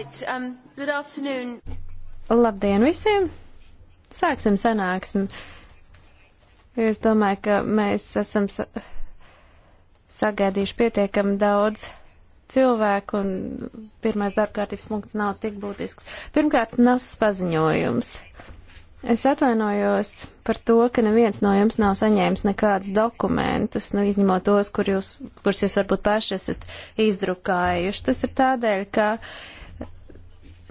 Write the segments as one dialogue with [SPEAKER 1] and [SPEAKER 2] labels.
[SPEAKER 1] Right, um, good afternoon.
[SPEAKER 2] Labdien visiem! Sāksim sanāksmi. Es domāju, ka mēs esam sa sagaidījuši pietiekami daudz cilvēku, un pirmais darbkārtības punkts nav tik būtisks. Pirmkārt, nasas paziņojums. Es atvainojos par to, ka neviens no jums nav saņēmis nekādus dokumentus, nu, izņemot tos, kur jūs, kurus jūs varbūt paši esat izdrukājuši. Tas ir tādēļ, ka uh,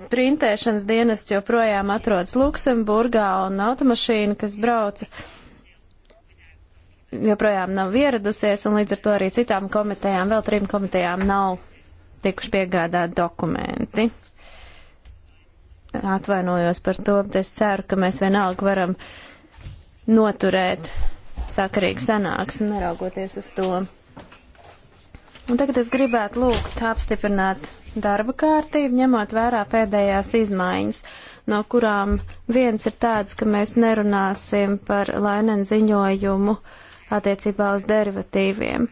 [SPEAKER 2] printēšanas dienests joprojām atrodas Luksemburgā un automašīna, kas brauca, joprojām nav ieradusies un līdz ar to arī citām komitejām, vēl trim komitejām nav tikuši piegādāt dokumenti. Atvainojos par to, bet es ceru, ka mēs vienalga varam noturēt sakarīgu sanāksmi, neraugoties uz to. Un tagad es gribētu lūgt apstiprināt darba kārtību, ņemot vērā pēdējās izmaiņas, no kurām viens ir tāds, ka mēs nerunāsim par lainen ziņojumu attiecībā uz derivatīviem.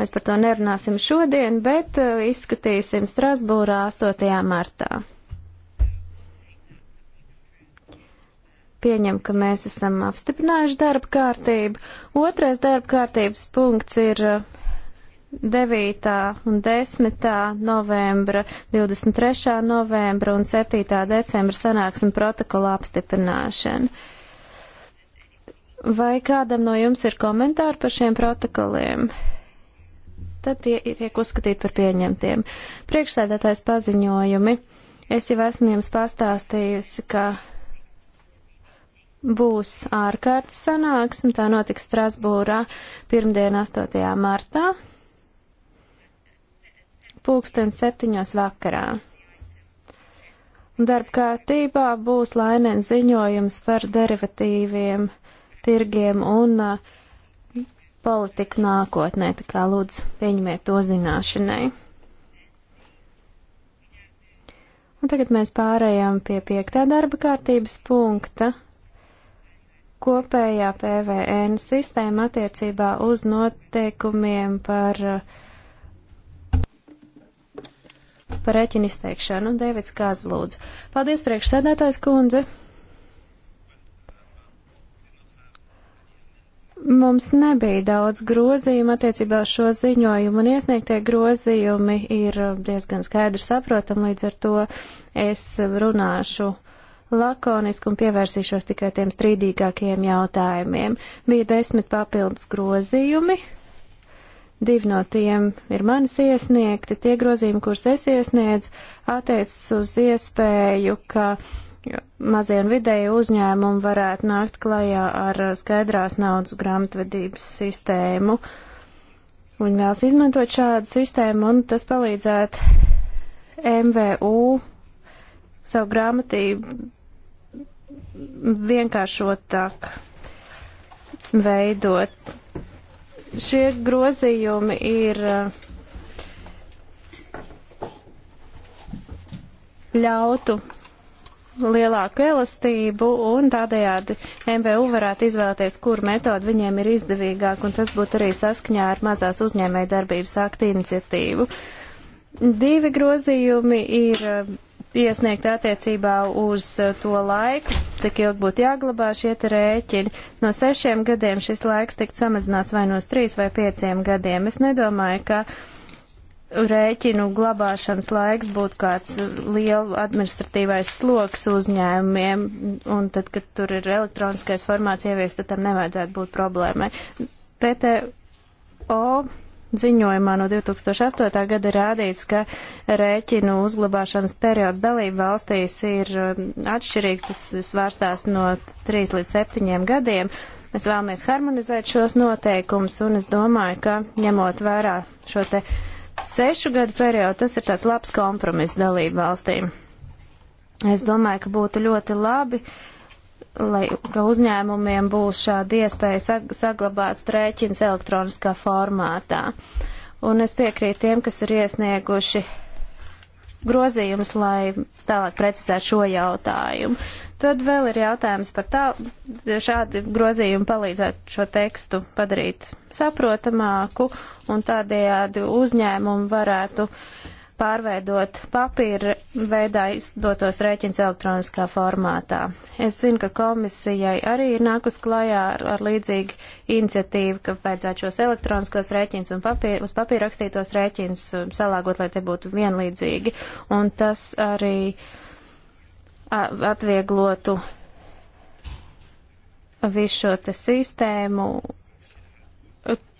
[SPEAKER 2] Mēs par to nerunāsim šodien, bet uh, izskatīsim Strasbūrā 8. martā. pieņem, ka mēs esam apstiprinājuši darba kārtību. Otrais darba kārtības punkts ir uh, 9. un 10. novembra, 23. novembra un 7. decembra sanāksmi protokola apstiprināšana. Vai kādam no jums ir komentāri par šiem protokoliem? Tad tie tiek uzskatīti par pieņemtiem. Priekšsēdētājs paziņojumi. Es jau esmu jums pastāstījusi, ka būs ārkārtas sanāksme. Tā notiks Strasbūrā pirmdien 8. martā pulksten septiņos vakarā. Darba kārtībā būs lainēns ziņojums par derivatīviem tirgiem un uh, politiku nākotnē, tā kā lūdzu pieņemiet to zināšanai. Un tagad mēs pārējām pie piektā darba kārtības punkta - kopējā PVN sistēma attiecībā uz noteikumiem par uh, par rēķinu izteikšanu. Dēvids Kāz lūdzu. Paldies, priekšsēdētājs kundze. Mums nebija daudz grozījumu attiecībā uz šo ziņojumu, un iesniegtie grozījumi ir diezgan skaidri saprotami, līdz ar to es runāšu lakoniski un pievērsīšos tikai tiem strīdīgākajiem jautājumiem. Bija desmit papildus grozījumi, Divi no tiem ir manis iesniegti. Tie grozījumi, kurus es iesniedzu, attiecas uz iespēju, ka mazie un vidēji uzņēmumi varētu nākt klajā ar skaidrās naudas grāmatvedības sistēmu. Viņi vēlas izmantot šādu sistēmu, un tas palīdzētu MVU savu grāmatību vienkāršotāk veidot. Šie grozījumi ir eh, ļautu lielāku elastību un tādējādi MBU varētu izvēlēties, kur metodu viņiem ir izdevīgāk, un tas būtu arī saskaņā ar mazās uzņēmēja darbības aktu iniciatīvu. Divi grozījumi ir eh, iesniegt attiecībā uz uh, to laiku, cik ilgi būtu jāglabā šie rēķini. No sešiem gadiem šis laiks tiktu samazināts vai no trīs vai pieciem gadiem. Es nedomāju, ka rēķinu glabāšanas laiks būtu kāds uh, liels administratīvais sloks uzņēmumiem, un tad, kad tur ir elektroniskais formāts ievies, tad tam nevajadzētu būt problēmai. PTO ziņojumā no 2008. gada rādīts, ka rēķinu uzglabāšanas periods dalību valstīs ir um, atšķirīgs, tas svārstās no 3 līdz 7 gadiem. Mēs vēlamies harmonizēt šos noteikumus, un es domāju, ka ņemot vērā šo te sešu gadu periodu, tas ir tāds labs kompromiss dalību valstīm. Es domāju, ka būtu ļoti labi, uh, lai, ka uzņēmumiem būs šāda iespēja saglabāt rēķins elektroniskā formātā. Un es piekrītu tiem, kas ir iesnieguši grozījumus, lai tālāk precizētu šo jautājumu. Tad vēl ir jautājums par tā, šādi grozījumi palīdzētu šo tekstu padarīt saprotamāku un tādējādi uzņēmumu varētu uh, pārveidot papīra veidā izdotos rēķins elektroniskā formātā. Es zinu, ka komisijai arī ir nākus klajā ar, ar līdzīgu iniciatīvu, ka vajadzētu šos elektroniskos rēķins un papīr, uz papīra rakstītos rēķins um, salāgot, lai te būtu vienlīdzīgi. Un tas arī atvieglotu visu šo te sistēmu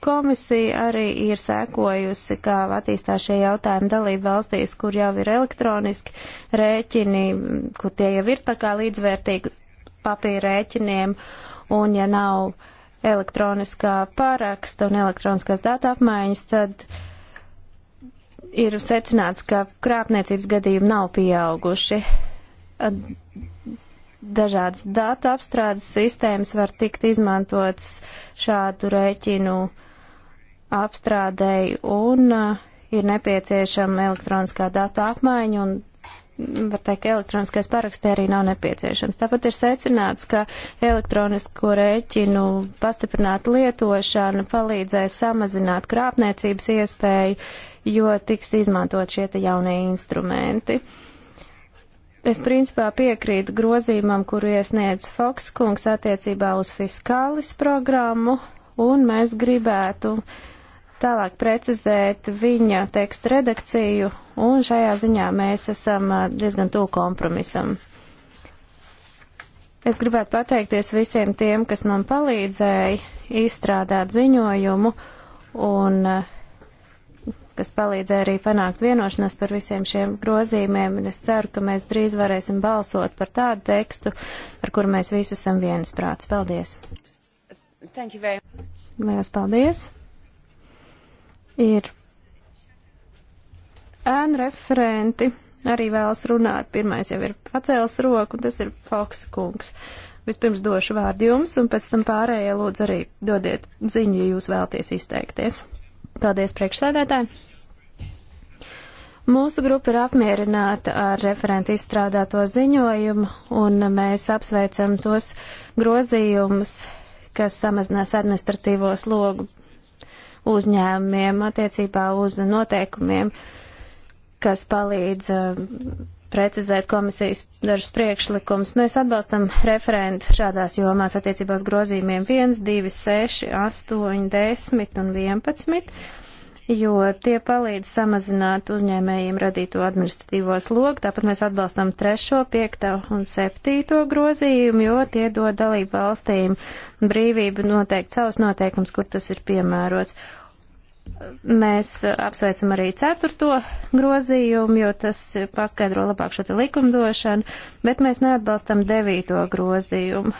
[SPEAKER 2] Komisija arī ir sēkojusi, kā attīstās šie jautājumi dalību valstīs, kur jau ir elektroniski rēķini, kur tie jau ir tā kā līdzvērtīgi papīra rēķiniem, un ja nav elektroniskā pāraksta un elektroniskās datu apmaiņas, tad ir secināts, ka krāpniecības gadījumi nav pieauguši. Dažādas datu apstrādes sistēmas var tikt izmantotas šādu rēķinu uh, apstrādēji un uh, ir nepieciešama elektroniskā datu apmaiņa un mm, var teikt, ka elektroniskais parakstē arī nav nepieciešams. Tāpat ir secināts, ka elektronisko rēķinu pastiprināta lietošana palīdzēs samazināt krāpniecības iespēju, jo tiks izmantot šie jaunie instrumenti. Es principā piekrītu grozījumam, kuru iesniedz Fokskungs attiecībā uz fiskālis programmu, un mēs gribētu uh, tālāk precizēt viņa tekstu redakciju, un šajā ziņā mēs esam uh, diezgan tuvu kompromisam. Es gribētu pateikties visiem tiem, kas man palīdzēja izstrādāt ziņojumu un uh, kas palīdzēja arī panākt vienošanos par visiem šiem grozījumiem, un es ceru, ka mēs drīz varēsim balsot par tādu tekstu, ar kuru mēs visi esam viensprāts. Paldies! Lielas paldies! ir ēnu referenti. Arī vēlas runāt. Pirmais jau ir pacēlis roku, un tas ir Foksa kungs. Vispirms došu vārdu jums, un pēc tam pārējie lūdzu arī dodiet ziņu, ja jūs vēlties izteikties. Paldies priekšsēdētāji! Mūsu grupa ir apmierināta ar referentu izstrādāto ziņojumu, un mēs apsveicam tos grozījumus, kas samazinās administratīvo slogu uzņēmumiem attiecībā uz noteikumiem, kas palīdz uh, precizēt komisijas dažus priekšlikumus. Mēs atbalstam referentu šādās jomās attiecībās grozījumiem 1, 2, 6, 8, 10 un 11 jo tie palīdz samazināt uzņēmējiem radīto administratīvo slogu. Tāpat mēs atbalstam trešo, piekto un septīto grozījumu, jo tie dod dalību valstīm brīvību noteikt savus noteikums, kur tas ir piemērots. Mēs apsveicam arī ceturto grozījumu, jo tas paskaidro labāk šo te likumdošanu, bet mēs neatbalstam devīto grozījumu.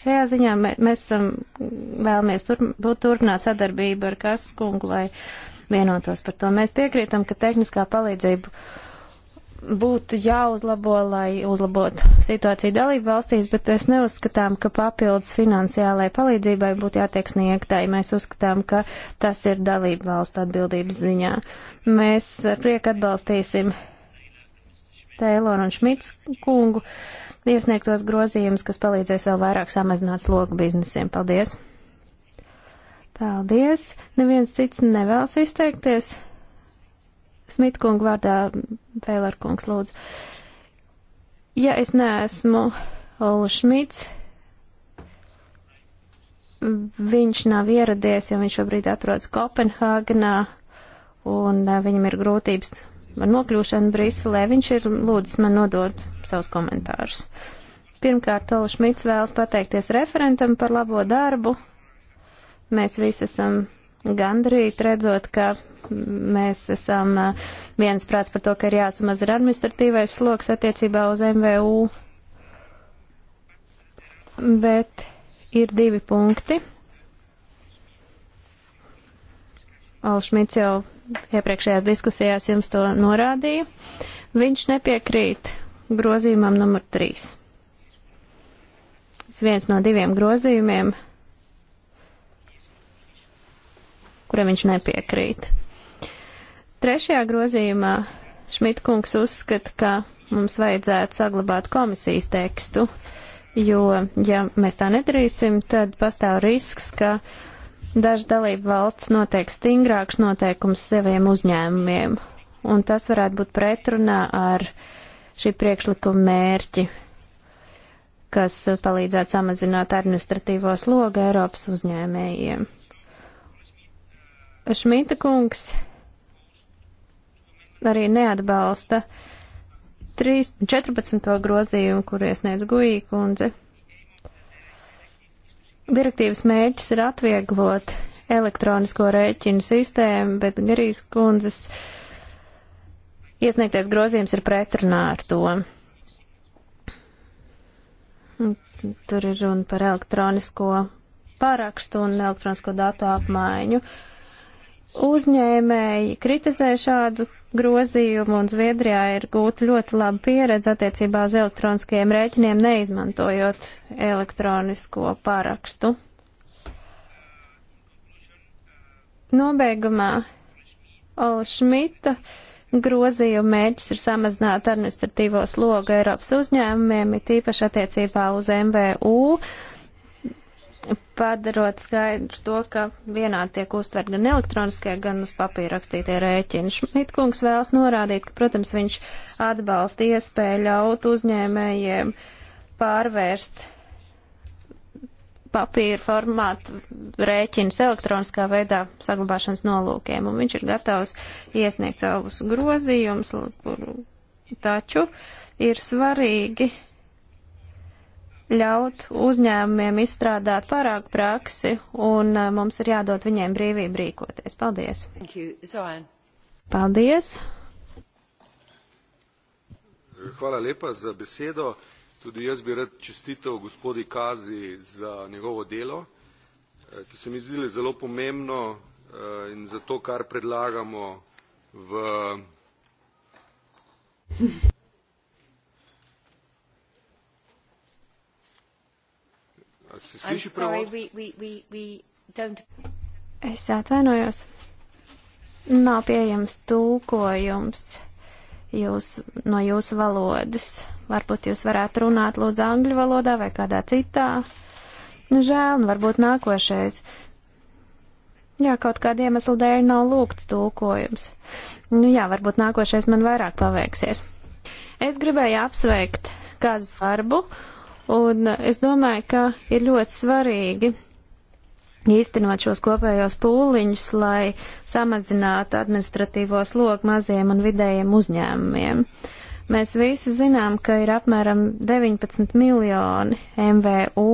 [SPEAKER 2] Šajā ziņā mēs, mēs esam vēlamies tur, būt turpināt sadarbību ar Kaskungu, lai vienotos par to. Mēs piekrītam, ka tehniskā palīdzība būtu jāuzlabo, lai uzlabotu situāciju dalību valstīs, bet mēs neuzskatām, ka papildus finansiālai palīdzībai būtu jātiek sniegtai. Mēs uzskatām, ka tas ir dalību valstu atbildības ziņā. Mēs prieku atbalstīsim Teiloru un Šmits kungu iesniegtos grozījumus, kas palīdzēs vēl vairāk samazināt slogu biznesiem. Paldies! Paldies. Neviens cits nevēlas izteikties. Smitkunga vārdā Pēlerkungs lūdzu. Ja es neesmu Ola Šmits, viņš nav ieradies, jo viņš šobrīd atrodas Kopenhāgenā un eh, viņam ir grūtības ar nokļūšanu Briselē. Viņš ir lūdzis man nodot savus komentārus. Pirmkārt, Ola Šmits vēlas pateikties referentam par labo darbu Mēs visi esam gandrīt redzot, ka mēs esam uh, viens prāts par to, ka ir jāsamazina administratīvais sloks attiecībā uz MVU. Bet ir divi punkti. Olšmits jau iepriekšējās diskusijās jums to norādīja. Viņš nepiekrīt grozījumam numur 3. Tas viens no diviem grozījumiem kuriem viņš nepiekrīt. Trešajā grozījumā Šmitkungs uzskata, ka mums vajadzētu saglabāt komisijas tekstu, jo, ja mēs tā nedarīsim, tad pastāv risks, ka dažas dalību valsts notiek stingrāks noteikums saviem uzņēmumiem, un tas varētu būt pretrunā ar šī priekšlikuma mērķi, kas palīdzētu samazināt administratīvo slogu Eiropas uzņēmējiem. Šmita kungs arī neatbalsta 3, 14. grozījumu, kur iesniedz Guī kundze. Direktīvas mērķis ir atvieglot elektronisko rēķinu sistēmu, bet Gerijas kundzes iesniegtais grozījums ir pretrunā ar to. Tur ir runa par elektronisko parakstu un elektronisko datu apmaiņu. Uh, Uzņēmēji kritizē šādu grozījumu, un Zviedrijā ir gūta ļoti laba pieredze attiecībā uz elektroniskajiem rēķiniem, neizmantojot elektronisko parakstu. Nobeigumā Ola Šmita grozījuma mērķis ir samazināt administratīvo slogu Eiropas uzņēmumiem, it īpaši attiecībā uz MVU, padarot skaidru to, ka vienādi tiek uztvert gan elektroniskie, gan uz papīra rakstītie rēķini. Šmitkungs vēlas norādīt, ka, protams, viņš atbalsta iespēju ļaut uzņēmējiem pārvērst papīra formātu rēķinus elektroniskā veidā saglabāšanas nolūkiem, un viņš ir gatavs iesniegt savus grozījumus, taču ir svarīgi ļaut uzņēmumiem izstrādāt pārāk praksi, un eh, mums ir jādod viņiem brīvību rīkoties. Paldies! Paldies!
[SPEAKER 1] Hvala lepa za besedo. Tudi jaz bi rad čestitev gospodi Kazi za njegovo delo, eh, ki se mi zdi zelo pomembno eh, in za to, kar predlagamo v I'm sorry, we, we, we, we don't...
[SPEAKER 2] Es atvainojos. Nav pieejams tulkojums jūs, no jūsu valodas. Varbūt jūs varētu runāt lūdzu angļu valodā vai kādā citā. Nu, žēl, un nu, varbūt nākošais. Jā, kaut kāda iemesla dēļ nav lūgts tulkojums. Nu jā, varbūt nākošais man vairāk paveiksies. Es gribēju apsveikt Kazas darbu Un es domāju, ka ir ļoti svarīgi īstenot šos kopējos pūliņus, lai samazinātu administratīvo slogu maziem un vidējiem uzņēmumiem. Mēs visi zinām, ka ir apmēram 19 miljoni MVU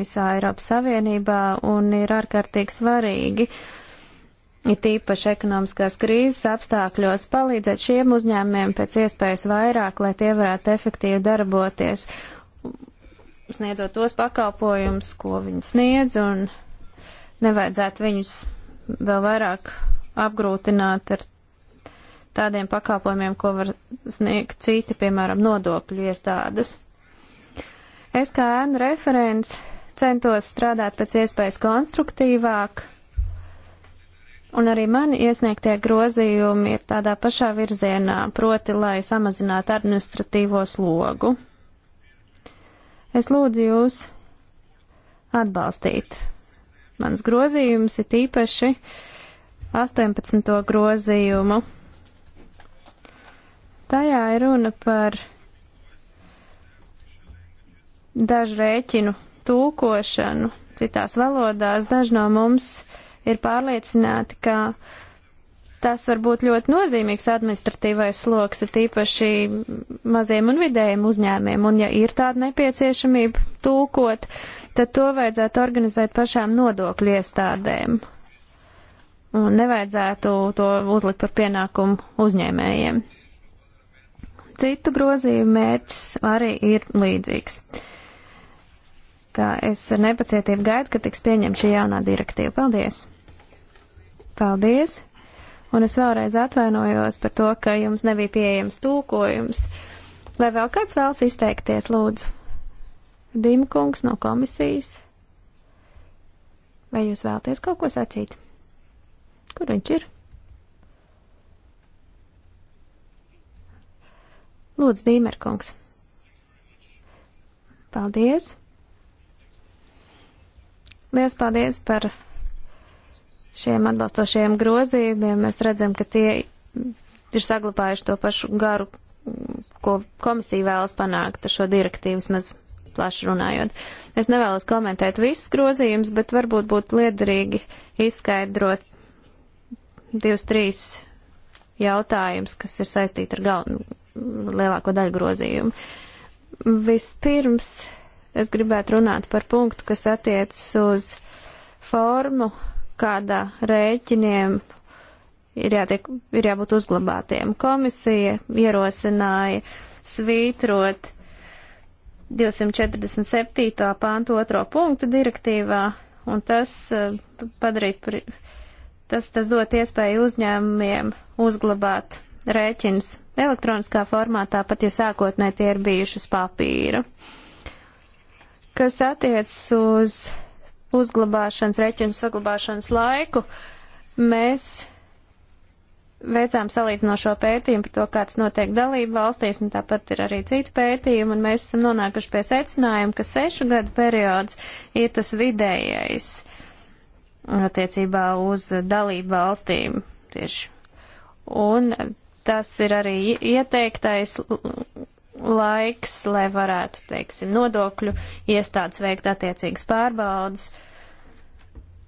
[SPEAKER 2] visā Eiropas Savienībā un ir ārkārtīgi svarīgi, ir tīpaši ekonomiskās krīzes apstākļos, palīdzēt šiem uzņēmumiem pēc iespējas vairāk, lai tie varētu efektīvi darboties sniedzot tos pakalpojumus, ko viņi sniedz, un nevajadzētu viņus vēl vairāk apgrūtināt ar tādiem pakalpojumiem, ko var sniegt citi, piemēram, nodokļu iestādes. Es kā ēnu referents centos strādāt pēc iespējas konstruktīvāk, un arī mani iesniegtie grozījumi ir tādā pašā virzienā, proti, lai samazinātu administratīvo slogu. Es lūdzu jūs atbalstīt. Mans grozījums ir tīpaši 18. grozījumu. Tajā ir runa par dažu rēķinu tulkošanu citās valodās. Daži no mums ir pārliecināti, ka tas var būt ļoti nozīmīgs administratīvais sloks, ir tīpaši maziem un vidējiem uzņēmiem, un ja ir tāda nepieciešamība tulkot, tad to vajadzētu organizēt pašām nodokļu iestādēm. Un nevajadzētu to uzlikt par pienākumu uzņēmējiem. Citu grozījumu mērķis arī ir līdzīgs. Kā es ar nepacietību gaidu, ka tiks pieņemta šī jaunā direktīva. Paldies! Paldies! un es vēlreiz atvainojos par to, ka jums nebija pieejams tūkojums. Vai vēl kāds vēlas izteikties, lūdzu? Dimkungs no komisijas. Vai jūs vēlties kaut ko sacīt? Kur viņš ir? Lūdzu, Dīmerkungs. Paldies! Lielas paldies par šiem atbalstošajiem grozījumiem mēs redzam, ka tie ir saglabājuši to pašu garu, ko komisija vēlas panākt ar šo direktīvu, maz plaši runājot. Es nevēlos komentēt visus grozījumus, bet varbūt būtu liederīgi izskaidrot divus, trīs jautājumus, kas ir saistīti ar galvenu lielāko daļu grozījumu. Vispirms es gribētu runāt par punktu, kas attiecas uz formu kādā rēķiniem ir, jātiek, ir jābūt uzglabātiem. Komisija ierosināja svītrot 247. pāntu otro punktu direktīvā, un tas eh, padarīt, tas, tas dot iespēju uzņēmumiem uzglabāt rēķinus elektroniskā formātā, pat ja sākotnē tie ir bijuši uz papīra. Kas attiecas uz uzglabāšanas, reķinu saglabāšanas laiku, mēs veicām salīdzinošo pētījumu par to, kāds notiek dalību valstīs, un tāpat ir arī citi pētījumi, un mēs esam nonākuši pie secinājuma, ka sešu gadu periods ir tas vidējais attiecībā uz dalību valstīm tieši. Un tas ir arī ieteiktais laiks, lai varētu, teiksim, nodokļu iestādes veikt attiecīgas pārbaudas.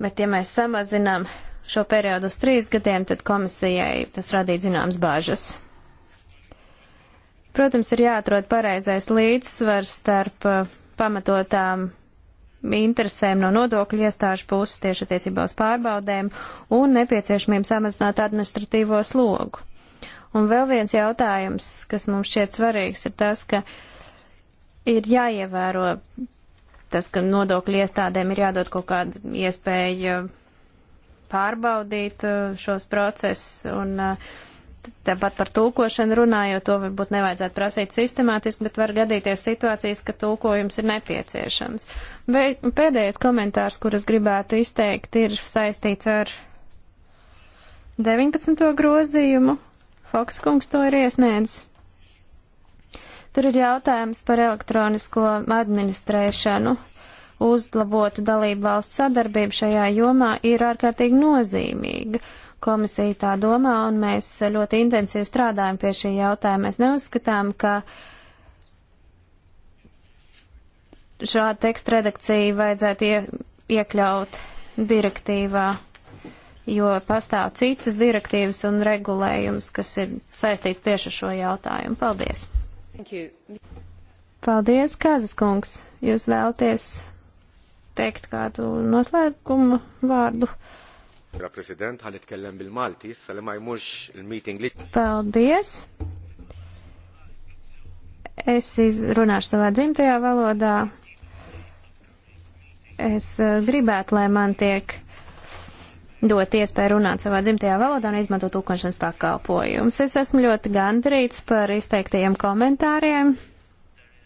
[SPEAKER 2] Bet, ja mēs samazinām šo periodu uz trīs gadiem, tad komisijai tas radīja zināmas bāžas. Protams, ir jāatrod pareizais līdzsvars starp uh, pamatotām interesēm no nodokļu iestāžu puses tieši attiecībā uz pārbaudēm un nepieciešamību samazināt administratīvo slogu. Un vēl viens jautājums, kas mums šķiet svarīgs, ir tas, ka ir jāievēro tas, ka nodokļu iestādēm ir jādod kaut kāda iespēja pārbaudīt uh, šos procesus un uh, Tāpat par tulkošanu runājot, to varbūt nevajadzētu prasīt sistemātiski, bet var gadīties situācijas, ka tulkojums ir nepieciešams. Vai pēdējais komentārs, kuras gribētu izteikt, ir saistīts ar 19. grozījumu. Fokskungs to ir iesniedzis. Tur ir jautājums par elektronisko administrēšanu. Uzlabotu dalību valstu sadarbību šajā jomā ir ārkārtīgi nozīmīga. Komisija tā domā, un mēs ļoti intensīvi strādājam pie šī jautājuma. Mēs neuzskatām, ka šādu tekstu redakciju vajadzētu ie, iekļaut direktīvā jo pastāv citas direktīvas un regulējums, kas ir saistīts tieši ar šo jautājumu. Paldies! Paldies, Kazas kungs! Jūs vēlties teikt kādu noslēgumu vārdu?
[SPEAKER 3] Paldies!
[SPEAKER 2] Es runāšu savā dzimtajā valodā. Es eh, gribētu, lai man tiek dot iespēju runāt savā dzimtajā valodā un izmantot tūkošanas pakalpojumus. Es esmu ļoti gandrīts par izteiktajiem komentāriem.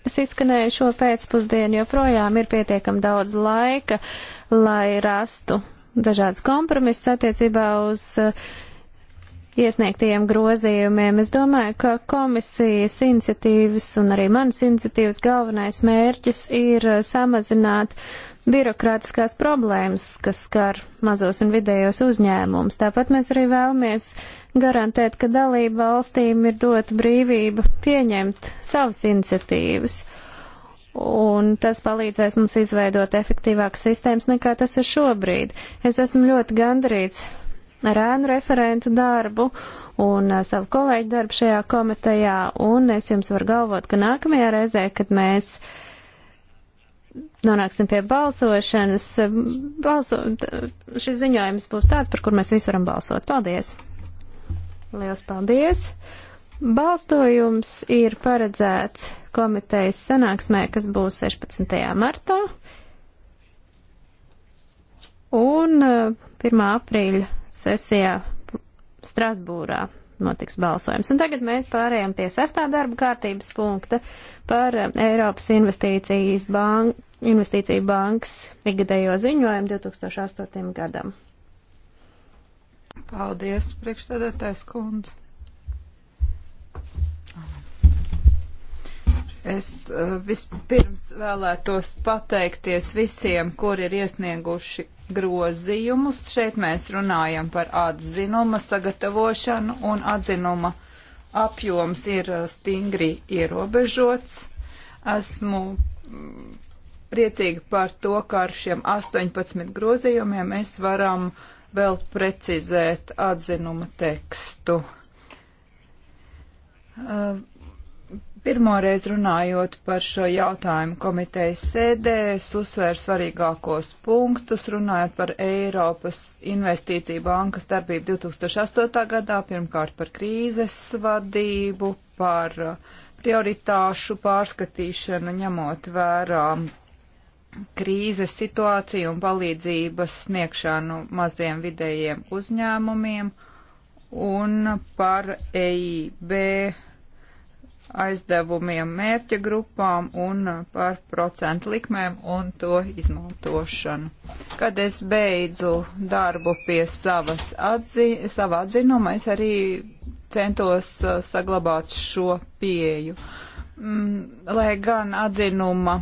[SPEAKER 2] Es izskanēju šo pēcpusdienu, jo projām ir pietiekam daudz laika, lai rastu dažādas kompromisas attiecībā uz uh, iesniegtajiem grozījumiem. Es domāju, ka komisijas iniciatīvas un arī manas iniciatīvas galvenais mērķis ir uh, samazināt birokrātiskās problēmas, kas skar mazos un vidējos uzņēmumus. Tāpat mēs arī vēlamies garantēt, ka dalību valstīm ir dota brīvība pieņemt savas iniciatīvas. Un tas palīdzēs mums izveidot efektīvākas sistēmas nekā tas ir šobrīd. Es esmu ļoti gandarīts ar ēnu referentu darbu un eh, savu kolēģu darbu šajā komitejā, un es jums varu galvot, ka nākamajā reizē, kad mēs nonāksim pie balsošanas, eh, balso, šis ziņojums būs tāds, par kur mēs visi varam balsot. Paldies! Liels paldies! Balstojums ir paredzēts komitejas sanāksmē, kas būs 16. martā un 1. Eh, aprīļa sesijā Strasbūrā notiks balsojums. Un tagad mēs pārējām pie sestā darba kārtības punkta par eh, Eiropas investīcijas bank, investīciju bankas ikgadējo ziņojumu 2008. gadam.
[SPEAKER 1] Paldies, priekšstādātais kundze. Es eh, vispirms vēlētos pateikties visiem, kur ir iesnieguši grozījumus. Šeit mēs runājam par atzinuma sagatavošanu, un atzinuma apjoms ir uh, stingri ierobežots. Esmu mm, priecīga par to, ka ar šiem 18 grozījumiem mēs varam vēl precizēt atzinuma tekstu. Uh, Pirmoreiz runājot par šo jautājumu komitejas sēdē, es uzsvēru svarīgākos punktus, runājot par Eiropas investīciju bankas darbību 2008. gadā, pirmkārt par krīzes vadību, par uh, prioritāšu pārskatīšanu, ņemot vērā krīzes situāciju un palīdzības sniegšanu maziem vidējiem uzņēmumiem un par EIB aizdevumiem mērķa grupām un uh, par procentu likmēm un to izmantošanu. Kad es beidzu darbu pie savas atzi, sava atzinuma, es arī centos uh, saglabāt šo pieju. Mm, lai gan atzinuma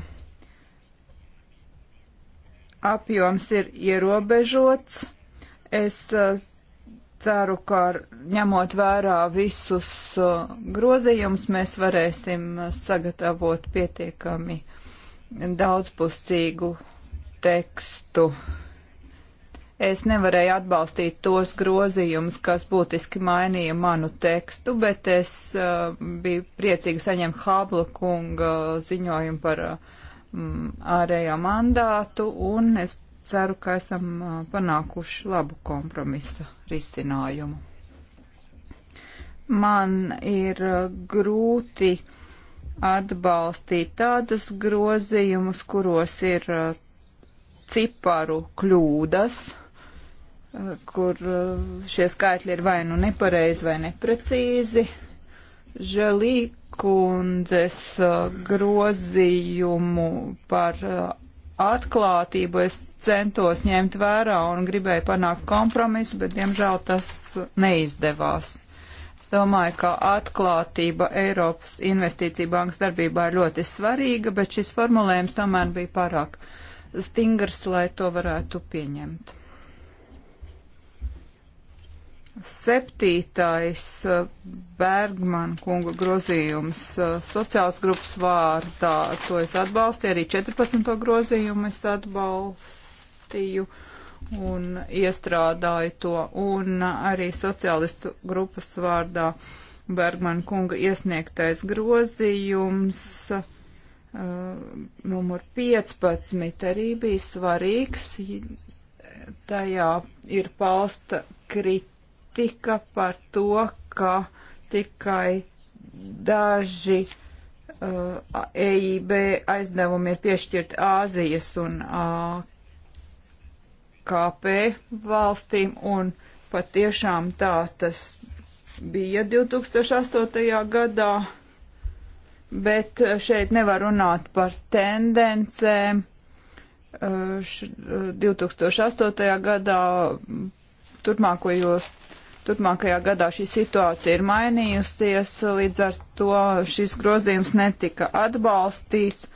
[SPEAKER 1] apjoms ir ierobežots, es uh, ceru, ka ņemot vērā visus uh, grozījumus, mēs varēsim uh, sagatavot pietiekami daudzpusīgu tekstu. Es nevarēju atbalstīt tos grozījumus, kas būtiski mainīja manu tekstu, bet es uh, biju priecīgi saņemt Habla kunga ziņojumu par mm, ārējo mandātu, un es ceru, ka esam panākuši labu kompromisu risinājumu. Man ir grūti atbalstīt tādus grozījumus, kuros ir uh, ciparu kļūdas, uh, kur uh, šie skaitļi ir vai nu nepareizi, vai neprecīzi. Žalī kundzes grozījumu par atklātību es centos ņemt vērā un gribēju panākt kompromisu, bet diemžēl tas neizdevās. Es domāju, ka atklātība Eiropas investīcija bankas darbībā ir ļoti svarīga, bet šis formulējums tomēr bija pārāk stingrs, lai to varētu pieņemt. Septītais eh, Bergman kunga grozījums eh, sociāls grupas vārdā, to es atbalstīju, arī 14. grozījumu es atbalstīju un iestrādāju to, un eh, arī sociālistu grupas vārdā Bergman kunga iesniegtais grozījums numur 15 arī bija svarīgs, tajā ir pausta kritika kritika par to, ka tikai daži uh, EIB aizdevumi ir piešķirti Āzijas un uh, KP valstīm, un patiešām tā tas bija 2008. gadā, bet šeit nevar runāt par tendencēm. 2008. Uh, uh, gadā turpmākajos turpmākajā gadā šī situācija ir mainījusies, līdz ar to šis grozījums netika atbalstīts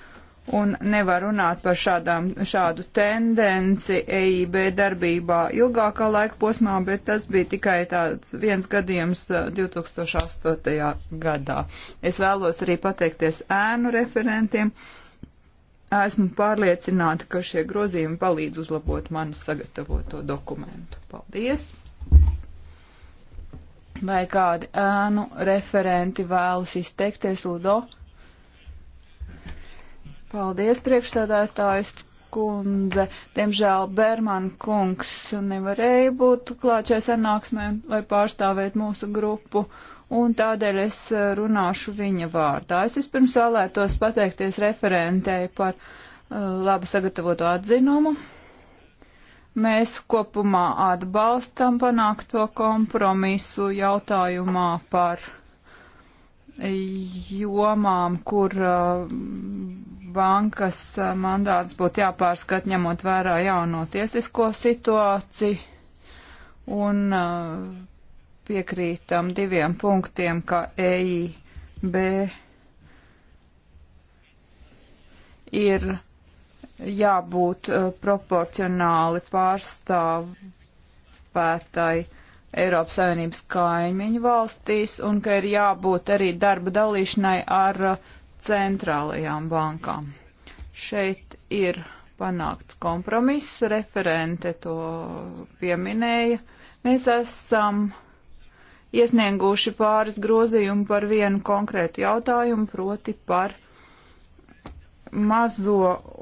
[SPEAKER 1] un nevar runāt par šādām, šādu tendenci EIB darbībā ilgākā laika posmā, bet tas bija tikai tāds viens gadījums 2008. gadā. Es vēlos arī pateikties ēnu referentiem. Esmu pārliecināta, ka šie grozījumi palīdz uzlabot manis sagatavoto dokumentu. Paldies! Vai kādi ēnu referenti vēlas izteikties, Ludo? Paldies, priekšstādātājs kundze. Diemžēl Berman kungs nevarēja būt klāt šai sanāksmē, lai pārstāvētu mūsu grupu, un tādēļ es eh, runāšu viņa vārdā. Es vispirms vēlētos pateikties referentei par uh, labi sagatavotu atzinumu. Mēs kopumā atbalstam panākto kompromisu jautājumā par jomām, kur uh, bankas uh, mandāts būtu jāpārskat ņemot vērā jauno tiesisko situāciju un uh, piekrītam diviem punktiem, ka EIB ir jābūt uh, proporcionāli pārstāvētai Eiropas Savienības kaimiņu valstīs un ka ir jābūt arī darba dalīšanai ar uh, centrālajām bankām. Šeit ir panākt kompromiss, referente to pieminēja. Mēs esam iesnieguši pāris grozījumu par vienu konkrētu jautājumu, proti par mazo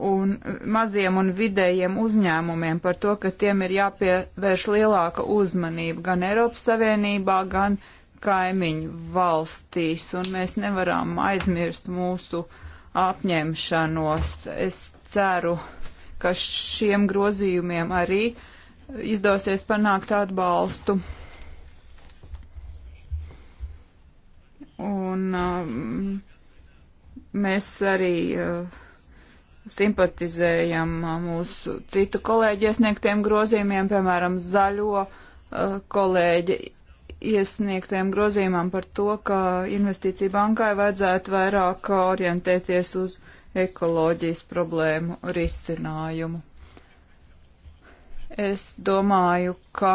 [SPEAKER 1] un, maziem un vidējiem uzņēmumiem par to, ka tiem ir jāpievērš lielāka uzmanība gan Eiropas Savienībā, gan kaimiņu valstīs, un mēs nevaram aizmirst mūsu apņemšanos. Es ceru, ka šiem grozījumiem arī izdosies panākt atbalstu. Un, um, Mēs arī uh, simpatizējam uh, mūsu citu kolēģi iesniegtiem grozījumiem, piemēram, zaļo uh, kolēģi iesniegtiem grozījumam par to, ka investīcija bankai vajadzētu vairāk orientēties uz ekoloģijas problēmu risinājumu. Es domāju, ka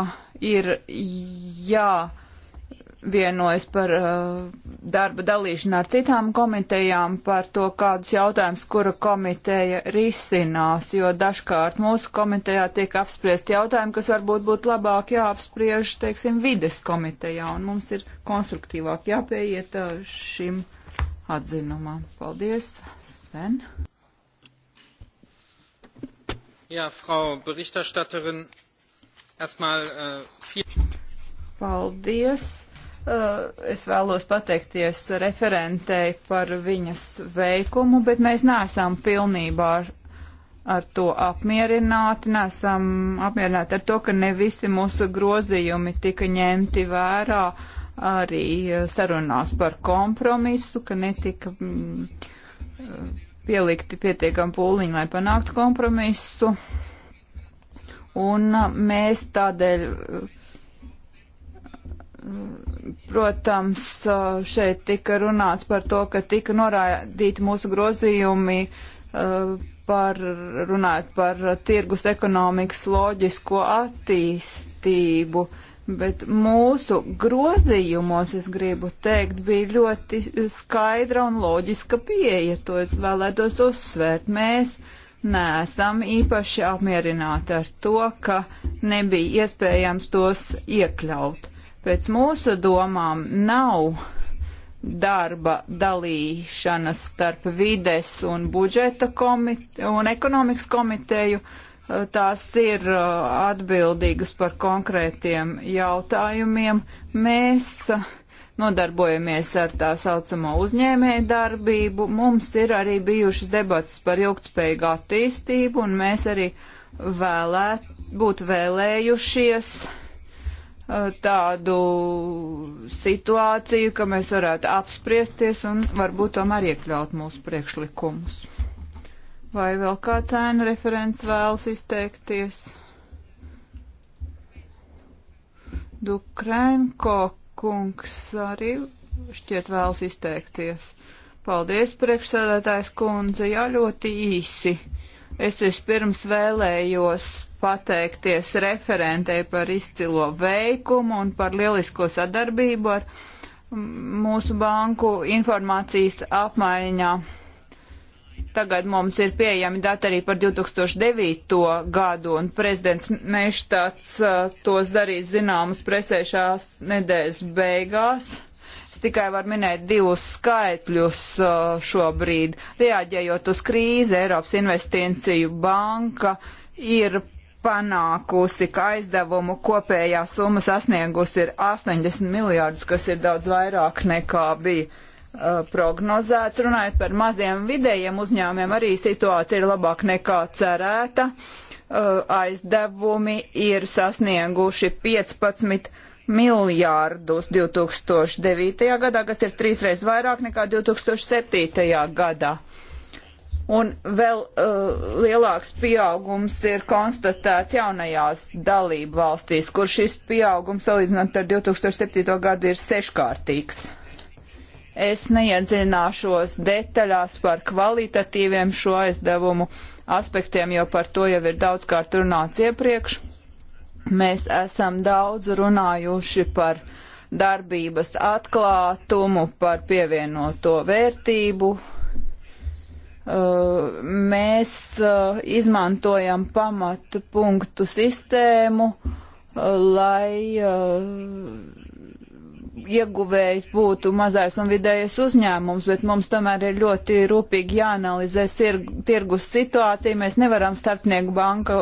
[SPEAKER 1] ir jā. Ja, vienojas par uh, darba dalīšanu ar citām komitejām, par to, kādus jautājumus kura komiteja risinās, jo dažkārt mūsu komitejā tiek apspriest jautājumi, kas varbūt būtu labāk jāapspriež, teiksim, vides komitejā, un mums ir konstruktīvāk jāpieiet uh, šim atzinumam. Paldies, Sven.
[SPEAKER 3] Jā, Frau Berichterstatterin, erstmal uh, äh, viel.
[SPEAKER 1] Paldies Eh, es vēlos pateikties referentei par viņas veikumu, bet mēs neesam pilnībā ar, ar to apmierināti. Nesam apmierināti ar to, ka ne visi mūsu grozījumi tika ņemti vērā arī eh, sarunās par kompromisu, ka netika mm, eh, pielikti pietiekam pūliņi, lai panāktu kompromisu. Un mēs tādēļ Protams, eh, šeit tika runāts par to, ka tika norādīti mūsu grozījumi eh, par, runājot par tirgus ekonomikas loģisko attīstību, bet mūsu grozījumos, es gribu teikt, bija ļoti skaidra un loģiska pieeja, to es vēlētos uzsvērt. Mēs neesam īpaši apmierināti ar to, ka nebija iespējams tos iekļaut Pēc mūsu domām nav darba dalīšana starp vides un budžeta komiteju un ekonomikas komiteju. Eh, tās ir eh, atbildīgas par konkrētiem jautājumiem. Mēs eh, nodarbojamies ar tā saucamo uzņēmēju darbību. Mums ir arī bijušas debatas par ilgtspējīgu attīstību, un mēs arī vēlēt, būtu vēlējušies uh, Eh, tādu situāciju, ka mēs varētu apspriesties un varbūt tomēr iekļaut mūsu priekšlikumus. Vai vēl kāds ēnu referents vēlas izteikties? Dukrēnko kungs arī šķiet vēlas izteikties. Paldies, priekšsēdētājs kundze, jā, ļoti īsi. Es vispirms vēlējos pateikties referentei par izcilo veikumu un par lielisko sadarbību ar mūsu banku informācijas apmaiņā. Tagad mums ir pieejami dati arī par 2009. gadu, un prezidents Meštats uh, tos darīs zināmus presē šās nedēļas beigās. Es tikai varu minēt divus skaitļus uh, šobrīd. Reaģējot uz krīzi, Eiropas investīciju banka ir panākusi, ka aizdevumu kopējā summa sasniegusi ir 80 miljārdus, kas ir daudz vairāk nekā bija uh, prognozēts. Runājot par maziem vidējiem uzņēmumiem, arī situācija ir labāka nekā cerēta. Uh, aizdevumi ir sasnieguši 15 miljārdus 2009. gadā, kas ir trīsreiz vairāk nekā 2007. gadā un vēl uh, lielāks pieaugums ir konstatēts jaunajās dalību valstīs, kur šis pieaugums salīdzinot ar 2007. gadu ir seškārtīgs. Es neiedzināšos detaļās par kvalitatīviem šo aizdevumu aspektiem, jo par to jau ir daudzkārt runāts iepriekš. Mēs esam daudz runājuši par darbības atklātumu, par pievienoto vērtību, Uh, mēs uh, izmantojam pamatu punktu sistēmu, uh, lai ieguvējs būtu mazais un vidējais uzņēmums, bet mums tomēr ir ļoti rūpīgi jāanalizē tirgus situācija. Mēs nevaram starpnieku banka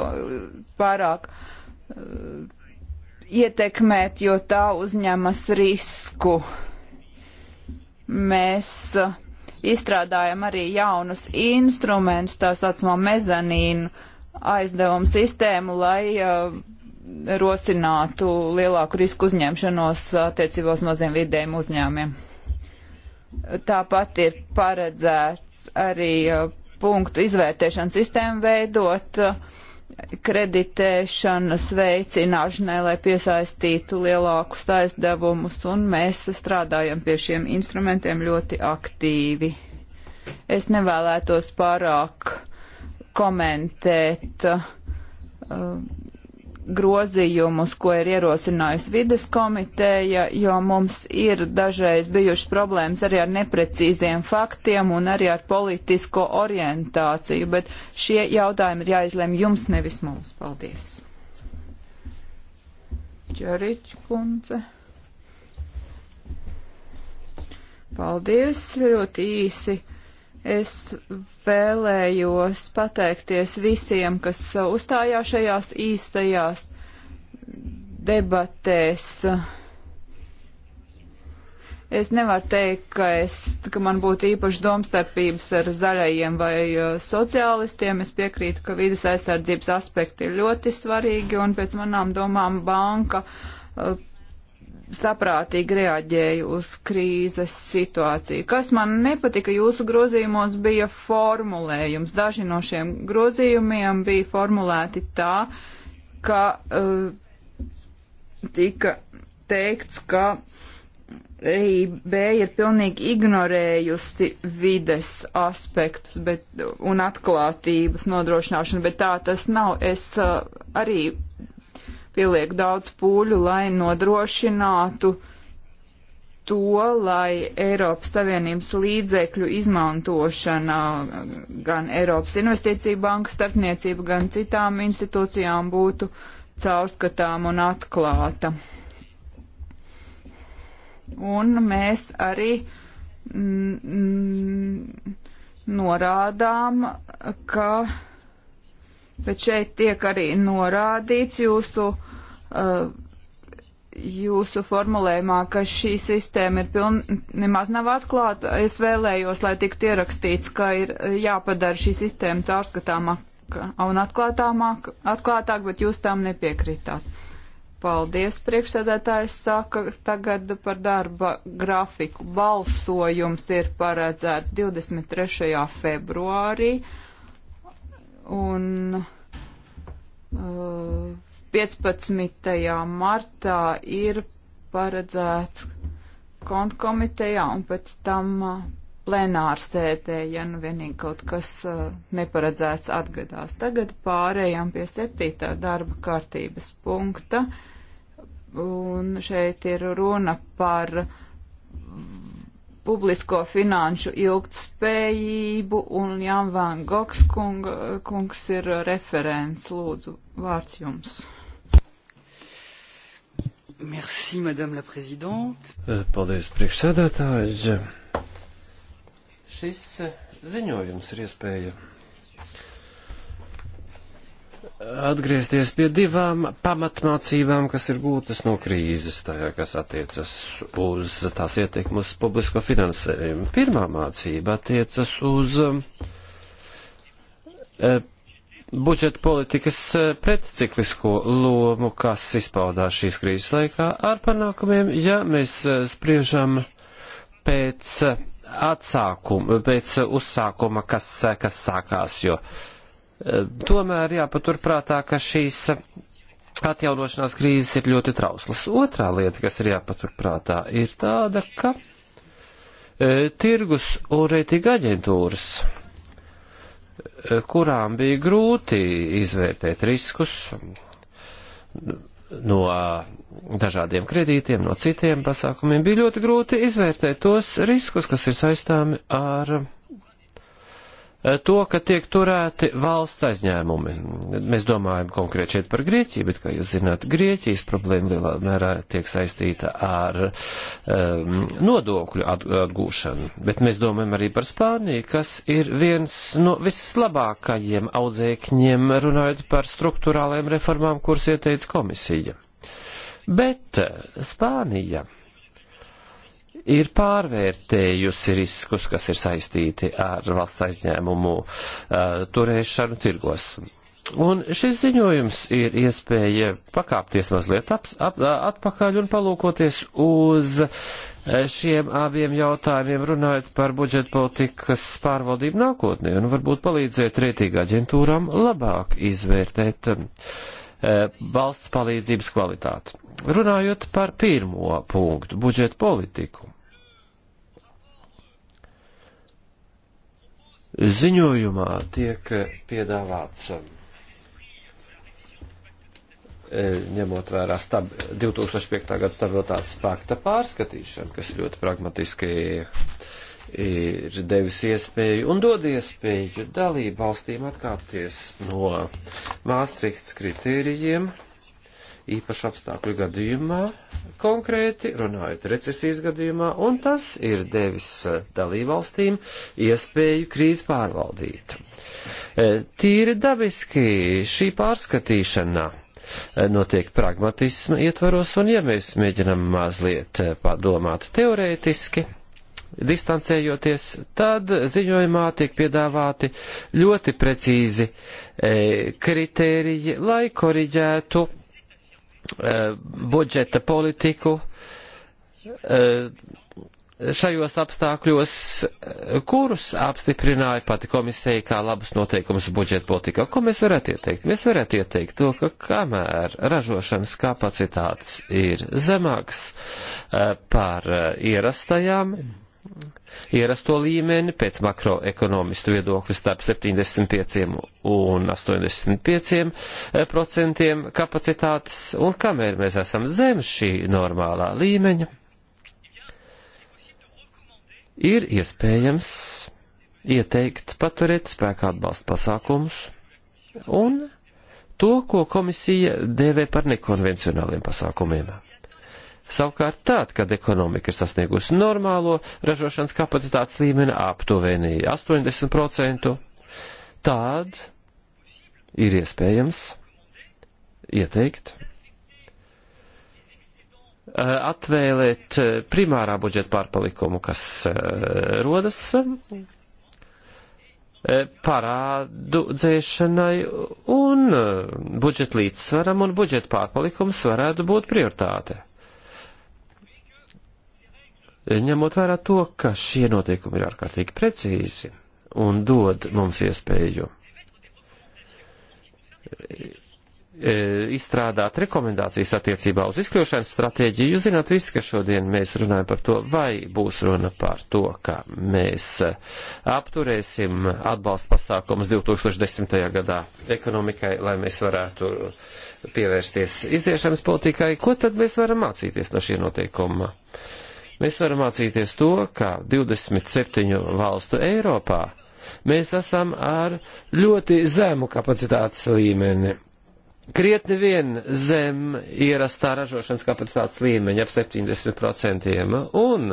[SPEAKER 1] pārāk ietekmēt, jo tā uzņemas risku. Mēs uh, izstrādājam arī jaunus instrumentus, tā saucamo mezanīnu aizdevumu sistēmu, lai uh, rosinātu lielāku risku uzņemšanos attiecībos maziem vidējiem uzņēmiem. Tāpat ir paredzēts arī uh, punktu izvērtēšanas sistēmu veidot. Uh, kreditēšanas veicināšanai, lai piesaistītu lielākus aizdevumus, un mēs strādājam pie šiem instrumentiem ļoti aktīvi. Es nevēlētos pārāk komentēt uh, grozījumus, ko ir ierosinājusi vides komiteja, jo mums ir dažreiz bijušas problēmas arī ar neprecīziem faktiem un arī ar politisko orientāciju, bet šie jautājumi ir jāizlem jums, nevis mums. Paldies. Čeriķ kundze. Paldies, ļoti īsi Es vēlējos pateikties visiem, kas uzstājās šajās īstajās debatēs. Es nevaru teikt, ka, es, ka man būtu īpaši domstarpības ar zaļajiem vai uh, sociālistiem. Es piekrītu, ka vidas aizsardzības aspekti ir ļoti svarīgi un pēc manām domām banka uh, saprātīgi reaģēju uz krīzes situāciju. Kas man nepatika jūsu grozījumos bija formulējums. Daži no šiem grozījumiem bija formulēti tā, ka uh, tika teikts, ka EIB ir pilnīgi ignorējusi vides aspektus bet, un atklātības nodrošināšanu, bet tā tas nav. Es uh, arī pieliek daudz pūļu, lai nodrošinātu to, lai Eiropas Savienības līdzekļu izmantošana gan Eiropas Investīcija bankas starpniecība, gan citām institūcijām būtu caurskatām un atklāta. Un mēs arī mm, mm norādām, ka, bet šeit tiek arī norādīts jūsu uh, jūsu formulējumā, ka šī sistēma ir piln, nemaz nav atklāta. Es vēlējos, lai tiktu ierakstīts, ka ir jāpadara šī sistēma caurskatāmāk un atklātāmāk, atklātāk, bet jūs tam nepiekritāt. Paldies, priekšsēdētājs saka tagad par darba grafiku. Balsojums ir paredzēts 23. februārī un. Uh, 15. martā ir paredzēts kontkomitejā un pēc tam plenārsēdē, ja nu vienīgi kaut kas neparedzēts atgadās. Tagad pārējām pie 7. darba kārtības punkta. Un šeit ir runa par publisko finanšu ilgtspējību, un Jan Van Goks kung, kungs ir referents. Lūdzu, vārds jums. Merci, Madame la Présidente.
[SPEAKER 3] Eh, paldies, priekšsēdētāji. Šis eh, ziņojums ir iespēja atgriezties pie divām pamatmācībām, kas ir gūtas no krīzes, tajā, kas attiecas uz tās ietekmu uz publisko finansējumu. Pirmā mācība attiecas uz eh, budžeta politikas eh, pretciklisko lomu, kas izpaudās šīs krīzes laikā ar panākumiem, ja mēs eh, spriežam pēc atsākuma, pēc uzsākuma, kas, eh, kas sākās, jo tomēr jāpaturprātā, ka šīs atjaunošanās krīzes ir ļoti trauslas. Otrā lieta, kas ir jāpaturprātā, ir tāda, ka e, tirgus un reitinga aģentūras kurām bija grūti izvērtēt riskus no dažādiem kredītiem, no citiem pasākumiem, bija ļoti grūti izvērtēt tos riskus, kas ir saistāmi ar Eh, to, ka tiek turēti valsts aizņēmumi. Mēs domājam konkrēti šeit par Grieķiju, bet, kā jūs zināt, Grieķijas problēma lielā mērā tiek saistīta ar um, nodokļu atgūšanu. Bet mēs domājam arī par Spāniju, kas ir viens no vislabākajiem audzēkņiem runājot par struktūrālajām reformām, kuras ieteica komisija. Bet eh, Spānija ir pārvērtējusi riskus, kas ir saistīti ar valsts aizņēmumu uh, turēšanu tirgos. Un šis ziņojums ir iespēja pakāpties mazliet ap, ap, atpakaļ un palūkoties uz šiem abiem jautājumiem, runājot par budžeta politikas pārvaldību nākotnē, un varbūt palīdzēt rētīgā aģentūram labāk izvērtēt e, valsts palīdzības kvalitāti. Runājot par pirmo punktu, budžeta politiku. Ziņojumā tiek piedāvāts um, e, ņemot vērā stab 2005. gada stabilitātes pakta pārskatīšanu, kas ļoti pragmatiski ir devis iespēju un dod iespēju dalību valstīm atkāpties no Māstrihts kritērijiem īpašu apstākļu gadījumā, konkrēti runājot recesijas gadījumā, un tas ir devis e, dalībvalstīm iespēju krīzi pārvaldīt. E, tīri dabiski šī pārskatīšana e, notiek pragmatisma ietvaros, un ja mēs mēģinam mazliet padomāt teorētiski, distancējoties, tad ziņojumā tiek piedāvāti ļoti precīzi e, kritēriji, lai koriģētu e, Eh, budžeta politiku eh, šajos apstākļos, eh, kurus apstiprināja pati komisija kā labus noteikumus budžeta politikā. Ko mēs varētu ieteikt? Mēs varētu ieteikt to, ka kamēr ražošanas kapacitātes ir zemāks par ierastajām, ierasto līmeni pēc makroekonomistu viedokļa starp 75 un 85 procentiem kapacitātes, un kamēr mēs esam zem šī normālā līmeņa, ir iespējams ieteikt paturēt spēkā atbalsta pasākumus un to, ko komisija dēvē par nekonvencionāliem pasākumiem. Savukārt tad, kad ekonomika ir sasniegusi normālo ražošanas kapacitātes līmeni aptuveni 80%, tad ir iespējams ieteikt eh, atvēlēt eh, primārā budžeta pārpalikumu, kas eh, rodas parādu dzēšanai un budžeta līdzsvaram un budžeta pārpalikums varētu būt prioritāte ņemot vērā to, ka šie noteikumi ir ārkārtīgi precīzi un dod mums iespēju e, izstrādāt rekomendācijas attiecībā uz izkļūšanas stratēģiju. Jūs zināt visi, ka šodien mēs runājam par to, vai būs runa par to, ka mēs apturēsim atbalsta pasākumus 2010. gadā ekonomikai, lai mēs varētu pievērsties iziešanas politikai. Ko tad mēs varam mācīties no šī noteikuma? Uh, Mēs varam mācīties to, ka 27 valstu Eiropā mēs esam ar ļoti zemu kapacitātes līmeni. Krietni vien zem ierastā ražošanas kapacitātes līmeņa ap 70%, un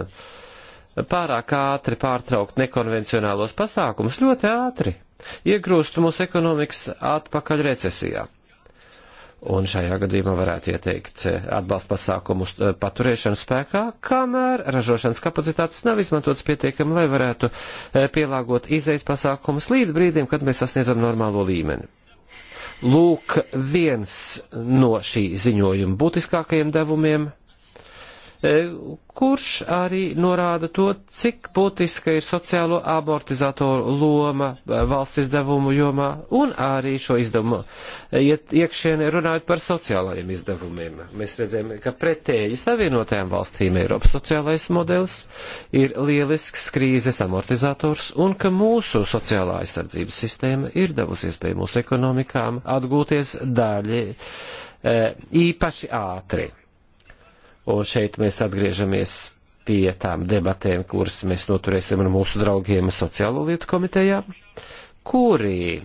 [SPEAKER 3] pārāk ātri pārtraukt nekonvencionālos pasākumus ļoti ātri iegrūst mūsu ekonomikas atpakaļ recesijā. Un šajā gadījumā varētu ieteikt atbalsta pasākumu eh, paturēšanu spēkā, kamēr ražošanas kapacitātes nav izmantotas pietiekami, lai varētu eh, pielāgot izejas pasākumus līdz brīdim, kad mēs sasniedzam normālo līmeni. Lūk, viens no šī ziņojuma būtiskākajiem devumiem E, kurš arī norāda to, cik būtiska ir sociālo amortizatoru loma e, valsts izdevumu jomā un arī šo izdevumu e, iekšienē runājot par sociālajiem izdevumiem. Mēs redzējām, ka pretēji savienotajām valstīm Eiropas sociālais modelis ir lielisks krīzes amortizators un ka mūsu sociālā aizsardzības sistēma ir devusi iespēju mūsu ekonomikām atgūties daļi īpaši ātri. Un šeit mēs atgriežamies pie tām debatēm, kuras mēs noturēsim ar mūsu draugiem sociālo lietu komitejā, kuri e,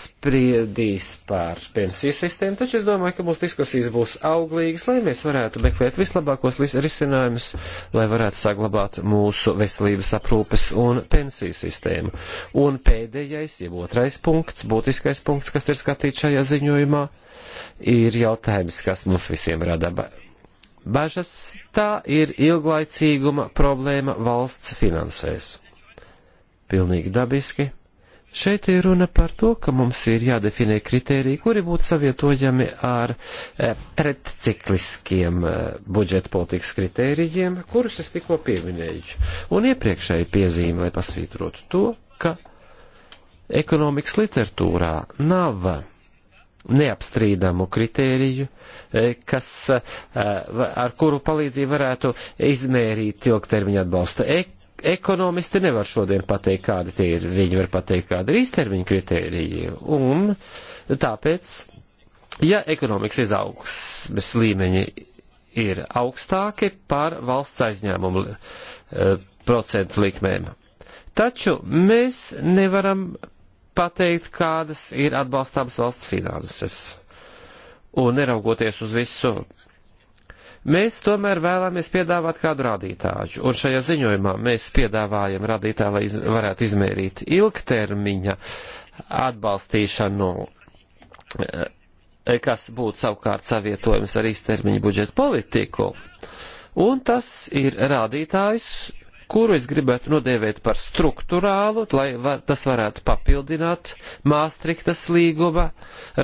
[SPEAKER 3] spriedīs par pensiju sistēmu, taču es domāju, ka mūsu diskusijas būs auglīgas, lai mēs varētu meklēt vislabākos risinājumus, lai varētu saglabāt mūsu veselības aprūpes un pensiju sistēmu. Un pēdējais, jeb otrais punkts, būtiskais punkts, kas ir skatīts šajā ziņojumā, ir jautājums, kas mums visiem rada bažas, tā ir ilglaicīguma problēma valsts finansēs. Pilnīgi dabiski. Šeit ir runa par to, ka mums ir jādefinē kriteriji, kuri būtu savietojami ar e, pretcikliskiem e, eh, budžeta politikas kritērijiem, kurus es tikko pieminēju. Un iepriekšēji piezīme, lai pasvītrotu to, ka ekonomikas literatūrā nav neapstrīdamu kritēriju, e, kas, e, ar kuru palīdzību varētu izmērīt ilgtermiņa atbalsta. E, ekonomisti nevar šodien pateikt, kādi tie ir. Viņi var pateikt, kāda ir īstermiņa kritērija. Un tāpēc, ja ekonomikas izaugsmes līmeņi ir augstāki par valsts aizņēmumu procentu likmēm, taču mēs nevaram pateikt, kādas ir atbalstāmas valsts finanses. Un neraugoties uz visu, mēs tomēr vēlamies piedāvāt kādu rādītāju. Un šajā ziņojumā mēs piedāvājam rādītāju, lai iz, varētu izmērīt ilgtermiņa atbalstīšanu, eh, kas būtu savukārt savietojums ar īstermiņa budžeta politiku. Un tas ir rādītājs, kuru es gribētu nodēvēt par struktūrālu, lai var, tas varētu papildināt Māstriktas līguma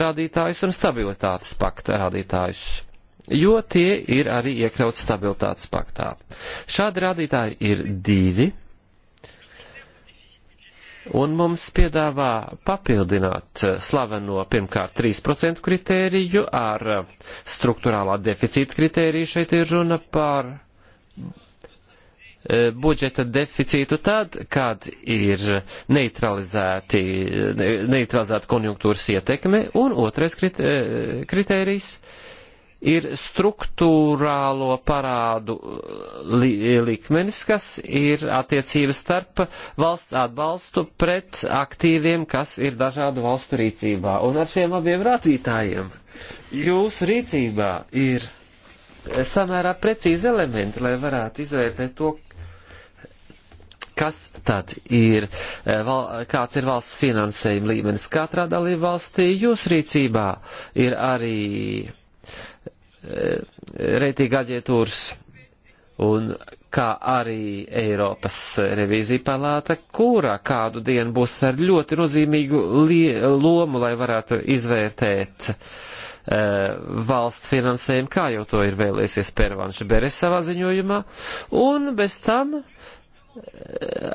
[SPEAKER 3] rādītājus un stabilitātes pakta rādītājus, jo tie ir arī iekļauts stabilitātes paktā. Šādi rādītāji ir divi, un mums piedāvā papildināt slaveno pirmkārt 3% kritēriju ar struktūrālā deficīta kritēriju. Šeit ir runa par E, budžeta deficītu tad, kad ir neutralizēti, neutralizēta konjunktūras ietekme, un otrais e, kritērijs ir struktūrālo parādu e, li likmenis, kas ir attiecības starp valsts atbalstu pret aktīviem, kas ir dažādu valstu rīcībā. Un ar šiem abiem rādītājiem jūsu rīcībā ir samērā precīzi elementi, lai varētu izvērtēt to, kas tad ir, eh, kāds ir valsts finansējuma līmenis katrā dalību valstī. Jūs rīcībā ir arī eh, reitinga aģentūras un kā arī Eiropas revīzija palāta, kura kādu dienu būs ar ļoti nozīmīgu lomu, lai varētu izvērtēt uh, valsts finansējumu, kā jau to ir vēlēsies Pērvanša Beres savā ziņojumā, un bez tam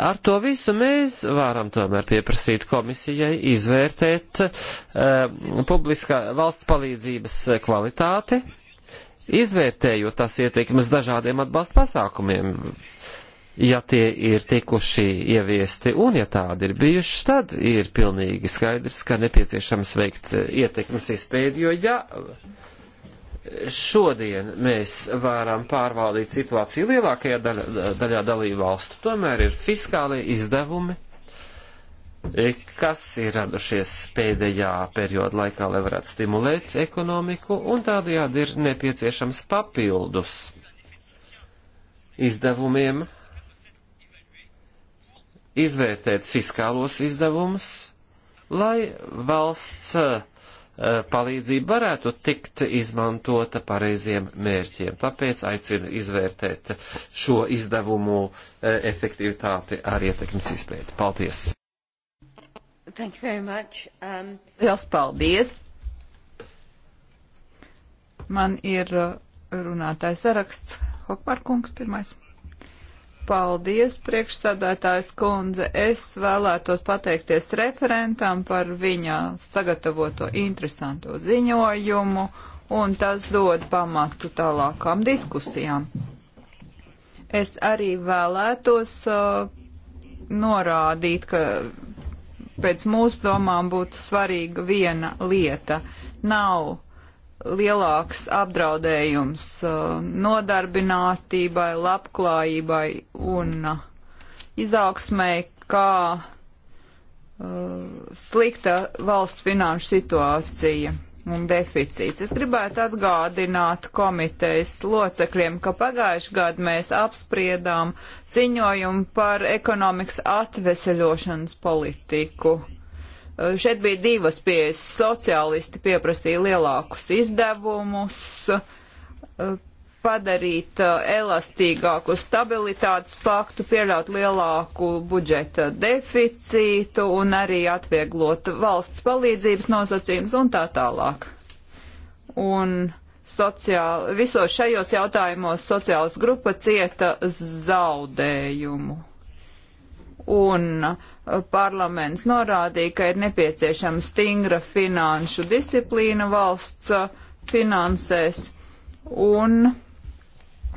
[SPEAKER 3] ar to visu mēs varam tomēr pieprasīt komisijai izvērtēt uh, eh, publiskā valsts palīdzības kvalitāti, izvērtējot tās ietekmes dažādiem atbalsta pasākumiem, ja tie ir tikuši ieviesti un ja tādi ir bijuši, tad ir pilnīgi skaidrs, ka nepieciešams veikt ietekmes izpēdi, jo ja šodien mēs varam pārvaldīt situāciju lielākajā daļā, daļā dalību valstu. Tomēr ir fiskālie izdevumi, e, kas ir radušies pēdējā perioda laikā, lai varētu stimulēt ekonomiku, un tādējādi ir nepieciešams papildus izdevumiem izvērtēt fiskālos izdevumus, lai valsts uh, Eh, palīdzība varētu tikt izmantota pareiziem mērķiem. Tāpēc aicinu izvērtēt šo izdevumu eh, efektivitāti ar ietekmes izpēti. Paldies!
[SPEAKER 1] Thank you very much. Um... Liels paldies! Man ir eh, runātājs saraksts. Hokmārkungs pirmais. Paldies, priekšsādātājs kundze. Es vēlētos pateikties referentam par viņa sagatavoto interesanto ziņojumu, un tas dod pamatu tālākām diskusijām. Es arī vēlētos uh, norādīt, ka pēc mūsu domām būtu svarīga viena lieta. Nav lielāks apdraudējums uh, nodarbinātībai, labklājībai un uh, izaugsmēji, kā uh, slikta valsts finanšu situācija un deficīts. Es gribētu atgādināt komitejas locekļiem, ka pagājuši gadu mēs apspriedām ziņojumu par ekonomikas atveseļošanas politiku Eh, šeit bija divas pieejas. Sociālisti pieprasīja lielākus izdevumus, eh, padarīt eh, elastīgāku stabilitātes paktu, pieļaut lielāku budžeta deficītu un arī atvieglot valsts palīdzības nosacījumus un tā tālāk. Un sociāli, visos šajos jautājumos sociāls grupa cieta zaudējumu un uh, parlaments norādīja, ka ir nepieciešama stingra finanšu disciplīna valsts uh, finansēs. Un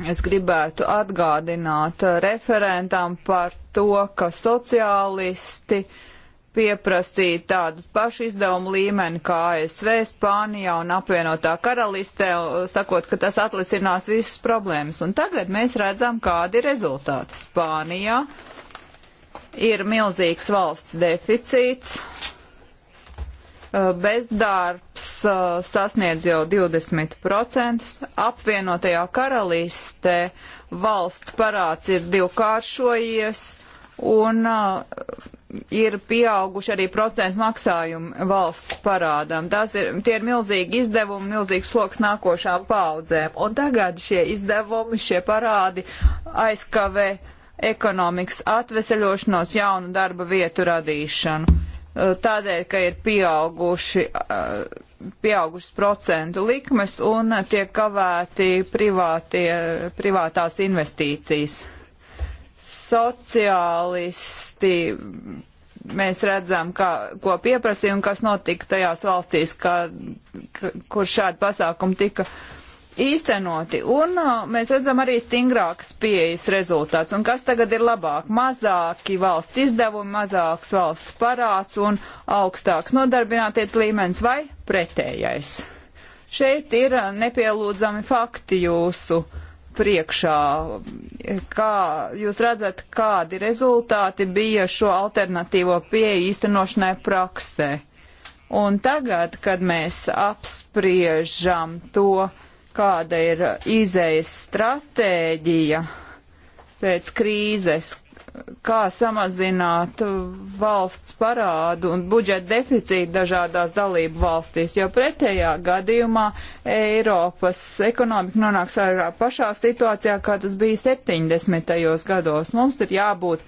[SPEAKER 1] es gribētu atgādināt uh, referentam par to, ka sociālisti pieprasīja tādu pašu izdevumu līmeni kā ASV, Spānijā un apvienotā karalistē, sakot, ka tas atlisinās visas problēmas. Un tagad mēs redzam, kādi ir rezultāti Spānijā ir milzīgs valsts deficīts, bezdarbs sasniedz jau 20%, apvienotajā karalistē valsts parāds ir divkāršojies un ir pieauguši arī procentu maksājumi valsts parādām. Tas ir, tie ir milzīgi izdevumi, milzīgs sloks nākošām paudzēm. Un tagad šie izdevumi, šie parādi aizkavē ekonomikas atveseļošanos, jaunu darba vietu radīšanu. Tādēļ, ka ir pieauguši, pieaugušas procentu likmes un tiek kavēti privātie, privātās investīcijas. Sociālisti mēs redzam, kā, ko pieprasīja un kas notika tajās valstīs, kā, kur šādi pasākumi tika uh, īstenoti. Un uh, mēs redzam arī stingrākas pieejas rezultāts. Un kas tagad ir labāk? Mazāki valsts izdevumi, mazāks valsts parāds un augstāks nodarbinātības līmenis vai pretējais? Šeit ir uh, nepielūdzami fakti jūsu priekšā. Kā jūs redzat, kādi rezultāti bija šo alternatīvo pieeju īstenošanai praksē? Un tagad, kad mēs apspriežam to, uh, kāda ir izējas stratēģija pēc krīzes, kā samazināt valsts parādu un budžeta deficītu dažādās dalību valstīs, jo pretējā gadījumā Eiropas ekonomika nonāks ar pašā situācijā, kā tas bija 70. gados. Mums ir jābūt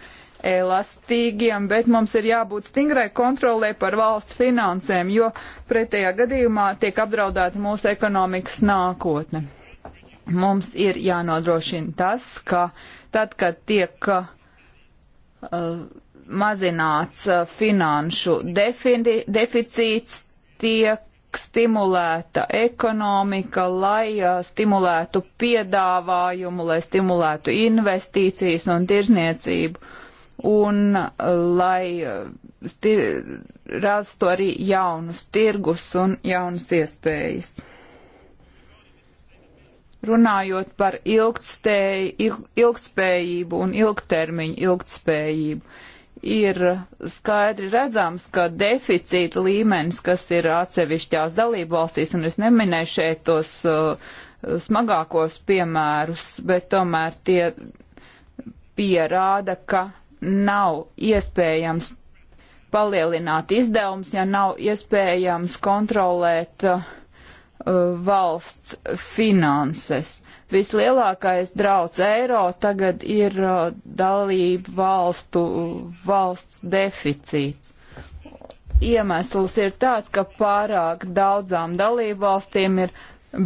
[SPEAKER 1] elastīgiem, bet mums ir jābūt stingrai kontrolē par valsts finansēm, jo pretējā gadījumā tiek apdraudēta mūsu ekonomikas nākotne. Mums ir jānodrošina tas, ka tad, kad tiek uh, mazināts uh, finanšu defini, deficīts, tiek stimulēta ekonomika, lai uh, stimulētu piedāvājumu, lai stimulētu investīcijas un tirzniecību un uh, lai uh, rastu arī jaunus tirgus un jaunas iespējas. Runājot par ilgtstēj, ilg, ilgtspējību un ilgtermiņu ilgtspējību, ir skaidri redzams, ka deficīta līmenis, kas ir atsevišķās dalību valstīs, un es neminēju šeit tos uh, smagākos piemērus, bet tomēr tie pierāda, ka nav iespējams palielināt izdevumus, ja nav iespējams kontrolēt uh, valsts finanses. Vislielākais drauds eiro tagad ir uh, dalību valstu valsts deficīts. Iemesls ir tāds, ka pārāk daudzām dalību valstīm ir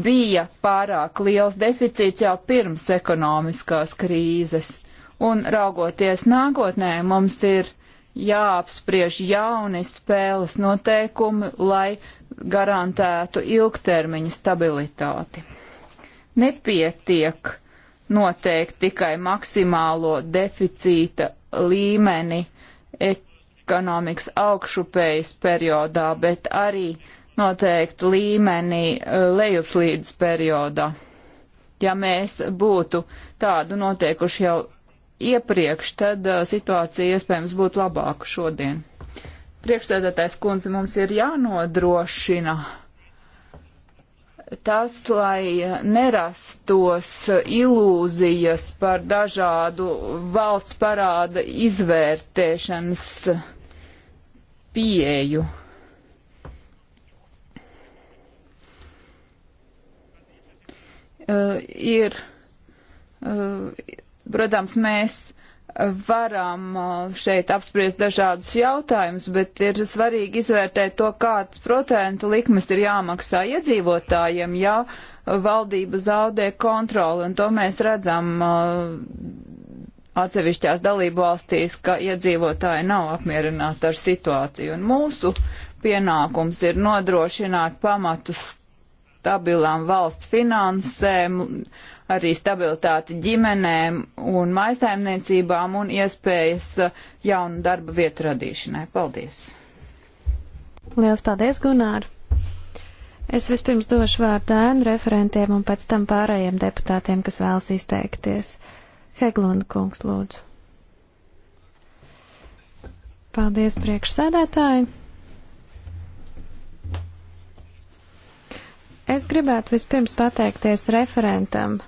[SPEAKER 1] bija pārāk liels deficīts jau pirms ekonomiskās krīzes Un raugoties nākotnē, mums ir jāapspriež jauni spēles noteikumi, lai garantētu ilgtermiņa stabilitāti. Nepietiek noteikt tikai maksimālo deficīta līmeni ekonomikas augšupējas periodā, bet arī noteiktu līmenī e, lejupslīdes periodā. Ja mēs būtu tādu noteikuši jau iepriekš, tad uh, situācija iespējams būtu labāka šodien. Priekšsēdētājs kundze mums ir jānodrošina tas, lai nerastos ilūzijas par dažādu valsts parāda izvērtēšanas pieeju. Uh, ir uh, Protams, mēs varam uh, šeit apspriest dažādus jautājumus, bet ir svarīgi izvērtēt to, kāds procentu likmes ir jāmaksā iedzīvotājiem, ja valdība zaudē kontroli. Un to mēs redzam uh, atsevišķās dalību valstīs, ka iedzīvotāji nav apmierināti ar situāciju. Un mūsu pienākums ir nodrošināt pamatus stabilām valsts finansēm, uh, arī stabilitāti ģimenēm un maisaimniecībām un iespējas uh, jaunu darba vietu radīšanai. Paldies!
[SPEAKER 2] Lielas paldies, Gunār! Es vispirms došu vārdu ēnu referentiem un pēc tam pārējiem deputātiem, kas vēlas izteikties. Heglunda kungs, lūdzu. Paldies, priekšsēdētāji! Es gribētu vispirms pateikties referentam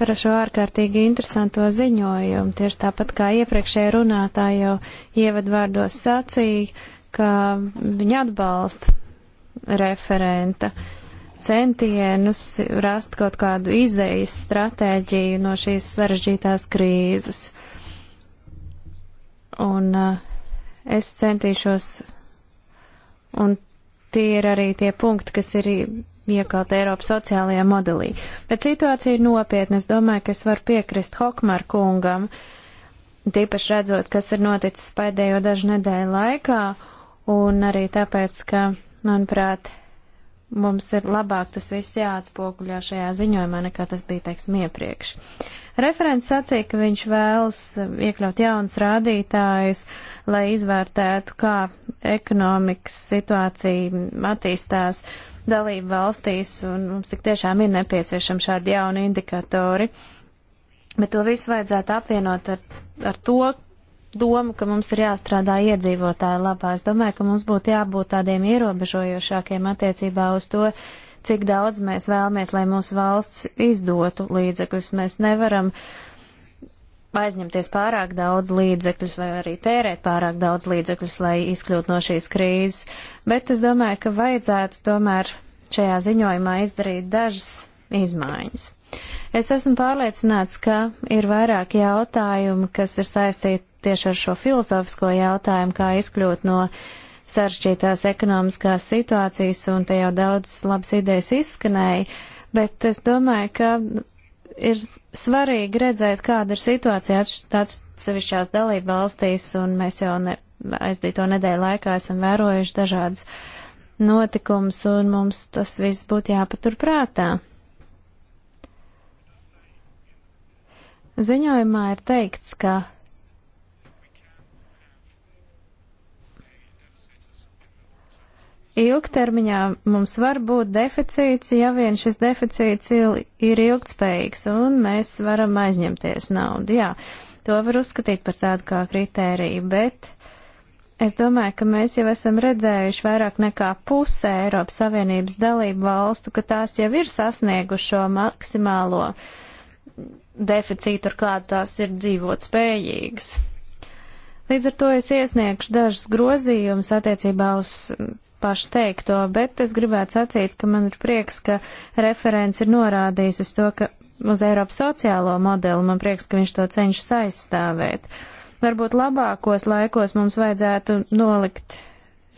[SPEAKER 2] par šo ārkārtīgi interesanto ziņojumu. Tieši tāpat kā iepriekšējā runātā jau ievadvārdos sacīja, ka viņa atbalsta referenta centienus rast kaut kādu izējas stratēģiju no šīs sarežģītās krīzes. Un uh, es centīšos, un tie ir arī tie punkti, kas ir iekalt Eiropas sociālajā modelī. Bet situācija ir nopietna. Es domāju, ka es varu piekrist Hokmar kungam, tīpaši redzot, kas ir noticis pēdējo dažu nedēļu laikā, un arī tāpēc, ka, manuprāt, mums ir labāk tas viss jāatspoguļo šajā ziņojumā, nekā tas bija, teiksim, iepriekš. Referents sacīja, ka viņš vēlas iekļaut jaunas rādītājus, lai izvērtētu, kā ekonomikas situācija attīstās. Uh, dalību valstīs, un mums tik tiešām ir nepieciešami šādi jauni indikatori. Bet to visu vajadzētu apvienot ar, ar to domu, ka mums ir jāstrādā iedzīvotāju labā. Es domāju, ka mums būtu jābūt tādiem ierobežojošākiem attiecībā uz to, cik daudz mēs vēlamies, lai mūsu valsts izdotu līdzekļus. Mēs nevaram uh, aizņemties pārāk daudz līdzekļus vai arī tērēt pārāk daudz līdzekļus, lai izkļūtu no šīs krīzes. Bet es domāju, ka vajadzētu tomēr šajā ziņojumā izdarīt dažas izmaiņas. Es esmu pārliecināts, ka ir vairāk jautājumu, kas ir saistīti tieši ar šo filozofisko jautājumu, kā izkļūt no sarežģītās ekonomiskās situācijas, un te jau daudz labas idejas izskanēja, bet es domāju, ka ir svarīgi redzēt, kāda ir situācija atsevišķās dalība valstīs, un mēs jau ne, aizdīto nedēļu laikā esam vērojuši dažādas notikums, un mums tas viss būtu jāpatur prātā. Ziņojumā ir teikts, ka ilgtermiņā mums var būt deficīts, ja vien šis deficīts ir ilgtspējīgs un mēs varam aizņemties naudu. Jā, to var uzskatīt par tādu kā kritēriju, bet es domāju, ka mēs jau esam redzējuši vairāk nekā pusē Eiropas Savienības dalību valstu, ka tās jau ir sasniegušo maksimālo deficītu, ar kādu tās ir dzīvot spējīgas. Līdz ar to es iesniegšu dažus grozījumus attiecībā uz pašu teikto, bet es gribētu sacīt, ka man ir prieks, ka referents ir norādījis uz to, ka uz Eiropas sociālo modeli man prieks, ka viņš to cenšas aizstāvēt. Varbūt labākos laikos mums vajadzētu nolikt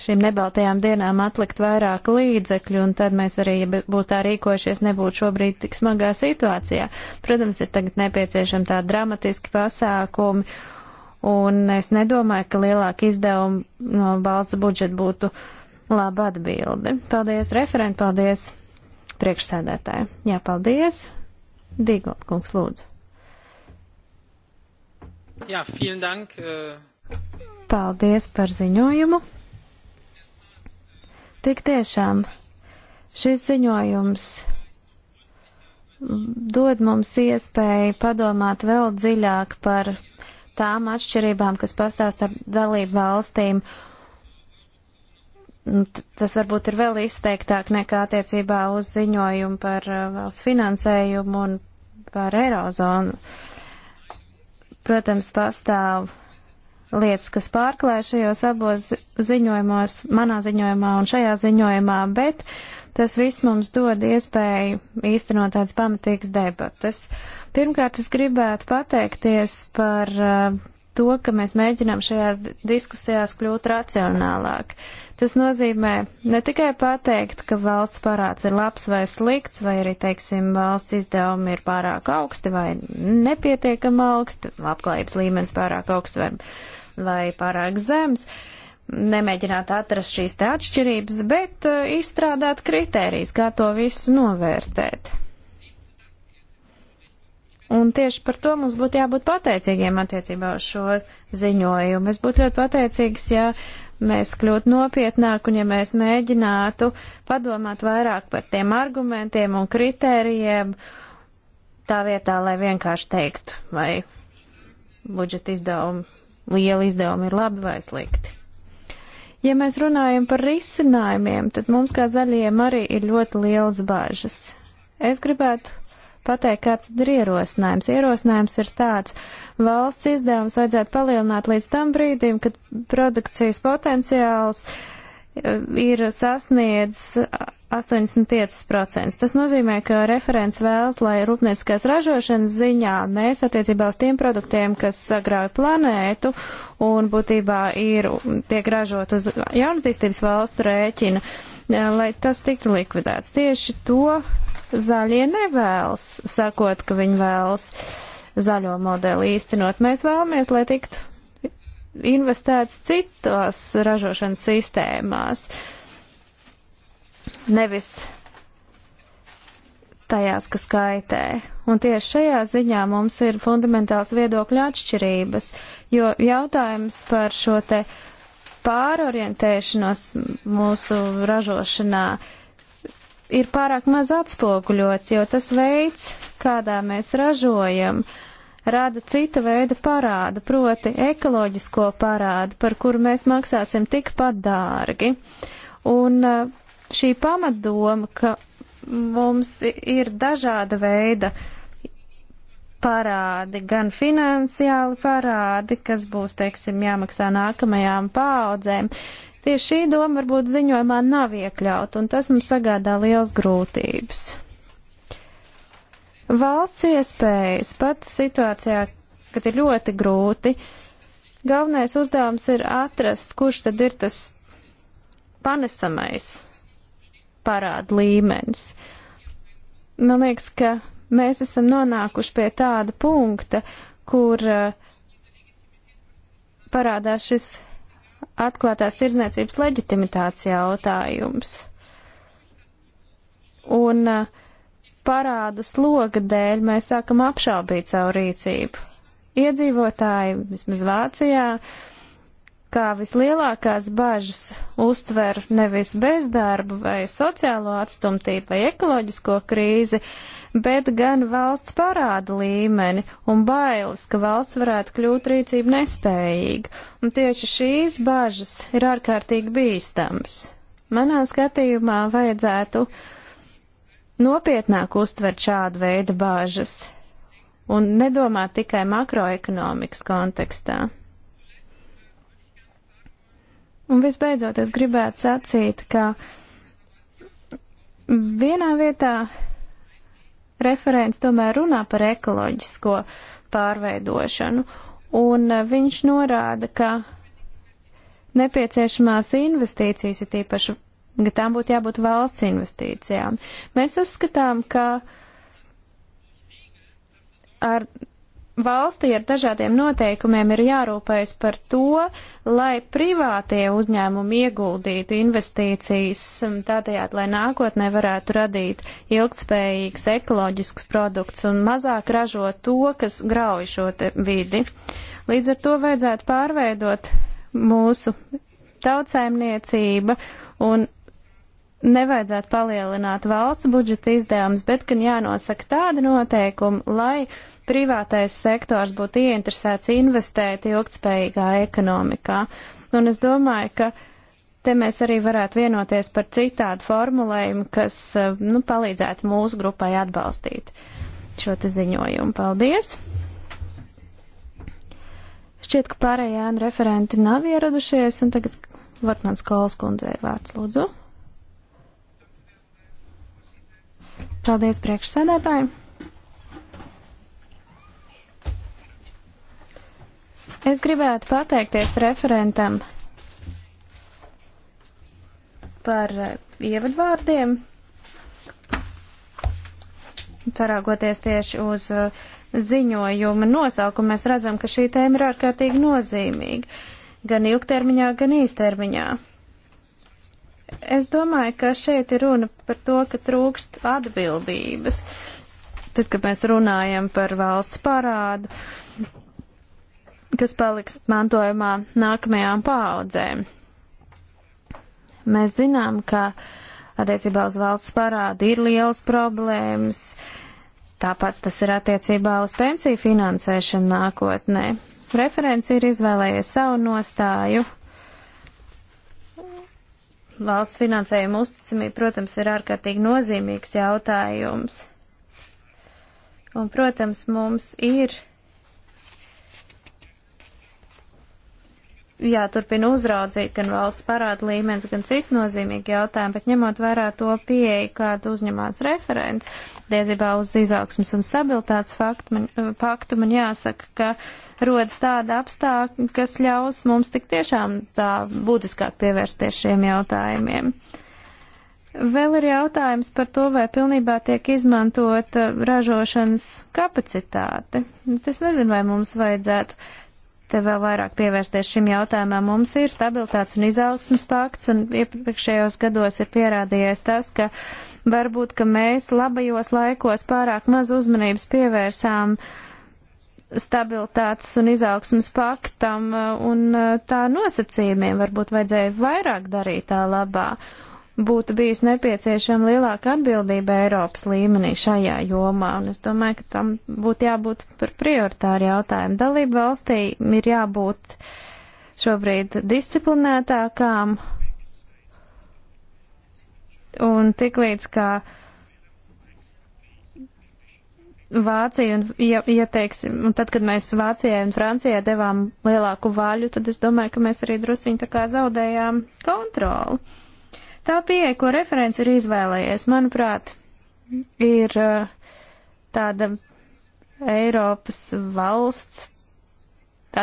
[SPEAKER 2] šīm nebaltajām dienām atlikt vairāk līdzekļu, un tad mēs arī, ja būtu tā rīkojušies, nebūtu šobrīd tik smagā situācijā. Protams, ir tagad nepieciešami tādi dramatiski pasākumi, un es nedomāju, ka lielāka izdevuma no valsts budžeta būtu uh, laba atbildi. Paldies, referent, paldies, priekšsēdētāji. Jā, paldies. Dīgolt, kungs, lūdzu.
[SPEAKER 3] Jā, vielen dank.
[SPEAKER 1] Eh.
[SPEAKER 2] Paldies par ziņojumu. Tik tiešām šis ziņojums dod mums iespēju padomāt vēl dziļāk par tām atšķirībām, kas pastāv starp dalību valstīm Nu, tas varbūt ir vēl izteiktāk nekā attiecībā uz ziņojumu par uh, valsts finansējumu un par eirozonu. Protams, pastāv lietas, kas pārklāj šajos abos ziņojumos, manā ziņojumā un šajā ziņojumā, bet tas viss mums dod iespēju īstenot tādas pamatīgas debatas. Pirmkārt, es gribētu pateikties par uh, to, ka mēs mēģinām šajās diskusijās kļūt racionālāk. Tas nozīmē ne tikai pateikt, ka valsts parāds ir labs vai slikts, vai arī, teiksim, valsts izdevumi ir pārāk augsti vai nepietiekami augsti, labklājības līmenis pārāk augsts vai, vai pārāk zems. Nemēģināt atrast šīs te atšķirības, bet uh, izstrādāt kritērijas, kā to visu novērtēt. Un tieši par to mums būtu jābūt pateicīgiem attiecībā uz šo ziņojumu. Es būtu ļoti pateicīgs, ja mēs kļūtu nopietnāk un ja mēs mēģinātu padomāt vairāk par tiem argumentiem un kritērijiem, tā vietā, lai vienkārši teiktu, vai budžeta izdevumi, liela izdevumi ir labi vai slikti. Ja mēs runājam par risinājumiem, tad mums kā zaļiem arī ir ļoti liels bāžas. Es gribētu pateikt, kāds ir ierosinājums. Ierosinājums ir tāds, valsts izdevums vajadzētu palielināt līdz tam brīdim, kad produkcijas potenciāls e, ir sasniedzis 85%. Tas nozīmē, ka referents vēlas, lai rūpnieciskās ražošanas ziņā mēs attiecībā uz tiem produktiem, kas sagrauj planētu un būtībā ir, tiek ražot uz jaunatīstības valstu rēķina, e, lai tas tiktu likvidēts. Tieši to Zaļie nevēlas, sakot, ka viņi vēlas zaļo modeli īstenot. Mēs vēlamies, lai tiktu investēts citos ražošanas sistēmās, nevis tajās, kas kaitē. Un tieši šajā ziņā mums ir fundamentāls viedokļu atšķirības, jo jautājums par šo te pārorientēšanos mūsu ražošanā uh, ir pārāk maz atspoguļots, jo tas veids, kādā mēs ražojam, rada cita veida parādu, proti ekoloģisko parādu, par kuru mēs maksāsim tikpat dārgi. Un eh, šī pamatdoma, ka mums ir dažāda veida parādi, gan finansiāli parādi, kas būs, teiksim, jāmaksā nākamajām paaudzēm, Tieši šī doma varbūt ziņojumā nav iekļauta, un tas mums sagādā liels grūtības. Valsts iespējas pat situācijā, kad ir ļoti grūti, galvenais uzdevums ir atrast, kurš tad ir tas panesamais parāda līmenis. Man liekas, ka mēs esam nonākuši pie tāda punkta, kur eh, parādās šis atklātās tirdzniecības leģitimitātes jautājums. Un uh, parādu sloga dēļ mēs sākam apšaubīt savu rīcību. Iedzīvotāji, vismaz Vācijā, uh, kā vislielākās bažas uztver nevis bezdarbu vai sociālo atstumtību vai ekoloģisko krīzi, bet gan valsts parāda līmeni un bailes, ka valsts varētu kļūt rīcību nespējīga. Un tieši šīs bažas ir ārkārtīgi bīstams. Manā skatījumā vajadzētu nopietnāk uztvert šādu veidu bāžas un nedomāt tikai makroekonomikas kontekstā. Un visbeidzot, es gribētu sacīt, ka vienā vietā referents tomēr runā par ekoloģisko pārveidošanu, un viņš norāda, ka nepieciešamās investīcijas ir tīpaši, ka tām būtu jābūt valsts investīcijām. Mēs uzskatām, ka ar valstī ar dažādiem noteikumiem ir jārūpējas par to, lai privātie uzņēmumi ieguldītu investīcijas mm, tādējādi, lai nākotnē varētu radīt ilgtspējīgs ekoloģisks produkts un mazāk ražot to, kas grauj šo vidi. Līdz ar to vajadzētu pārveidot mūsu tautsēmniecība un nevajadzētu palielināt valsts budžeta izdevumus, bet gan jānosaka tāda noteikuma, lai privātais sektors būtu ieinteresēts investēt ilgtspējīgā ekonomikā. Un es domāju, ka te mēs arī varētu vienoties par citādu formulējumu, kas eh, nu, palīdzētu mūsu grupai atbalstīt šo te ziņojumu. Paldies! Šķiet, ka pārējie ēnu referenti nav ieradušies, un tagad Vartmans Kols kundzei vārds lūdzu. Paldies priekšsēdētājiem! Es gribētu pateikties referentam par eh, ievadvārdiem, parāgoties tieši uz eh, ziņojuma nosaukumu, mēs redzam, ka šī tēma ir ārkārtīgi nozīmīga, gan ilgtermiņā, gan īstermiņā. Es domāju, ka šeit ir runa par to, ka trūkst atbildības, tad, kad mēs runājam par valsts parādu kas paliks mantojumā nākamajām paaudzēm. Mēs zinām, ka attiecībā uz valsts parādu ir lielas problēmas, tāpat tas ir attiecībā uz pensiju finansēšanu nākotnē. Referents ir izvēlējies savu nostāju. Valsts finansējuma uzticamība, protams, ir ārkārtīgi nozīmīgs jautājums. Un, protams, mums ir jāturpina uzraudzīt gan valsts parāda līmenis, gan citu nozīmīgi jautājumi, bet ņemot vērā to pieeju, kādu uzņemās referents, diezībā uz izaugsmas un stabilitātes faktu, man, eh, paktu, man jāsaka, ka rodas tāda apstākļa, kas ļaus mums tik tiešām tā būtiskāk pievērsties šiem jautājumiem. Vēl ir jautājums par to, vai pilnībā tiek izmantota eh, ražošanas kapacitāte. Es nezinu, vai mums vajadzētu te vēl vairāk pievērsties šim jautājumam. Mums ir stabilitātes un izaugsmas pakts, un iepriekšējos gados ir pierādījies tas, ka varbūt, ka mēs labajos laikos pārāk maz uzmanības pievērsām stabilitātes un izaugsmas paktam un uh, tā nosacījumiem varbūt vajadzēja vairāk darīt tā labā būtu bijis nepieciešama lielāka atbildība Eiropas līmenī šajā jomā, un es domāju, ka tam būtu jābūt par prioritāru jautājumu. Dalību valstī ir jābūt šobrīd disciplinētākām, un tiklīdz kā Vācija un, ja, ja teiksim, un tad, kad mēs Vācijai un Francijai devām lielāku vaļu, tad es domāju, ka mēs arī drusiņi tā kā zaudējām kontroli. Tā pieeja, ko referents ir izvēlējies, manuprāt, ir uh, tāda Eiropas valsts,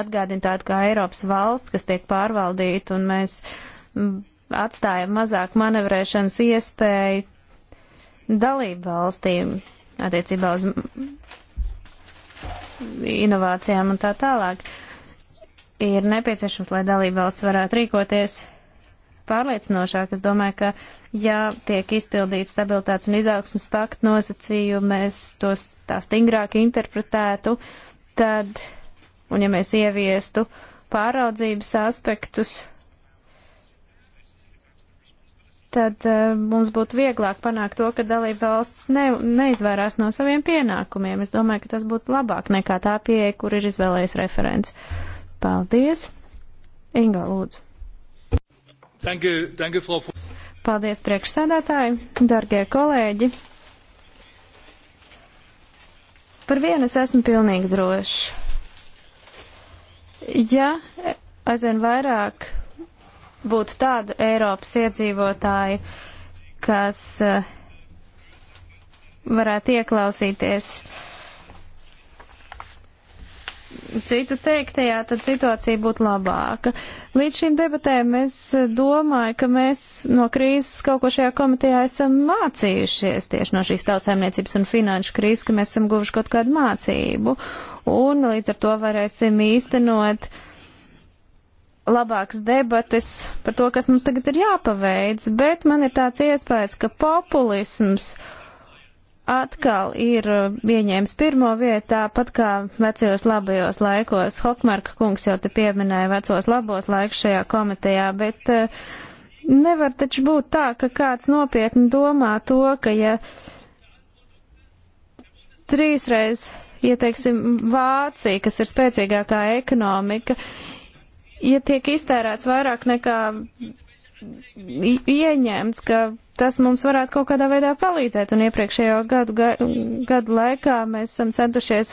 [SPEAKER 2] atgādina tādu kā Eiropas valsts, kas tiek pārvaldīta, un mēs atstājam mazāk manevrēšanas iespēju dalību valstīm attiecībā uz inovācijām un tā tālāk. Ir nepieciešams, lai dalība valsts varētu rīkoties pārliecinošāk. Es domāju, ka ja tiek izpildīts stabilitātes un izaugsmas paktu nosacījumi, mēs tos tā stingrāk interpretētu, tad, un ja mēs ieviestu pāraudzības aspektus, tad uh, mums būtu vieglāk panākt to, ka dalība valsts ne, neizvairās no saviem pienākumiem. Es domāju, ka tas būtu labāk nekā tā pieeja, kur ir izvēlējis referents. Paldies! Inga, lūdzu!
[SPEAKER 1] Thank you, thank you for...
[SPEAKER 2] Paldies priekšsēdētāji, dargie kolēģi. Par vienu es esmu pilnīgi drošs. Ja aizvien vairāk būtu tādu Eiropas iedzīvotāju, kas eh, varētu ieklausīties uh, citu teiktajā, tad situācija būtu labāka. Līdz šīm debatēm es domāju, ka mēs no krīzes kaut ko šajā komitejā esam mācījušies tieši no šīs tautsēmniecības un finanšu krīzes, ka mēs esam guvuši kaut kādu mācību. Un līdz ar to varēsim īstenot labāks debates par to, kas mums tagad ir jāpaveic, bet man ir tāds iespējas, ka populisms atkal ir uh, ieņēmis pirmo vietu, tāpat kā vecajos labajos laikos. Hokmarka kungs jau te pieminēja vecos labos laikus šajā komitejā, bet uh, nevar taču būt tā, ka kāds nopietni domā to, ka ja trīsreiz, ja teiksim, Vācija, kas ir spēcīgākā ekonomika, ja tiek iztērēts vairāk nekā ieņemts, ka tas mums varētu kaut kādā veidā palīdzēt. Un iepriekšējo gadu, ga, gadu laikā mēs esam centušies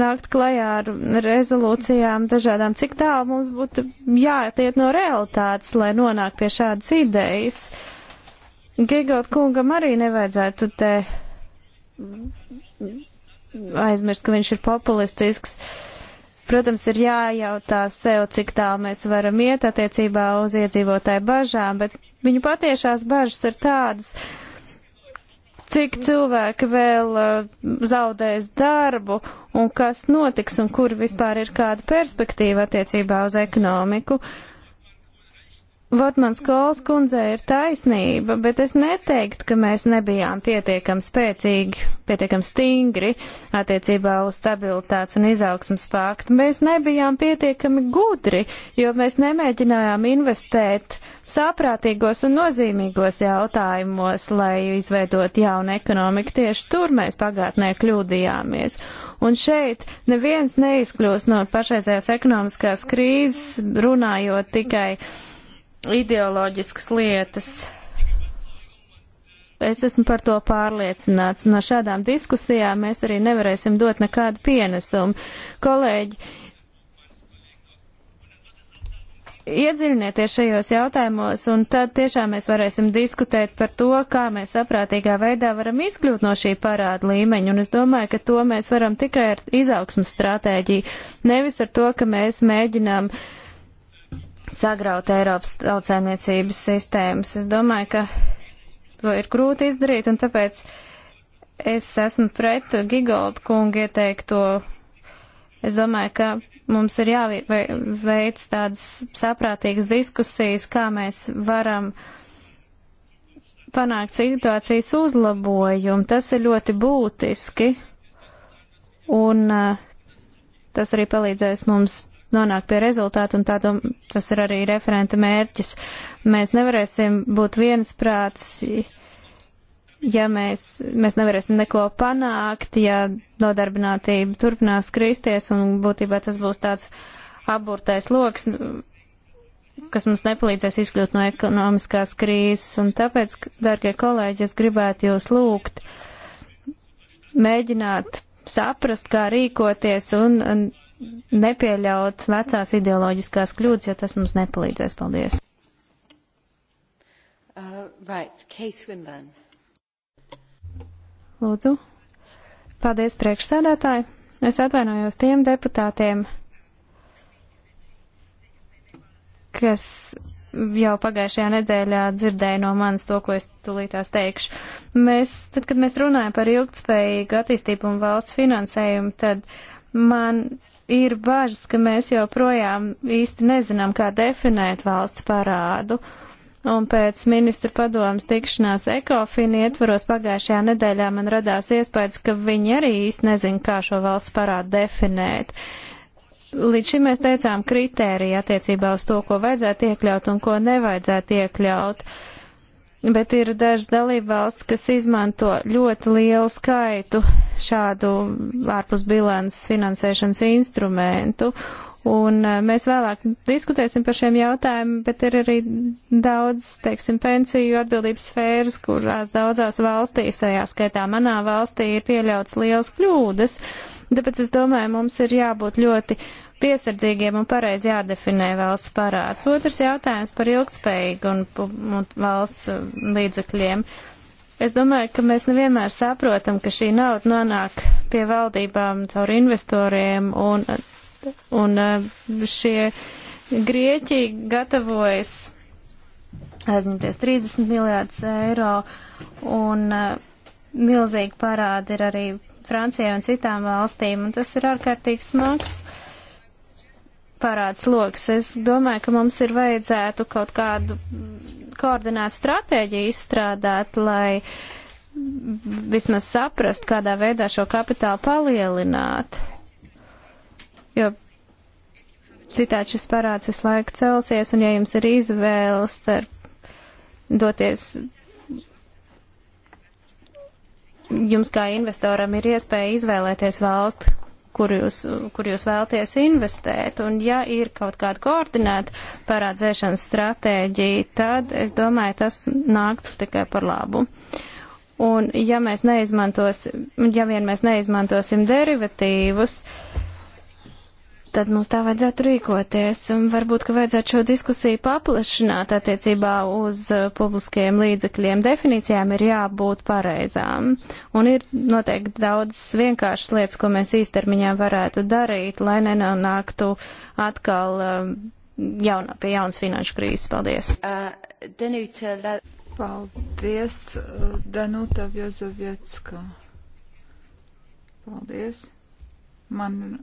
[SPEAKER 2] nākt klajā ar rezolūcijām dažādām, cik tālu mums būtu jātiet no realitātes, lai nonāk pie šādas idejas. Gigot kungam arī nevajadzētu te aizmirst, ka viņš ir populistisks. Protams, ir jājautā sev, cik tālu mēs varam iet attiecībā uz iedzīvotāju bažām, bet Viņu patiešās bažas ir tādas, cik cilvēki vēl uh, zaudēs darbu un kas notiks un kur vispār ir kāda perspektīva attiecībā uz ekonomiku. Uh, Vortmans Kols kundzei ir taisnība, bet es neteiktu, ka mēs nebijām pietiekami spēcīgi, pietiekami stingri attiecībā uz stabilitātes un izaugsmas paktu. Mēs nebijām pietiekami gudri, jo mēs nemēģinājām investēt saprātīgos un nozīmīgos jautājumos, lai izveidot jaunu ekonomiku. Tieši tur mēs pagātnē kļūdījāmies. Un šeit neviens neizkļūst no pašreizējās ekonomiskās krīzes, runājot tikai ideoloģiskas lietas. Es esmu par to pārliecināts, un no šādām diskusijām mēs arī nevarēsim dot nekādu pienesumu. Kolēģi, iedziļinieties šajos jautājumos, un tad tiešām mēs varēsim diskutēt par to, kā mēs saprātīgā veidā varam izkļūt no šī parāda līmeņa, un es domāju, ka to mēs varam tikai ar izaugsmas stratēģiju, nevis ar to, ka mēs mēģinām uh, sagraut Eiropas tautsēmniecības sistēmas. Es domāju, ka to ir grūti izdarīt, un tāpēc es esmu pret Gigolda kungu ieteikto. Es domāju, ka mums ir jāveic tādas saprātīgas diskusijas, kā mēs varam panākt situācijas uzlabojumu. Tas ir ļoti būtiski, un uh, tas arī palīdzēs mums nonākt pie rezultātu, un tādā tas ir arī referenta mērķis. Mēs nevarēsim būt viensprāts, ja mēs, mēs nevarēsim neko panākt, ja nodarbinātība turpinās kristies, un būtībā tas būs tāds aburtais loks, kas mums nepalīdzēs izkļūt no ekonomiskās krīzes, un tāpēc, darbie kolēģi, es gribētu jūs lūgt mēģināt saprast, kā rīkoties un, un nepieļaut vecās ideoloģiskās kļūdas, jo tas mums nepalīdzēs. Paldies.
[SPEAKER 1] Uh, right. Case Wimbledon.
[SPEAKER 2] Lūdzu. Paldies, priekšsēdētāji. Es atvainojos tiem deputātiem, kas jau pagājušajā nedēļā dzirdēja no manis to, ko es tulītās teikšu. Mēs, tad, kad mēs runājam par ilgtspējīgu attīstību un valsts finansējumu, tad man ir bažas, ka mēs joprojām īsti nezinām, kā definēt valsts parādu. Un pēc ministra padomas tikšanās ekofīna ietvaros pagājušajā nedēļā man radās iespējas, ka viņi arī īsti nezina, kā šo valsts parādu definēt. Līdz šim mēs teicām kritēriju attiecībā uz to, ko vajadzētu iekļaut un ko nevajadzētu iekļaut. Uh, bet ir dažas dalībvalsts, kas izmanto ļoti lielu skaitu šādu ārpus bilants finansēšanas instrumentu. Un eh, mēs vēlāk diskutēsim par šiem jautājumiem, bet ir arī daudz, teiksim, pensiju atbildības sfēras, kurās daudzās valstīs, tajā skaitā manā valstī, ir pieļauts liels kļūdas. Tāpēc es domāju, mums ir jābūt ļoti piesardzīgiem un pareizi jādefinē valsts parāds. Otrs jautājums par ilgspējīgu un, un valsts uh, līdzekļiem. Es domāju, ka mēs nevienmēr saprotam, ka šī nauda nonāk pie valdībām caur investoriem un, un uh, šie Grieķi gatavojas aizņemties 30 miljārdus eiro un uh, milzīgi parādi ir arī Francijai un citām valstīm, un tas ir ārkārtīgi smags. Uh, parāds loks. Es domāju, ka mums ir vajadzētu kaut kādu koordinētu stratēģiju izstrādāt, lai vismaz saprast, kādā veidā šo kapitālu palielināt. Jo citādi šis parāds visu laiku celsies, un ja jums ir izvēle starp doties jums kā investoram ir iespēja izvēlēties valstu, kur jūs, kur jūs vēlties investēt. Un ja ir kaut kāda koordinēta parādzēšanas stratēģija, tad es domāju, tas nāktu tikai par labu. Un ja mēs neizmantosim, ja vien mēs neizmantosim derivatīvus, uh, tad mums tā vajadzētu rīkoties. Un varbūt, ka vajadzētu šo diskusiju paplašināt attiecībā uz uh, publiskajiem līdzekļiem. Definīcijām ir jābūt pareizām. Un ir noteikti daudz vienkāršas lietas, ko mēs īstermiņā varētu darīt, lai nenonāktu atkal uh, jaunā, pie jaunas finanšu krīzes. Paldies!
[SPEAKER 1] Uh, Danuta, la... Paldies, uh, Danuta Vjozovietska. Paldies. Man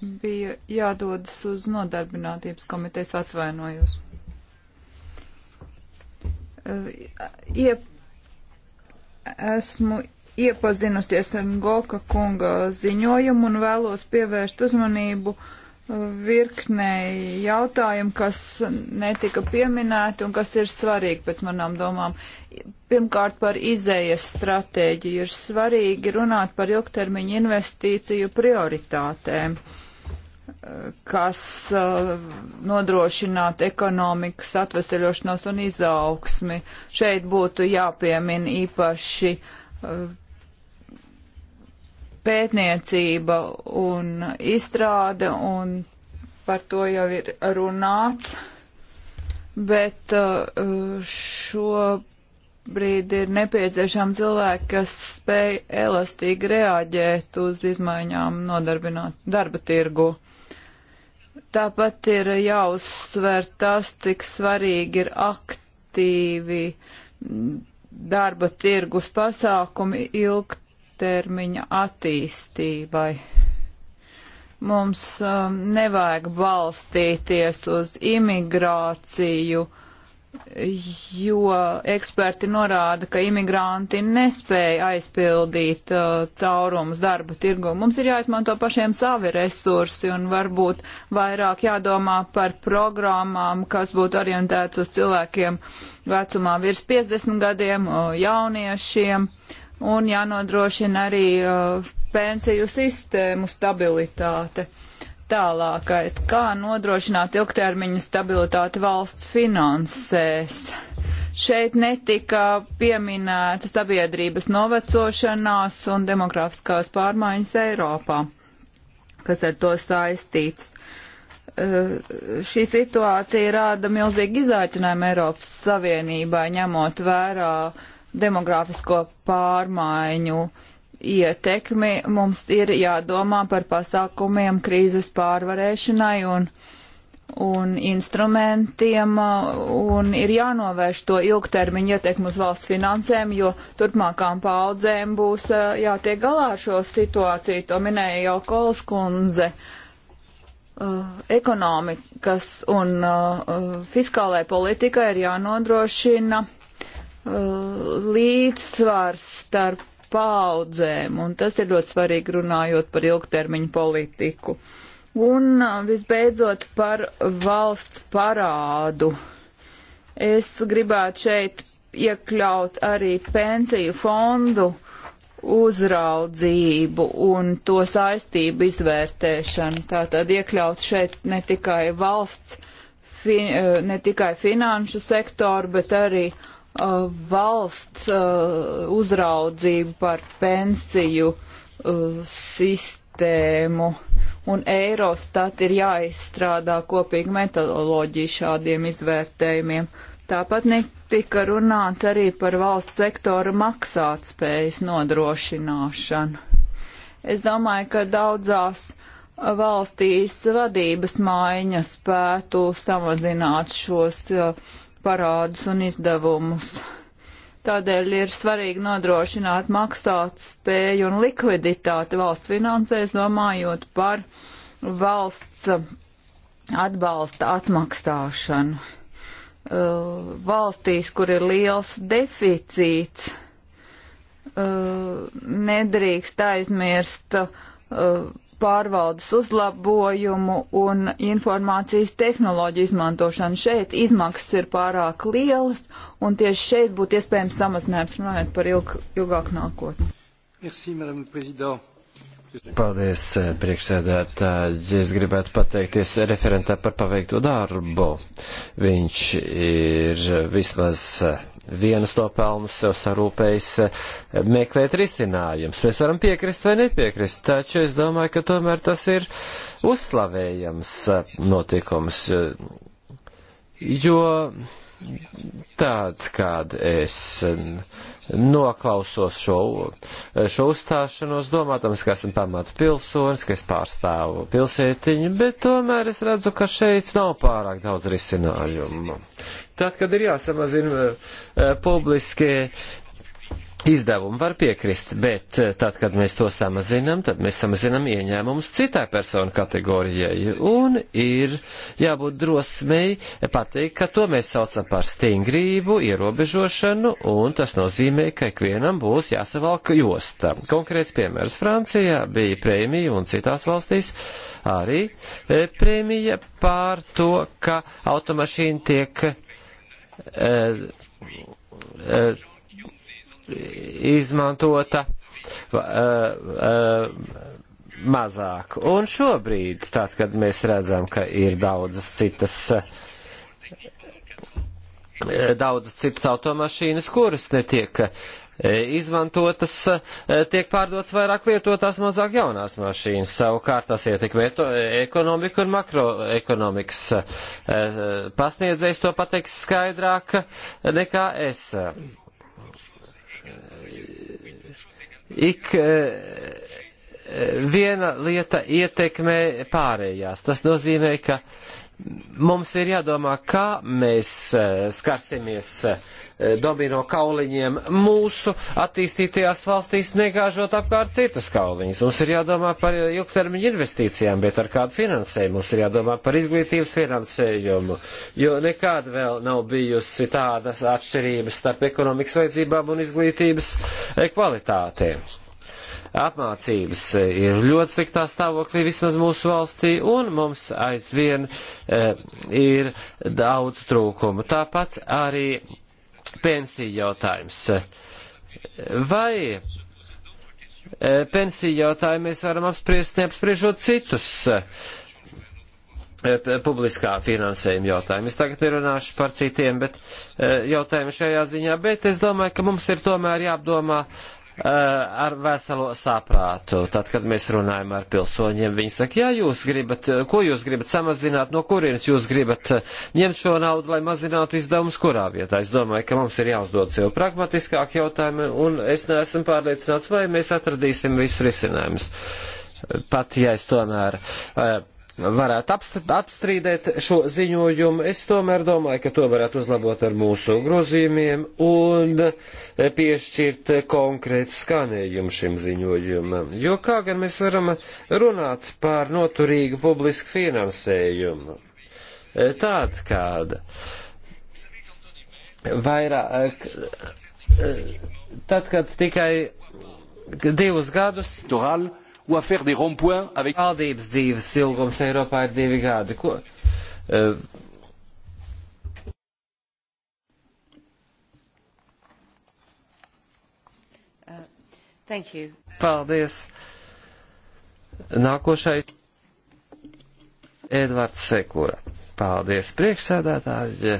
[SPEAKER 1] bija jādodas uz nodarbinātības komitejas atvainojos. Iep, esmu iepazinusies ar Goka kunga ziņojumu un vēlos pievērst uzmanību virknei jautājumu, kas netika pieminēti un kas ir svarīgi pēc manām domām. Pirmkārt, par izējas stratēģiju ir svarīgi runāt par ilgtermiņu investīciju prioritātēm. Uh, kas eh, nodrošinātu ekonomikas atveseļošanos un izaugsmi. Šeit būtu jāpiemina īpaši eh, pētniecība un izstrāde, un par to jau ir runāts, bet eh, šobrīd ir nepieciešami cilvēki, kas spēj elastīgi reaģēt uz izmaiņām nodarbināt darba tirgu. Tāpat ir jāuzsver tas, cik svarīgi ir aktīvi darba tirgus pasākumi ilgtermiņa attīstībai. Mums um, nevajag balstīties uz imigrāciju jo eksperti norāda, ka imigranti nespēja aizpildīt uh, caurumus darba tirgu. Mums ir jāizmanto pašiem savi resursi un varbūt vairāk jādomā par programmām, kas būtu orientēts uz cilvēkiem vecumā virs 50 gadiem, uh, jauniešiem un jānodrošina arī uh, pensiju sistēmu stabilitāte. Uh, Tālākais, kā nodrošināt ilgtermiņa stabilitāti valsts finansēs. Šeit netika pieminēta sabiedrības novecošanās un demografiskās pārmaiņas Eiropā, kas ar to saistīts. Eh, šī situācija rāda milzīgi izaicinājumu Eiropas Savienībai, ņemot vērā demografisko pārmaiņu uh, ietekmi, mums ir jādomā par pasākumiem krīzes pārvarēšanai un, un instrumentiem, un ir jānovērš to ilgtermiņa ietekmi uz valsts finansēm, jo turpmākām paudzēm būs eh, jātiek galā ar šo situāciju, to minēja jau Kolskundze. Uh, ekonomikas un uh, fiskālajai politikai ir jānodrošina uh, līdzsvars starp paudzēm, un tas ir ļoti svarīgi runājot par ilgtermiņu politiku. Un uh, visbeidzot par valsts parādu. Es gribētu šeit iekļaut arī pensiju fondu uzraudzību un to saistību izvērtēšanu. Tātad iekļaut šeit ne tikai valsts, fin, uh, ne tikai finanšu sektoru, bet arī Uh, valsts uh, uzraudzību par pensiju uh, sistēmu. Un Eirostat ir jāizstrādā kopīga metodoloģija šādiem izvērtējumiem. Tāpat netika runāts arī par valsts sektora maksātspējas nodrošināšanu. Es domāju, ka daudzās valstīs vadības maiņas spētu samazināt šos uh, parādus un izdevumus. Tādēļ ir svarīgi nodrošināt maksāt spēju un likviditāti valsts finansēs, domājot par valsts atbalsta atmaksāšanu. Uh, valstīs, kur ir liels deficīts, uh, nedrīkst aizmirst uh, pārvaldes uzlabojumu un informācijas tehnoloģiju izmantošanu. Šeit izmaksas ir pārāk lielas, un tieši šeit būtu iespējams samazinājums runājot par ilg, ilgāku nākotni.
[SPEAKER 2] Merci, Madame Président.
[SPEAKER 3] Paldies, eh, priekšsēdētāji. Es gribētu pateikties referentā par paveikto darbu. Viņš ir vismaz eh, vienas no pelnus sev sarūpējis eh, meklēt risinājums. Mēs varam piekrist vai nepiekrist, taču es domāju, ka tomēr tas ir uzslavējams eh, notikums, eh, jo tad, kad es noklausos šo, šo uzstāšanos, domātams, ka esmu pamata pilsonis, ka es pārstāvu pilsētiņu, bet tomēr es redzu, ka šeit nav pārāk daudz risinājumu. Tad, kad ir jāsamazina eh, publiskie Izdevumi var piekrist, bet eh, tad, kad mēs to samazinam, tad mēs samazinam ieņēmumus citai personu kategorijai. Un ir jābūt drosmei pateikt, ka to mēs saucam par stingrību, ierobežošanu, un tas nozīmē, ka ikvienam būs jāsavalk josta. Konkrēts piemērs Francijā bija prēmija un citās valstīs arī eh, prēmija pār to, ka automašīna tiek. E, e, izmantota eh, eh, mazāk. Un šobrīd, tad, kad mēs redzam, ka ir daudzas citas eh, daudzas citas automašīnas, kuras netiek izmantotas, tiek pārdotas vairāk lietotās, mazāk jaunās mašīnas. Savukārt tas ietekmē ekonomiku un makroekonomikas pasniedzējs to pateiks skaidrāk nekā es. ik eh, eh, viena lieta ietekmē pārējās. Tas nozīmē, ka mums ir jādomā, kā mēs eh, skarsimies eh, domino kauliņiem mūsu attīstītajās valstīs, negāžot apkārt citus kauliņus. Mums ir jādomā par ilgtermiņa investīcijām, bet ar kādu finansējumu. Mums ir jādomā par izglītības finansējumu, jo nekad vēl nav bijusi tādas atšķirības starp ekonomikas vajadzībām un izglītības eh, kvalitātēm apmācības e, ir ļoti sliktā stāvoklī vismaz mūsu valstī, un mums aizvien e, ir daudz trūkumu. Tāpat arī pensiju jautājums. Vai e, pensiju jautājumu mēs varam apspriest neapspriežot citus e, publiskā finansējuma jautājumu. Es tagad nerunāšu par citiem bet, jautājumiem šajā ziņā, bet es domāju, ka mums ir tomēr jāapdomā Eh, ar veselo saprātu. Tad, kad mēs runājam ar pilsoņiem, viņi saka, jā, jūs gribat, eh, ko jūs gribat samazināt, no kurienes jūs gribat eh, ņemt šo naudu, lai mazinātu izdevumus kurā vietā. Es domāju, ka mums ir jāuzdod sev pragmatiskāk jautājumi, un es neesmu pārliecināts, vai mēs atradīsim visus risinājumus. Pat ja es tomēr. Uh, varētu apstrīdēt šo ziņojumu. Es tomēr domāju, ka to varētu uzlabot ar mūsu grozījumiem un piešķirt konkrētu skanējumu šim ziņojumam. Jo kā gan mēs varam runāt par noturīgu publisku finansējumu? Tāda kāda. Vairāk. Tad, kad tikai divus gadus. Tuhal ou à faire des ronds-points avec. Valdības dzīves ilgums Eiropā ir divi gadi. Ko, uh, Thank you. Paldies. Nākošais Edvards Sekura. Paldies, priekšsēdētāji.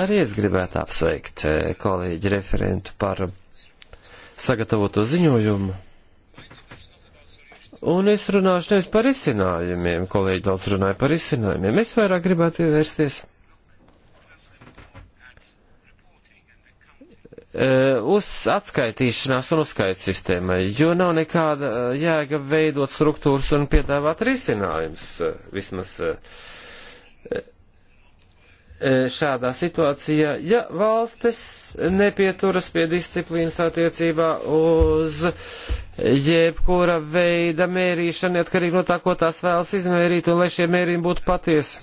[SPEAKER 3] Arī es gribētu apsveikt eh, kolēģi referentu par sagatavoto ziņojumu. Un es runāšu nevis par izcinājumiem, kolēģi daudz runāja par izcinājumiem. Es vairāk gribētu pievērsties e, uz atskaitīšanās un uzskaits sistēmai, jo nav nekāda e, jēga veidot struktūras un piedāvāt risinājums, e, vismaz uh, E, šādā situācijā, ja valstis nepieturas pie disciplīnas attiecībā uz jebkura veida mērīšanu, neatkarīgi no tā, ko tās vēlas izmērīt, un lai šie mērījumi būtu patiesi.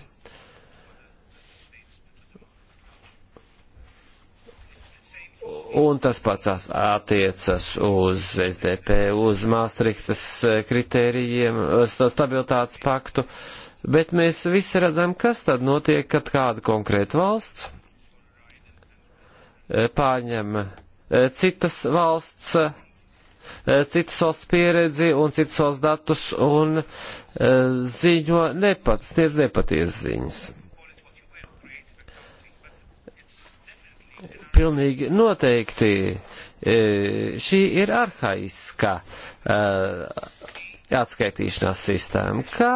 [SPEAKER 3] Un tas pats attiecas uz SDP, uz Māstrihtas e, kritērijiem, stabilitātes paktu. Uh, bet mēs visi redzam, kas tad notiek, kad kāda konkrēta valsts e, pārņem e, citas valsts, e, citas valsts pieredzi un citas valsts datus un ziņo nepat, sniedz nepaties ziņas. Pilnīgi noteikti šī ir arhaiska atskaitīšanās sistēmu, kā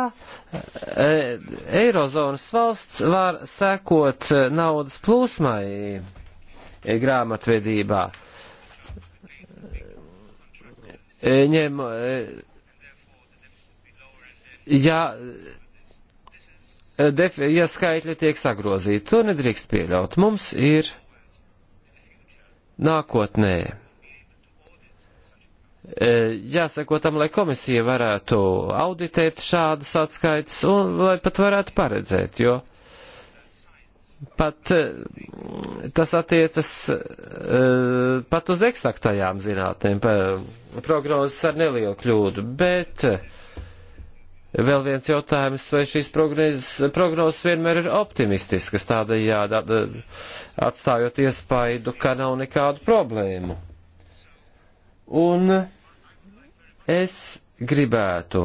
[SPEAKER 3] e, Eirozonas valsts var sekot e, naudas plūsmai e, grāmatvedībā, e, ņem, e, ja, e, def, ja skaitļi tiek sagrozīti, to nedrīkst pieļaut. Mums ir nākotnē E, jāsako tam, lai komisija varētu auditēt šādas atskaites un lai pat varētu paredzēt, jo pat e, tas attiecas e, pat uz eksaktajām zinātnēm, prognozes ar nelielu kļūdu, bet vēl viens jautājums, vai šīs prognozes, prognozes vienmēr ir optimistiskas, tādējādi atstājot iespaidu, ka nav nekādu problēmu. Un es gribētu,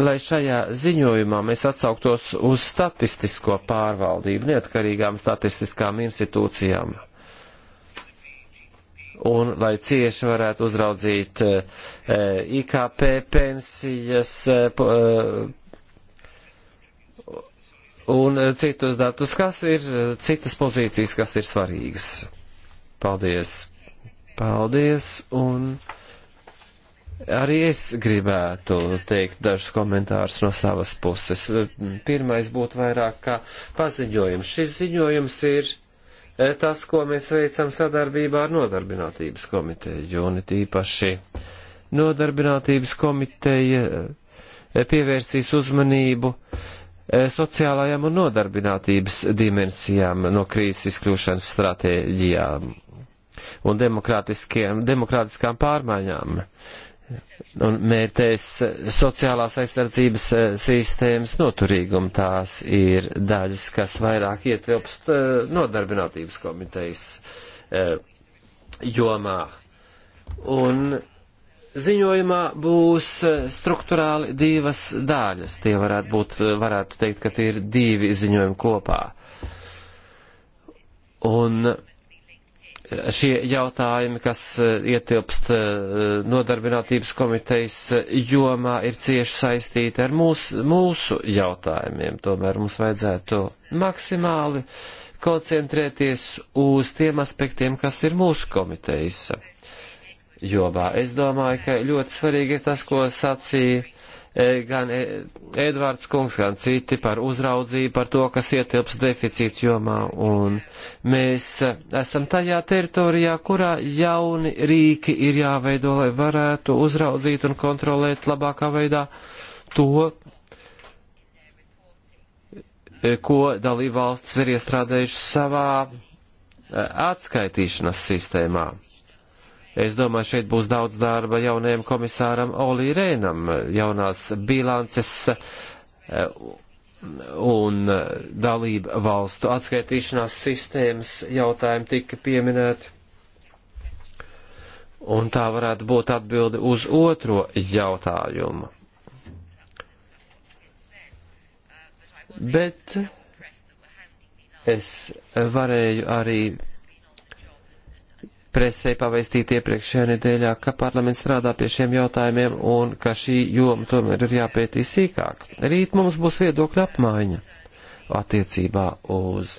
[SPEAKER 3] lai šajā ziņojumā mēs atsauktos uz statistisko pārvaldību, neatkarīgām statistiskām institūcijām. Un lai cieši varētu uzraudzīt e, eh, eh, IKP pensijas, e, un citus datus, kas ir citas pozīcijas, kas ir svarīgas. Paldies! Paldies, un arī es gribētu teikt dažus komentārus no savas puses. Pirmais būtu vairāk kā paziņojums. Šis ziņojums ir eh, tas, ko mēs veicam sadarbībā ar Nodarbinātības komiteju, un it īpaši Nodarbinātības komiteja eh, pievērsīs uzmanību eh, sociālajām un nodarbinātības dimensijām no krīzes izkļūšanas stratēģijām un demokrātiskām pārmaiņām un mērķēs sociālās aizsardzības eh, sistēmas noturīgumu. Tās ir daļas, kas vairāk ietilpst eh, nodarbinātības komitejas eh, jomā. Un ziņojumā būs struktūrāli divas daļas. Tie varētu būt, varētu teikt, ka tie ir divi ziņojumi kopā. Un šie jautājumi, kas e, ietilpst e, nodarbinātības komitejas e, jomā, ir cieši saistīti ar mūs, mūsu jautājumiem. Tomēr mums vajadzētu maksimāli koncentrēties uz tiem aspektiem, kas ir mūsu komitejas jomā. Es domāju, ka ļoti svarīgi ir tas, ko sacīja E, gan e, Edvards kungs, gan citi par uzraudzību, par to, kas ietilps deficīta jomā. Un mēs e, esam tajā teritorijā, kurā jauni rīki ir jāveido, lai varētu uzraudzīt un kontrolēt labākā veidā to, ko dalībvalstis ir iestrādējušas savā atskaitīšanas sistēmā. Es domāju, šeit būs daudz darba jaunajam komisāram Olī Rēnam, jaunās bilances eh, un dalība valstu atskaitīšanās sistēmas jautājumi tika pieminēti. Un tā varētu būt atbildi uz otro jautājumu. Bet es varēju arī presē pavaistīt iepriekšējā nedēļā, ka parlaments strādā pie šiem jautājumiem un ka šī joma tomēr ir jāpētī sīkāk. Rīt mums būs viedokļa apmaiņa attiecībā uz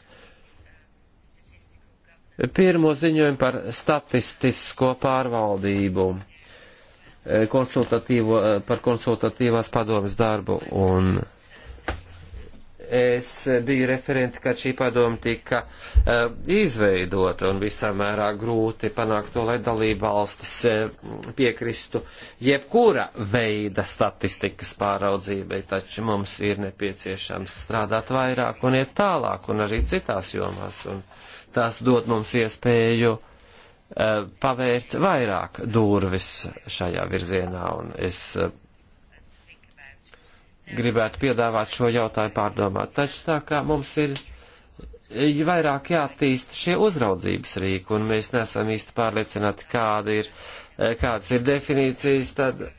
[SPEAKER 3] pirmo ziņojumu par statistisko pārvaldību, eh, konsultatīvo, eh, par konsultatīvās padomas darbu un Es biju referenti, kad šī padoma tika uh, izveidota un visamērā grūti panākt to, lai dalība valstis uh, piekristu jebkura veida statistikas pāraudzībai, taču mums ir nepieciešams strādāt vairāk un iet tālāk un arī citās jomās. Un tas dod mums iespēju uh, pavērt vairāk durvis šajā virzienā un es. Uh, gribētu piedāvāt šo jautājumu pārdomāt. Taču tā kā mums ir vairāk jātīst šie uzraudzības rīki, un mēs nesam īsti pārliecināti, kāda ir, kādas ir definīcijas, tad e,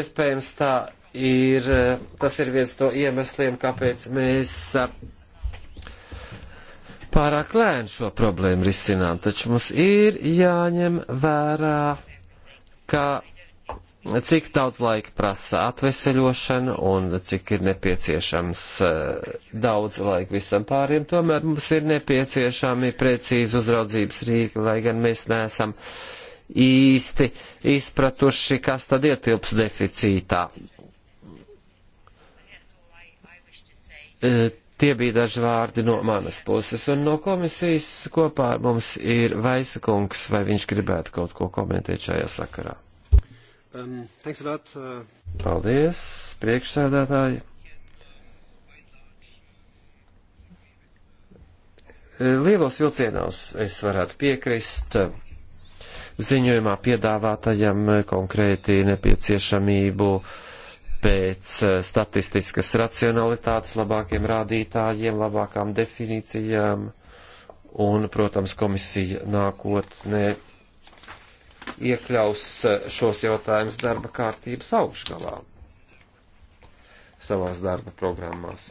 [SPEAKER 3] iespējams tā ir, e, tas ir viens no iemesliem, kāpēc mēs e, pārāk lēni šo problēmu risinām, taču mums ir jāņem vērā, ka cik daudz laika prasa atveseļošana un cik ir nepieciešams eh, daudz laika visam pāriem, tomēr mums ir nepieciešami precīzi uzraudzības rīki, lai gan mēs neesam īsti izpratuši, kas tad ietilps deficītā. Eh, tie bija daži vārdi no manas puses un no komisijas kopā mums ir Vaisakungs, vai viņš gribētu kaut ko komentēt šajā sakarā. Um, lot, uh... Paldies, priekšsēdētāji. Lielos vilcienos es varētu piekrist ziņojumā piedāvātajam konkrēti nepieciešamību pēc statistiskas racionalitātes, labākiem rādītājiem, labākām definīcijām un, protams, komisija nākotnē iekļaus e, šos jautājumus darba kārtības augšgalā savās darba programmās.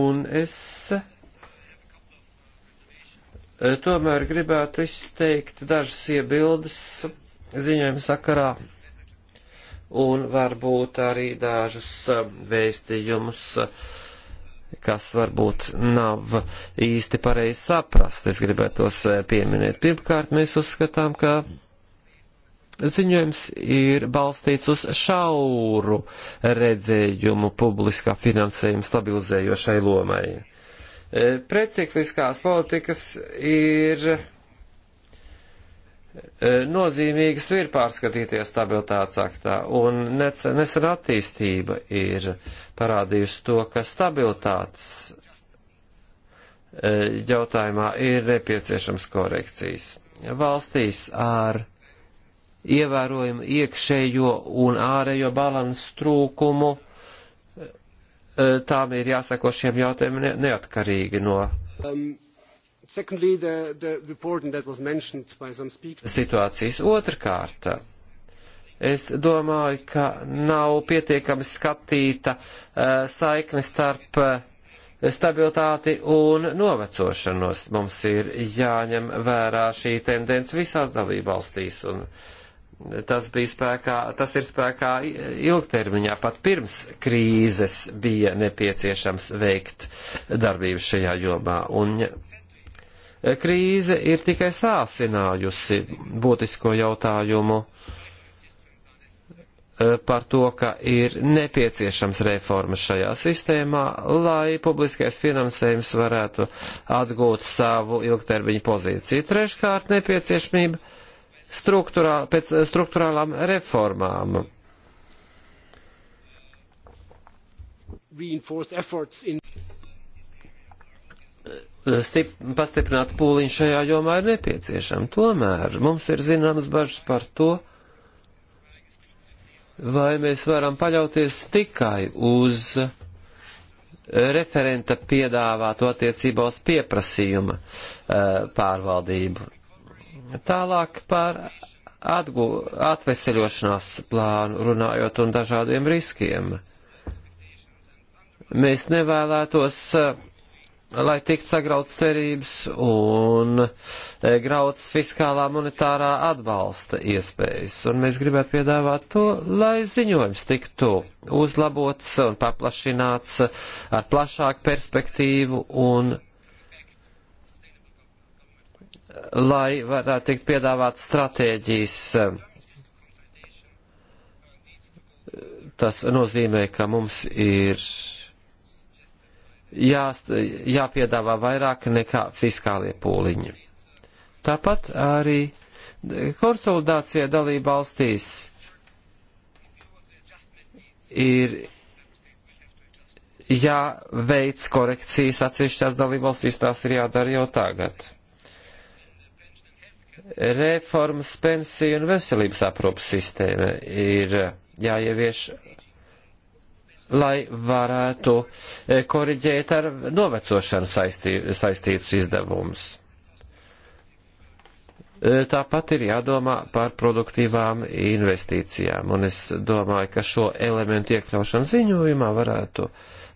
[SPEAKER 3] Un es e, tomēr gribētu izteikt dažas iebildes ziņojuma sakarā un varbūt arī dažus e, vēstījumus uh, kas varbūt nav īsti pareizi saprast. Es gribētu tos eh, pieminēt. Pirmkārt, mēs uzskatām, ka ziņojums ir balstīts uz šauru redzējumu publiskā finansējuma stabilizējošai lomai. Eh, precikliskās politikas ir E, nozīmīgas ir pārskatīties stabilitātes aktā, un nesen attīstība ir parādījusi to, ka stabilitātes e, jautājumā ir nepieciešams korekcijas. Valstīs ar ievērojumu iekšējo un ārējo balansu trūkumu e, tām ir jāsako šiem jautājumiem neatkarīgi no um Secondly, the, the report that was mentioned by some speakers. Situācijas otrkārt. Es domāju, ka nav pietiekami skatīta uh, saikne starp uh, stabilitāti un novecošanos. Mums ir jāņem vērā šī tendence visās dalībvalstīs, un tas bija spēkā, tas ir spēkā ilgtermiņā, pat pirms krīzes bija nepieciešams veikt darbības šajā jomā. Un krīze ir tikai sāsinājusi būtisko jautājumu eh, par to, ka ir nepieciešams reformas šajā sistēmā, lai publiskais finansējums varētu atgūt savu ilgtermiņu pozīciju. Treškārt, nepieciešamība struktūrā, pēc struktūrālām reformām. In stip, pastiprināt pūliņu šajā jomā ir nepieciešama. Tomēr mums ir zināmas bažas par to, vai mēs varam paļauties tikai uz referenta piedāvāto attiecībā uz pieprasījuma eh, pārvaldību. Tālāk par atgu, atveseļošanās plānu runājot un dažādiem riskiem. Mēs nevēlētos uh, lai tiktu sagrauts cerības un e, grauts fiskālā monetārā atbalsta iespējas. Un mēs gribētu piedāvāt to, lai ziņojums tiktu uzlabots un paplašināts ar plašāku perspektīvu un lai varētu tikt piedāvāt stratēģijas. Tas nozīmē, ka mums ir jā, jāpiedāvā vairāk nekā fiskālie pūliņi. Tāpat arī konsolidācija dalība valstīs ir jāveic korekcijas atsevišķās dalība valstīs, tās ir jādara jau tagad. Reformas pensiju un veselības aprūpas sistēma ir jāievieš lai varētu e, koriģēt ar novecošanu saistī, saistītus izdevumus. E, tāpat ir jādomā par produktīvām investīcijām, un es domāju, ka šo elementu iekļaušanu ziņojumā varētu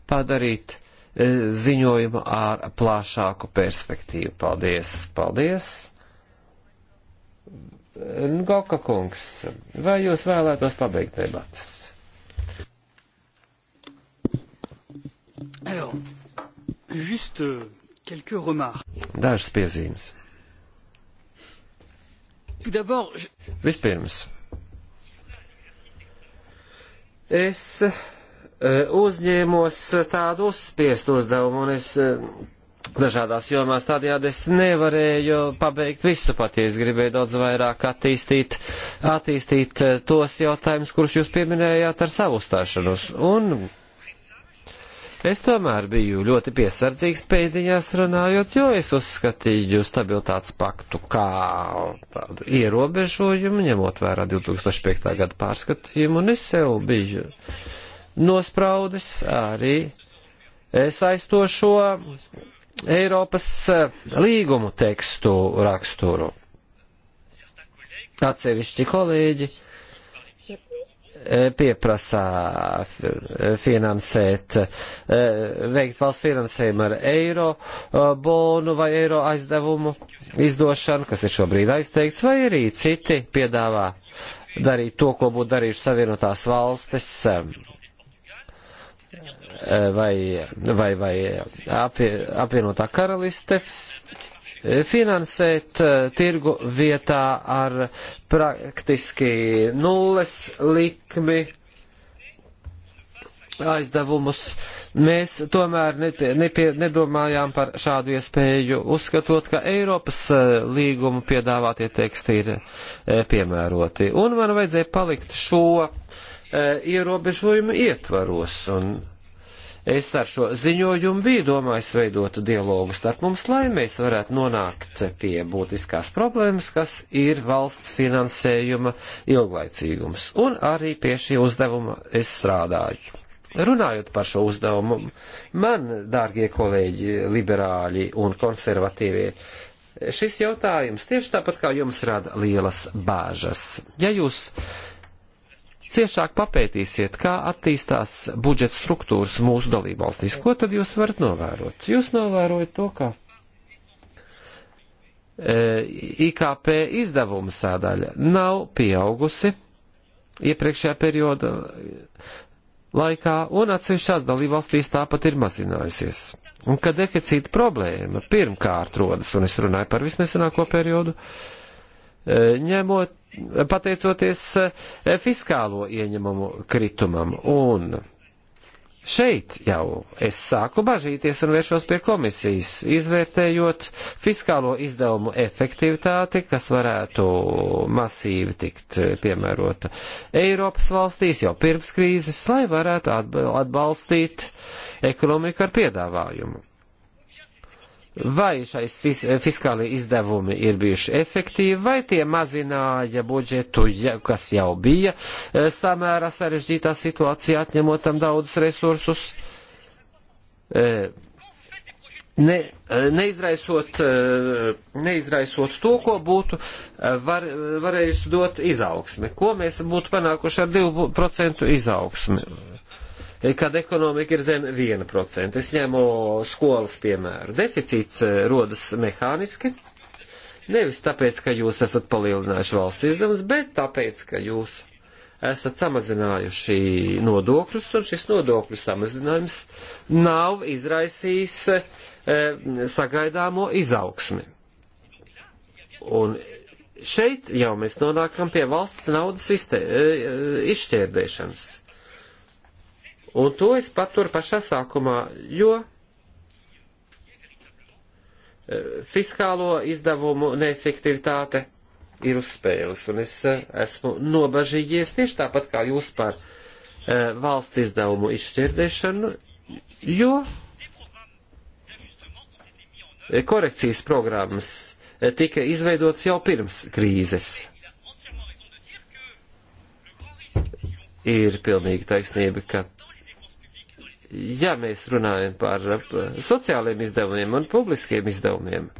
[SPEAKER 3] padarīt e, ziņojumu ar plašāku perspektīvu. Paldies! Paldies! Goka kungs, vai jūs vēlētos pabeigt debatas?
[SPEAKER 1] Alors, juste euh, quelques remarques.
[SPEAKER 3] Dažas piezīmes.
[SPEAKER 1] Tout d'abord, je...
[SPEAKER 3] Vispirms. Es eh, uzņēmos tādu uzspiestu uzdevumu, un es eh, dažādās jomās tādējādi es nevarēju pabeigt visu, pat ja es gribēju daudz vairāk attīstīt, attīstīt eh, tos jautājumus, kurus jūs pieminējāt ar savu stāšanos. Un Es tomēr biju ļoti piesardzīgs pēdējās runājot, jo es uzskatīju stabilitātes paktu kā tādu ierobežojumu, ņemot vērā 2005. gada pārskatījumu, un es sev biju nospraudis arī saistošo Eiropas eh, līgumu tekstu raksturu. Atsevišķi kolēģi pieprasā finansēt, eh, veikt valsts finansējumu ar eiro eh, bonu vai eiro aizdevumu izdošanu, kas ir šobrīd aizteikts, vai arī citi piedāvā darīt to, ko būtu darījuši Savienotās valstis eh, vai, vai, vai apvienotā karaliste finansēt eh, tirgu vietā ar praktiski nulles likmi aizdevumus. Mēs tomēr nepie, nepie, nedomājām par šādu iespēju, uzskatot, ka Eiropas eh, līguma piedāvātie teksti ir eh, piemēroti. Un man vajadzēja palikt šo ierobežojumu ietvaros. Un Es ar šo ziņojumu biju domājis veidot dialogu starp mums, lai mēs varētu nonākt pie būtiskās problēmas, kas ir valsts finansējuma ilglaicīgums. Un arī pie šī uzdevuma es strādāju. Runājot par šo uzdevumu, man, dārgie kolēģi, liberāļi un konservatīvie, šis jautājums tieši tāpat kā jums rada lielas bāžas. Ja jūs ciešāk papētīsiet, kā attīstās budžeta struktūras mūsu dalībvalstīs. Ko tad jūs varat novērot? Jūs novērojat to, ka e, IKP izdevuma sādaļa nav pieaugusi iepriekšējā perioda laikā, un atsevišķās dalībvalstīs tāpat ir mazinājusies. Un ka deficīta problēma pirmkārt rodas, un es runāju par visnesenāko periodu, e, ņemot pateicoties eh, fiskālo ieņemumu kritumam. Un šeit jau es sāku bažīties un vēršos pie komisijas, izvērtējot fiskālo izdevumu efektivitāti, kas varētu masīvi tikt eh, piemērota Eiropas valstīs jau pirms krīzes, lai varētu atbalstīt ekonomiku ar piedāvājumu vai šais fis, fiskālie izdevumi ir bijuši efektīvi, vai tie mazināja budžetu, ja, kas jau bija e, samērā sarežģītā situācijā, atņemot tam daudzus resursus. E, ne, e, neizraisot, neizraisot to, ko būtu var, varējusi dot izaugsme. Ko mēs būtu panākuši ar 2% izaugsmi? kad ekonomika ir zem 1%. Es ņemu skolas piemēru. Deficīts eh, rodas mehāniski. Nevis tāpēc, ka jūs esat palielinājuši valsts izdevumus, bet tāpēc, ka jūs esat samazinājuši nodokļus, un šis nodokļu samazinājums nav izraisījis e, sagaidāmo izaugsmi. Un šeit jau mēs nonākam pie valsts naudas izte, e, eh, izšķērdēšanas. Un to es paturu pašā sākumā, jo e, fiskālo izdevumu neefektivitāte ir uz spēles, un es e, esmu nobažījies tieši tāpat kā jūs par uh, valsts izdevumu izšķirdēšanu, jo korekcijas programmas tika izveidotas jau pirms krīzes. Ir pilnīgi taisnība, ka ja mēs runājam par eh, sociālajiem izdevumiem un publiskiem izdevumiem,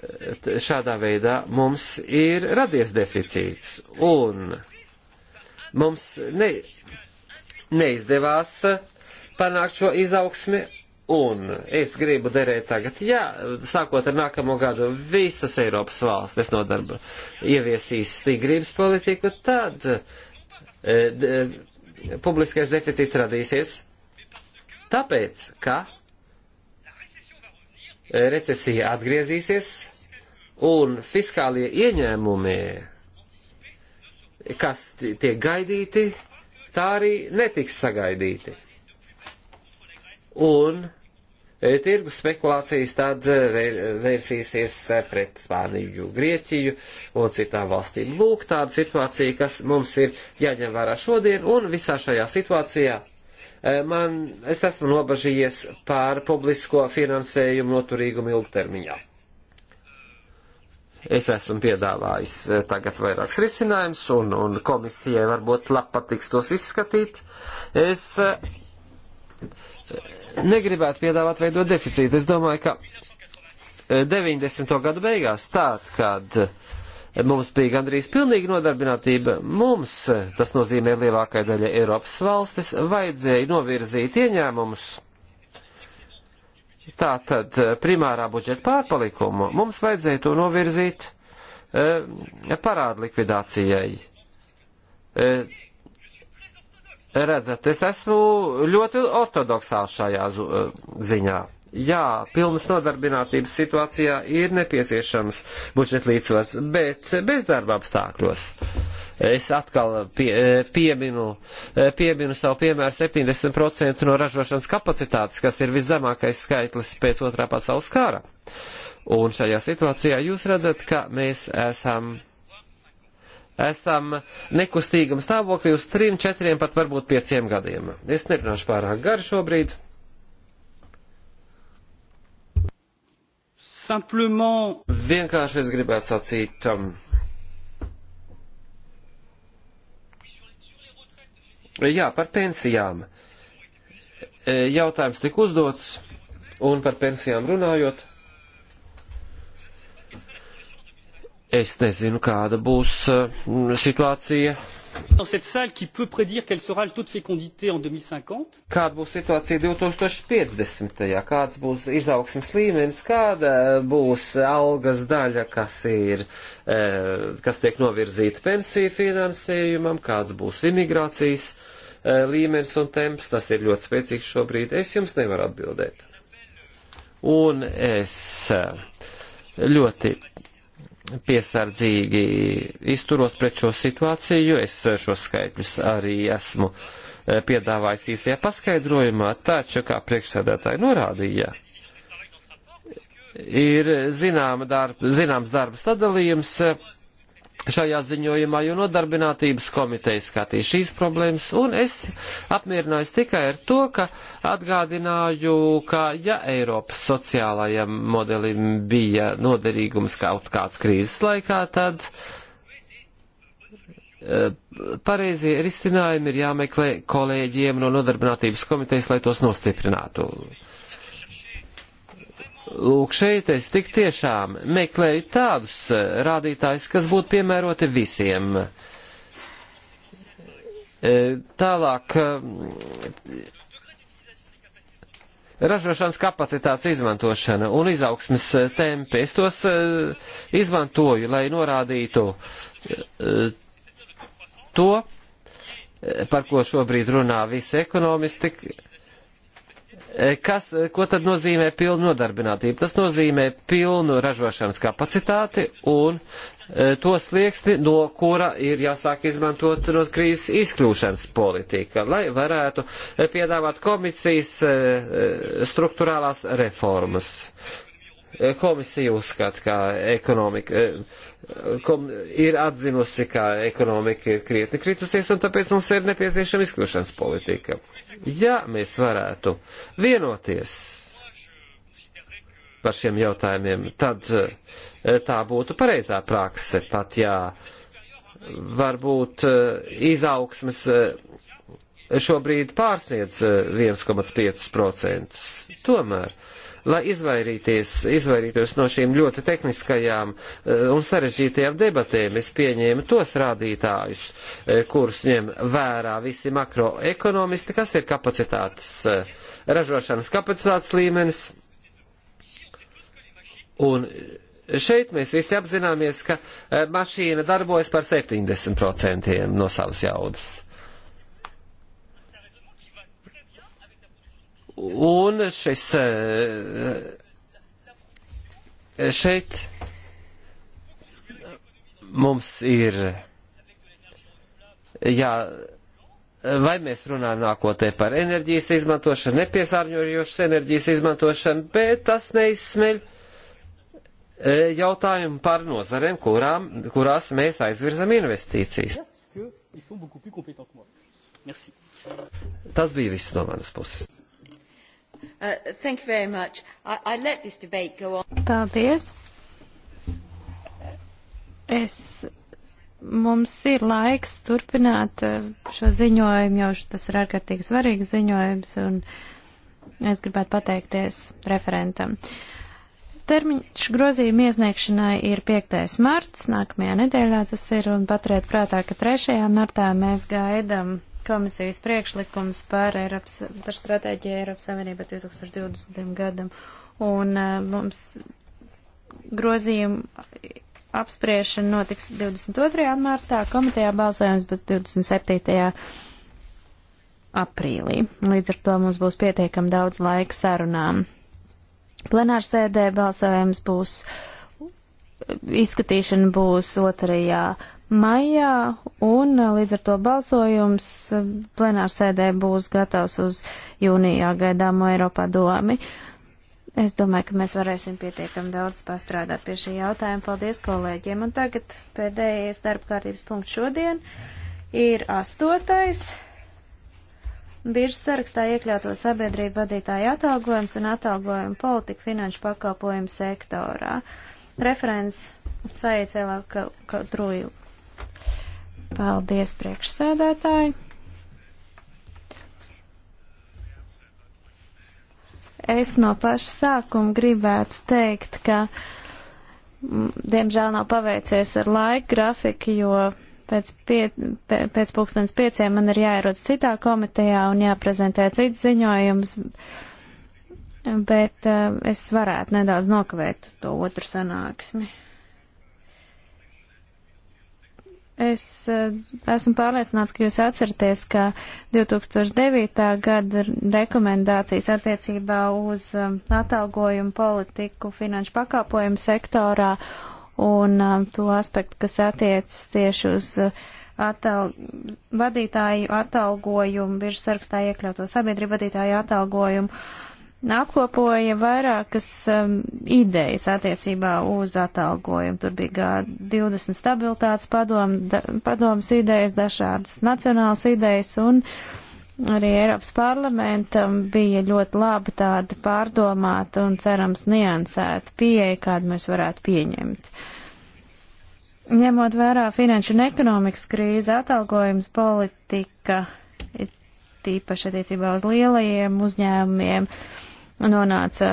[SPEAKER 3] eh, šādā veidā mums ir radies deficīts un mums ne, neizdevās panākt šo izaugsmi Un es gribu derēt tagad, jā, sākot ar nākamo gadu, visas Eiropas valstis no darba ieviesīs stingrības politiku, tad e, publiskais deficīts radīsies? Tāpēc, ka recesija atgriezīsies un fiskālie ieņēmumi, kas tiek gaidīti, tā arī netiks sagaidīti. Un E, tirgus spekulācijas tad e, vērsīsies e, pret Spāniju, Grieķiju un citām valstīm. Lūk, tāda situācija, kas mums ir jāņem vērā šodien un visā šajā situācijā. Man, es esmu nobažījies pār publisko finansējumu noturīgumu ilgtermiņā. Es esmu piedāvājis tagad vairākus risinājumus, un, un komisijai varbūt labpatiks tos izskatīt. Es negribētu piedāvāt veidot deficītu. Es domāju, ka 90. Eh, gadu beigās tād, kad eh, mums bija gandrīz pilnīga nodarbinātība, mums, eh, tas nozīmē lielākai daļai Eiropas valstis, vajadzēja novirzīt ieņēmumus tātad primārā budžeta pārpalikumu. Mums vajadzēja to novirzīt parādu likvidācijai Redzat, es esmu ļoti ortodoksāls šajā eh, ziņā. Jā, pilnas nodarbinātības situācijā ir nepieciešams budžeta līdzsvars, bet bezdarba apstākļos. Es atkal pie, eh, pieminu, eh, pieminu savu piemēru 70% no ražošanas kapacitātes, kas ir viszemākais skaitlis pēc otrā pasaules kara. Un šajā situācijā jūs redzat, ka mēs esam esam nekustīgam stāvoklī uz trim, četriem, pat varbūt pieciem gadiem. Es nerunāšu pārāk garu šobrīd. Simplement... Vienkārši es gribētu sacīt. Um, jā, par pensijām. E, jautājums tika uzdots, un par pensijām runājot. Es nezinu, kāda būs eh, situācija. Kāda būs situācija 2050. Kāds būs izaugsmas līmenis, kāda būs algas daļa, kas, ir, eh, kas tiek novirzīta pensiju finansējumam, kāds būs imigrācijas eh, līmenis un temps. Tas ir ļoti spēcīgs šobrīd. Es jums nevaru atbildēt. Un es ļoti piesardzīgi izturos pret šo situāciju. Es šos skaitļus arī esmu e, piedāvājis īsajā paskaidrojumā, taču, kā priekšsēdētāji norādīja, ir zināma darb, zināms darba sadalījums šajā ziņojumā, jo nodarbinātības komiteja skatīja šīs problēmas, un es apmierinājos tikai ar to, ka atgādināju, ka ja Eiropas sociālajam modelim bija noderīgums kaut kāds krīzes laikā, tad eh, pareizie risinājumi ir jāmeklē kolēģiem no nodarbinātības komitejas, lai tos nostiprinātu. Lūk, šeit es tik tiešām meklēju tādus eh, rādītājus, kas būtu piemēroti visiem. E, tālāk, eh, ražošanas kapacitātes izmantošana un izaugsmes eh, tempi. Es tos izmantoju, lai norādītu to, par ko šobrīd runā visi ekonomisti, Eh, kas, eh, ko tad nozīmē pilnu nodarbinātību? Tas nozīmē pilnu ražošanas kapacitāti un eh, to slieksni, no kura ir jāsāk izmantot no krīzes izkļūšanas politika, lai varētu piedāvāt komisijas struktūrālās reformas. Eh, komisija uzskata, ka ekonomika eh, kom, ir atzinusi, ka ekonomika ir krietni kritusies, un tāpēc mums ir nepieciešama izkļūšanas politika. Ja mēs varētu vienoties par šiem jautājumiem, tad eh, tā būtu pareizā prakse, pat jā, varbūt izaugsmes šobrīd pārsniedz 1,5%. Tomēr lai izvairīties, izvairītos no šīm ļoti tehniskajām eh, un sarežģītajām debatēm. Es pieņēmu tos rādītājus, eh, kurus ņem vērā visi makroekonomisti, kas ir kapacitātes, eh, ražošanas kapacitātes līmenis. Un šeit mēs visi apzināmies, ka mašīna darbojas par 70% no savas jaudas. Un šis eh, šeit mums ir jā, vai mēs runājam nākotnē par enerģijas izmantošanu, nepiesārņojošas enerģijas izmantošanu, bet tas neizsmeļ eh, jautājumu par nozarēm, kurām, kurās mēs aizvirzam investīcijas. Tas bija viss no manas puses.
[SPEAKER 2] Uh, thank you very much. I,
[SPEAKER 1] I let this debate go on.
[SPEAKER 2] Paldies. Es, mums ir laiks turpināt uh, šo ziņojumu, jo tas ir ārkārtīgi svarīgs ziņojums, un es gribētu pateikties referentam. Termiņš grozījuma iesniegšanai ir 5. marts, nākamajā nedēļā tas ir, un paturiet prātā, ka 3. martā mēs gaidam komisijas priekšlikums par, Eiropas, par stratēģiju Eiropas Savienībā 2020. gadam. Un uh, mums grozījuma apspriešana notiks 22. martā, komitejā balsojums būs 27. aprīlī. Līdz ar to mums būs pietiekam daudz laika sarunām. Plenārsēdē balsojums būs, izskatīšana būs 2 maijā, un uh, līdz ar to balsojums uh, plenārsēdē būs gatavs uz jūnijā gaidāmo Eiropā domi. Es domāju, ka mēs varēsim pietiekami daudz pastrādāt pie šī jautājuma. Paldies kolēģiem. Un tagad pēdējais darba kārtības punkts šodien ir astotais. Biržas sarakstā iekļauto sabiedrību vadītāju atalgojums un atalgojuma politika finanšu pakalpojumu sektorā. Referents saicēlā, ka, ka trūju Paldies, priekšsēdētāji. Es no paša sākuma gribētu teikt, ka, diemžēl, nav paveicies ar laika grafiku, jo pēc, pie, pēc pulkstens pieciem man ir jāierodas citā komitejā un jāprezentē cits ziņojums, bet uh, es varētu nedaudz nokavēt to otru sanāksmi. Es eh, esmu pārliecināts, ka jūs atceraties, ka 2009. gada rekomendācijas attiecībā uz eh, atalgojumu politiku finanšu pakāpojumu sektorā un eh, to aspektu, kas attiecas tieši uz atal, vadītāju atalgojumu, biržas sarakstā iekļauto sabiedrību vadītāju atalgojumu apkopoja vairākas um, idejas attiecībā uz atalgojumu. Tur bija G20 stabilitātes padom, da, padomas idejas, dažādas nacionālas idejas un arī Eiropas parlamentam bija ļoti laba tāda pārdomāta un cerams niansēta pieeja, kādu mēs varētu pieņemt. Ņemot vērā finanšu un ekonomikas krīzi, atalgojums politika, tīpaši attiecībā uz lielajiem uzņēmumiem, uh, nonāca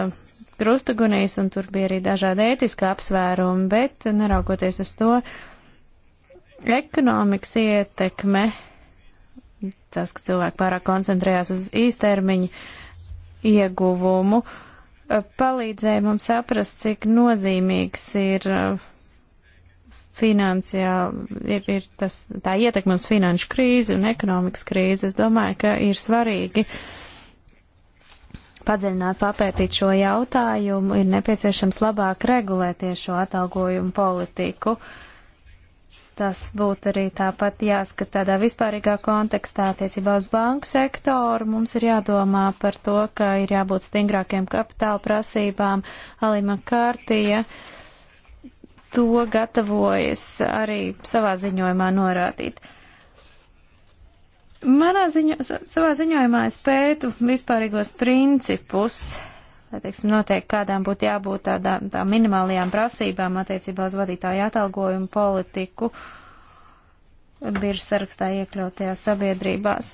[SPEAKER 2] krustagunīs, un tur bija arī dažādi ētiski apsvērumi, bet neraugoties uz to, ekonomikas ietekme, tas, ka cilvēki pārāk koncentrējās uz īstermiņu ieguvumu, palīdzēja mums saprast, cik nozīmīgs ir uh, finansiāli, ir, ir tas, tā ietekme uz finanšu krīzi un ekonomikas krīzi. Es domāju, ka ir svarīgi uh, padziļināt papētīt šo jautājumu, ir nepieciešams labāk regulēt šo atalgojumu politiku. Tas būtu arī tāpat jāskat tādā vispārīgā kontekstā attiecībā uz banku sektoru. Mums ir jādomā par to, ka ir jābūt stingrākiem kapitāla prasībām. Alima Kārtija to gatavojas arī savā ziņojumā norādīt. Uh, Manā ziņo, savā ziņojumā es pētu vispārīgos principus, lai, teiksim, noteikti kādām būtu jābūt tādām tā minimālajām prasībām attiecībā uz vadītāju atalgojumu politiku biržas sarakstā iekļautajās sabiedrībās.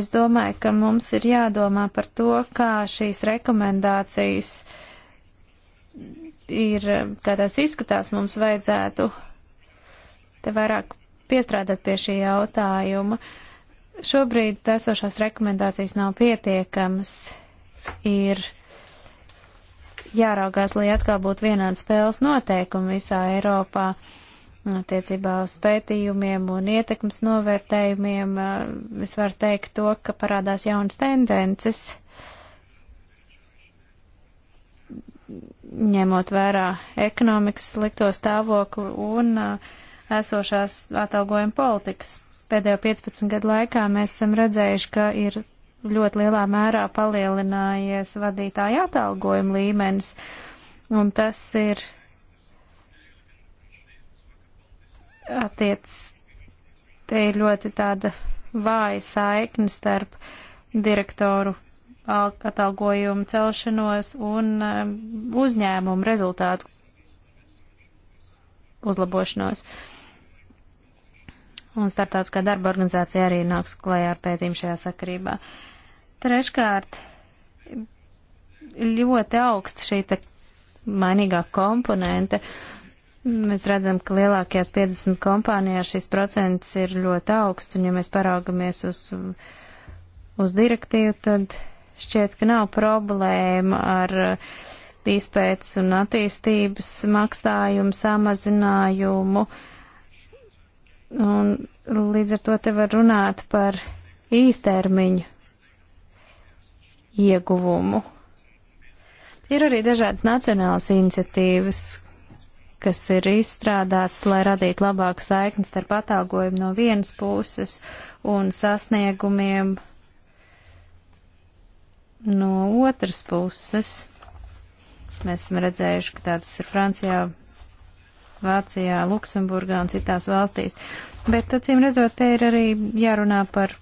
[SPEAKER 2] Es domāju, ka mums ir jādomā par to, kā šīs rekomendācijas ir, kā tās izskatās, mums vajadzētu te vairāk piestrādāt pie šī jautājuma. Uh, Šobrīd esošās rekomendācijas nav pietiekamas. Ir jāraugās, lai atkal būtu vienādi spēles noteikumi visā Eiropā attiecībā uz pētījumiem un ietekmes novērtējumiem. Es varu teikt to, ka parādās jaunas tendences, ņemot vērā ekonomikas slikto stāvokli un uh, esošās atalgojuma politikas pēdējo 15 gadu laikā mēs esam redzējuši, ka ir ļoti lielā mērā palielinājies vadītāja atalgojuma līmenis, un tas ir attiec, te ir ļoti tāda vāja saikne starp direktoru atalgojumu celšanos un um, uzņēmumu rezultātu uzlabošanos. Uh, un Startautiskā darba organizācija arī nāks klajā ar pētījumu šajā sakarībā. Treškārt, ļoti augsta šī mainīgā komponente. Mēs redzam, ka lielākajās 50 kompānijās šis procents ir ļoti augsts, un ja mēs paraugamies uz, uz direktīvu, tad šķiet, ka nav problēma ar izpētes un attīstības makstājumu samazinājumu. Uh, Un līdz ar to te var runāt par īstermiņu ieguvumu. Ir arī dažādas nacionālas iniciatīvas, kas ir izstrādāts, lai radītu labāku saikni starp atalgojumu no vienas puses un sasniegumiem no otras puses. Mēs esam redzējuši, ka tādas ir Francijā, Vācijā, Luksemburgā un citās valstīs. Bet, acīm redzot, te ir arī jārunā par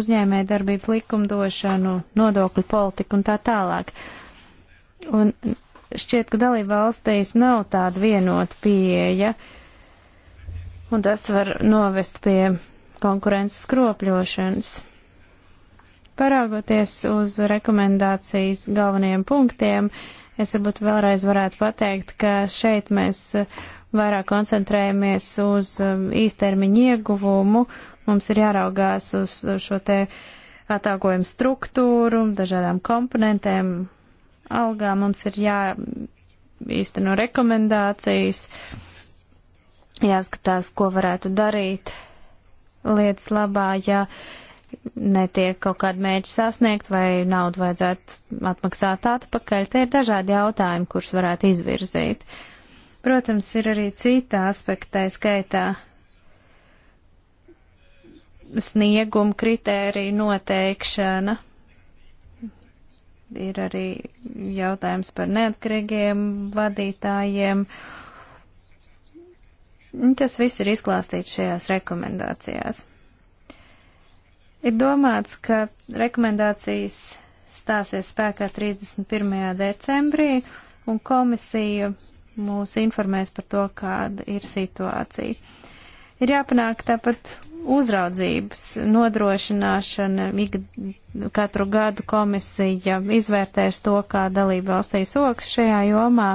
[SPEAKER 2] uzņēmēju darbības likumdošanu, nodokļu politiku un tā tālāk. Un šķiet, ka dalība valstīs nav tāda vienota pieeja, un tas var novest pie konkurences skropļošanas. Paraugoties uz rekomendācijas galvenajiem punktiem, es varbūt vēlreiz varētu pateikt, ka šeit mēs vairāk koncentrējamies uz um, īstermiņa ieguvumu, mums ir jāraugās uz šo te atāgojumu struktūru, dažādām komponentēm, algām, mums ir jāīsteno rekomendācijas, jāskatās, ko varētu darīt lietas labā, ja netiek kaut kāda mērķa sasniegt vai naudu vajadzētu atmaksāt atpakaļ. Te ir dažādi jautājumi, kurus varētu izvirzīt. Uh, Protams, ir arī cita aspekta, skaitā snieguma kritērija noteikšana. Ir arī jautājums par neatkarīgiem vadītājiem. Tas viss ir izklāstīts šajās rekomendācijās. Ir domāts, ka rekomendācijas stāsies spēkā 31. decembrī, un komisija mūs informēs par to, kāda ir situācija. Ir jāpanāk tāpat uzraudzības nodrošināšana. Ik, katru gadu komisija izvērtēs to, kā dalība valstīs oks šajā jomā.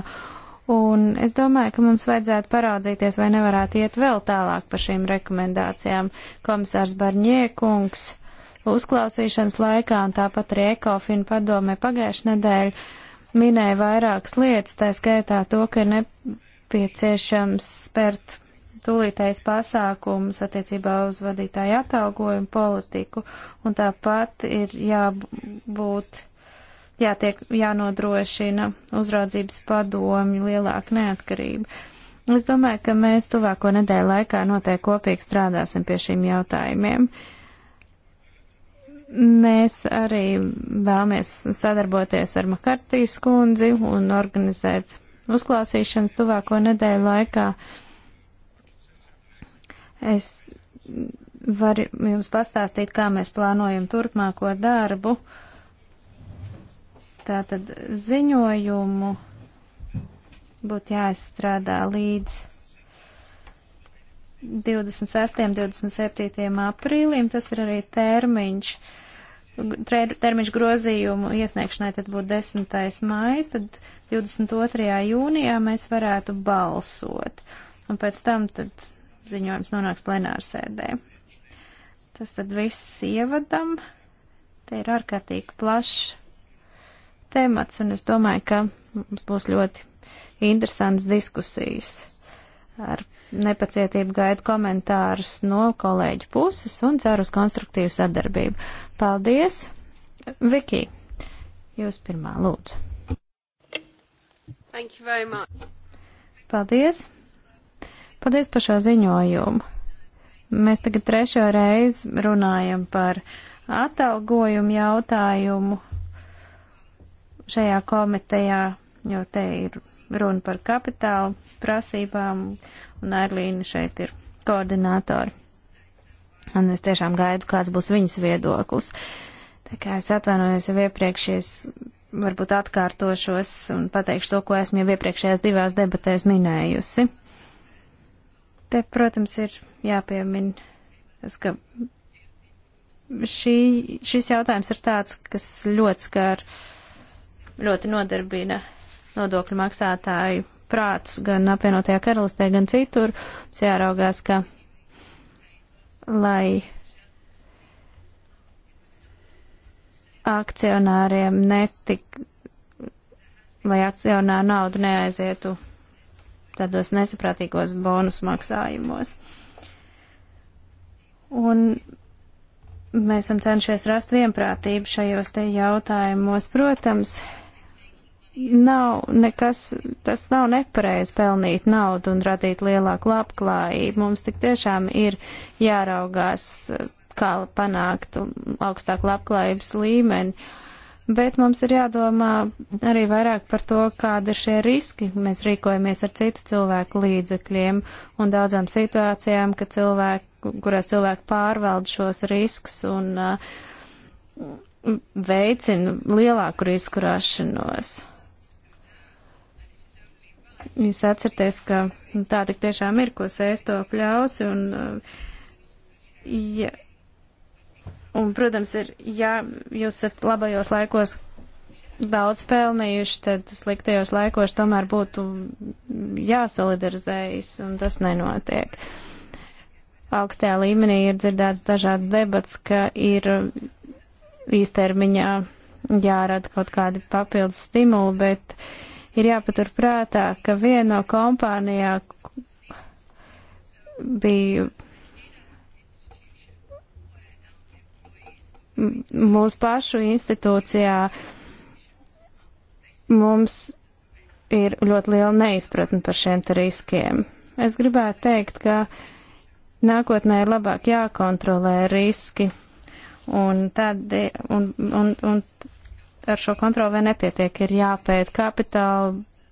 [SPEAKER 2] Un es domāju, ka mums vajadzētu parādzīties, vai nevarētu iet vēl tālāk par šīm rekomendācijām. Komisārs Barņiekungs uzklausīšanas laikā un tāpat arī Ekofina padomē pagājušajā nedēļā minēja vairākas lietas, tā skaitā to, ka ir nepieciešams spērt tūlītais pasākums attiecībā uz vadītāju atalgojumu politiku, un tāpat ir jābūt, jātiek, jānodrošina uzraudzības padomi lielāka neatkarība. Es domāju, ka mēs tuvāko nedēļu laikā noteikti kopīgi strādāsim pie šīm jautājumiem. Uh, Mēs arī vēlamies sadarboties ar Makartīs kundzi un organizēt uzklausīšanas tuvāko nedēļu laikā. Es varu jums pastāstīt, kā mēs plānojam turpmāko darbu. Tātad ziņojumu būtu jāizstrādā līdz 26. un 27. aprīlim. Tas ir arī termiņš. Termiņš grozījumu iesniegšanai tad būtu 10. mājas, tad 22. jūnijā mēs varētu balsot. Un pēc tam tad ziņojums nonāks plenārsēdē. Tas tad viss ievadam. Te ir ārkārtīgi plašs temats, un es domāju, ka mums būs ļoti interesants diskusijas ar nepacietību gaidu komentārus no kolēģu puses un ceru uz konstruktīvu sadarbību. Paldies! Viki, jūs pirmā lūdzu.
[SPEAKER 1] Thank you very much.
[SPEAKER 2] Paldies! Paldies par šo ziņojumu. Mēs tagad trešo reizi runājam par atalgojumu jautājumu šajā komitejā, jo te ir runa par kapitālu prasībām, un Arlīna šeit ir koordinātori. Un es tiešām gaidu, kāds būs viņas viedoklis. Tā kā es atvainojos jau iepriekš, es varbūt atkārtošos un pateikšu to, ko esmu jau iepriekšējās divās debatēs minējusi. Te, protams, ir jāpiemin tas, ka šī, šis jautājums ir tāds, kas ļoti skar, ļoti nodarbina nodokļu maksātāju prātus gan apvienotajā karalistē, gan citur. Mums jāraugās, ka lai akcionāriem netik, lai akcionāru naudu neaizietu tādos nesaprātīgos bonus maksājumos. Un mēs esam cenšies rast vienprātību šajos te jautājumos. Protams, nav nekas, tas nav nepareizi pelnīt naudu un radīt lielāku labklājību. Mums tik tiešām ir jāraugās, kā panākt augstāku labklājības līmeni. Bet mums ir jādomā arī vairāk par to, kāda ir šie riski. Mēs rīkojamies ar citu cilvēku līdzekļiem un daudzām situācijām, ka cilvēki, kurās cilvēki pārvalda šos riskus un uh, veicina lielāku risku rašanos jūs atcerties, ka nu, tā tik tiešām ir, ko sēst to pļausi, un, uh, ja, un, protams, ir, ja jūs esat labajos laikos daudz pelnījuši, tad sliktajos laikos tomēr būtu jāsolidarizējas, un tas nenotiek. Augstajā līmenī ir dzirdēts dažāds debats, ka ir īstermiņā jārada kaut kādi papildus stimuli, bet uh, ir jāpatur prātā, ka viena no kompānijā bija mūsu pašu institūcijā mums ir ļoti liela neizpratne par šiem riskiem. Es gribētu teikt, ka nākotnē ir labāk jākontrolē riski, un, tad, un, un, un ar šo kontroli vien nepietiek, ir jāpēt kapitāla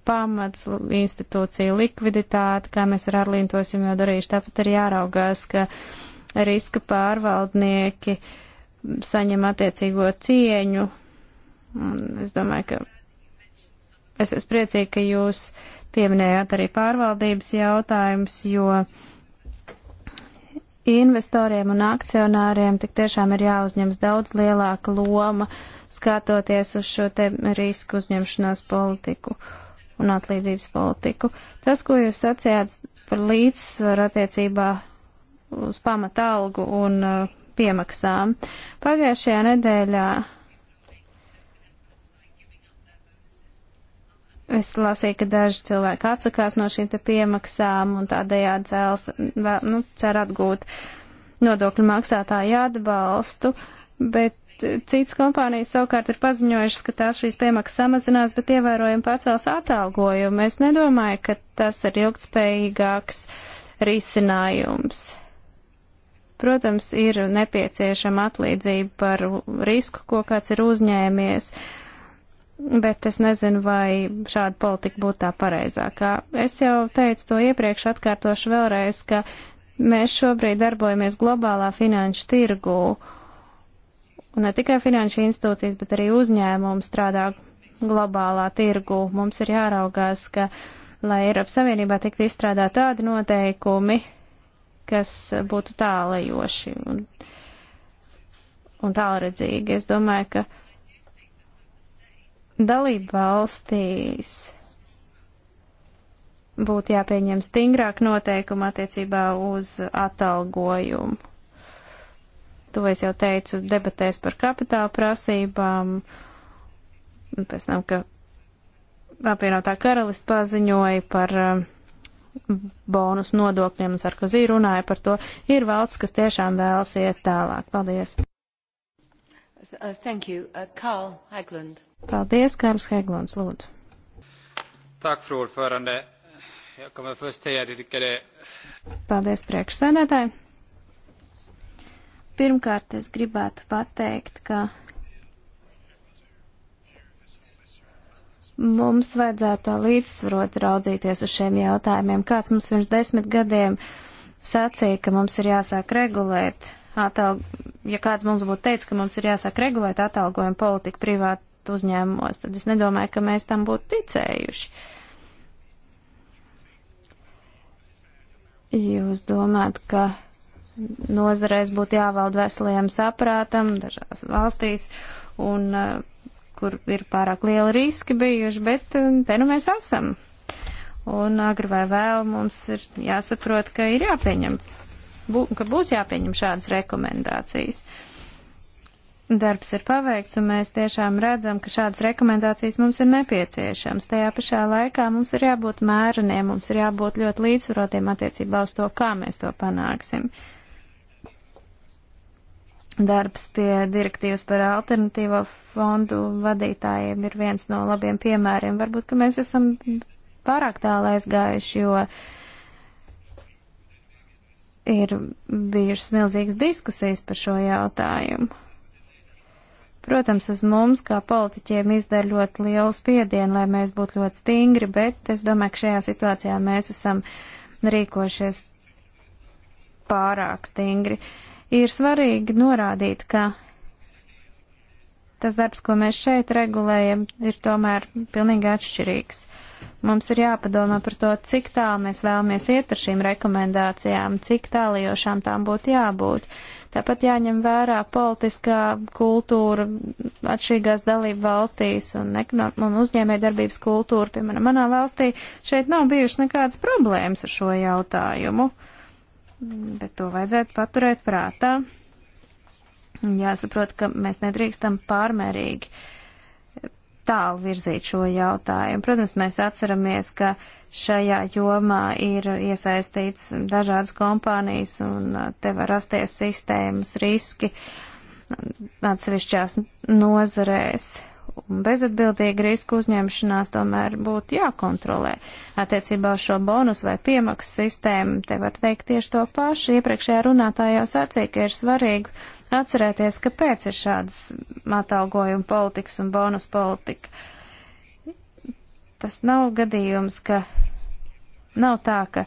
[SPEAKER 2] pamats, institūcija likviditāte, kā mēs ar Arlīnu to esam jau darījuši. Tāpat ir jāraugās, ka riska pārvaldnieki saņem attiecīgo cieņu. Un es domāju, ka es esmu priecīgi, ka jūs pieminējāt arī pārvaldības jautājumus, jo investoriem un akcionāriem tik tiešām ir jāuzņems daudz lielāka loma, skatoties uz šo te risku uzņemšanās politiku un atlīdzības politiku. Tas, ko jūs sacījāt par līdzsvaru attiecībā uz pamata algu un uh, piemaksām. Pagājušajā nedēļā Es lasīju, ka daži cilvēki atsakās no šīm te piemaksām un tādējādi cēls, nu, cer atgūt nodokļu maksātāju atbalstu, bet citas kompānijas savukārt ir paziņojušas, ka tās šīs piemaksas samazinās, bet ievērojami pacels atalgojumu. Es nedomāju, ka tas ir ilgspējīgāks risinājums. Protams, ir nepieciešama atlīdzība par risku, ko kāds ir uzņēmies. Uh, bet es nezinu, vai šāda politika būtu tā pareizākā. Es jau teicu to iepriekš, atkārtošu vēlreiz, ka mēs šobrīd darbojamies globālā finanšu tirgū, un ne tikai finanšu institūcijas, bet arī uzņēmumi strādā globālā tirgū. Mums ir jāraugās, ka, lai Eiropas Savienībā tiktu izstrādā tādi noteikumi, kas būtu tālajoši un, un tālredzīgi. Es domāju, ka dalību valstīs būtu jāpieņem stingrāk noteikumu attiecībā uz atalgojumu. To es jau teicu debatēs par kapitāla prasībām, pēc tam, ka apvienotā karalista paziņoja par um, bonus nodokļiem, un Sarkozī runāja par to, ir valsts, kas tiešām vēlas iet tālāk. Paldies!
[SPEAKER 1] Uh, thank you. Uh, Carl Hagland.
[SPEAKER 2] Paldies, Karls Heglons, lūdzu.
[SPEAKER 3] Tak, fru ordförande. Jag kommer först säga att jag tycker det.
[SPEAKER 2] Paldies, priekšsēdētāji. Pirmkārt, es gribētu pateikt, ka mums vajadzētu līdzsvarot raudzīties uz šiem jautājumiem. Kāds mums pirms desmit gadiem sacīja, ka mums ir jāsāk regulēt atalg... Ja kāds mums būtu teicis, ka mums ir jāsāk regulēt atalgojumu politiku privāt strādāt uzņēmumos, tad es nedomāju, ka mēs tam būtu ticējuši. Jūs domājat, ka nozarēs būtu jāvalda veselajam saprātam dažās valstīs, un eh, kur ir pārāk liela riski bijuši, bet eh, te nu mēs esam. Un agri vai vēl mums ir jāsaprot, ka ir jāpieņem, bū, ka būs jāpieņem šādas rekomendācijas. Uh, darbs ir paveikts, un mēs tiešām redzam, ka šādas rekomendācijas mums ir nepieciešams. Tajā pašā laikā mums ir jābūt mēreniem, mums ir jābūt ļoti līdzsvarotiem attiecībā uz to, kā mēs to panāksim. Darbs pie direktīvas par alternatīvo fondu vadītājiem ir viens no labiem piemēriem. Varbūt, ka mēs esam pārāk tālu aizgājuši, jo ir bijušas milzīgas diskusijas par šo jautājumu. Protams, uz mums, kā politiķiem, izdara ļoti lielu spiedienu, lai mēs būtu ļoti stingri, bet es domāju, ka šajā situācijā mēs esam rīkošies pārāk stingri. Ir svarīgi norādīt, ka tas darbs, ko mēs šeit regulējam, ir tomēr pilnīgi atšķirīgs. Uh, Mums ir jāpadomā par to, cik tālu mēs vēlamies iet ar šīm rekomendācijām, cik tālijošām tām būtu jābūt. Tāpat jāņem vērā politiskā kultūra atšķirīgās dalību valstīs un, un uzņēmē darbības kultūra. Piemēram, manā valstī šeit nav bijušas nekādas problēmas ar šo jautājumu, bet to vajadzētu paturēt prātā. Jāsaprot, ka mēs nedrīkstam pārmērīgi uh, tālu virzīt šo jautājumu. Protams, mēs atceramies, ka šajā jomā ir iesaistīts dažādas kompānijas un uh, te var rasties sistēmas riski atsevišķās nozarēs un bezatbildīga riska uzņemšanās tomēr būtu jākontrolē. Attiecībā uz šo bonus vai piemaksu sistēmu te var teikt tieši to pašu. Iepriekšējā runātā jau sacīja, ka ir svarīgi atcerēties, kāpēc ir šādas atalgojuma politikas un bonus politika. Tas nav gadījums, ka nav tā, ka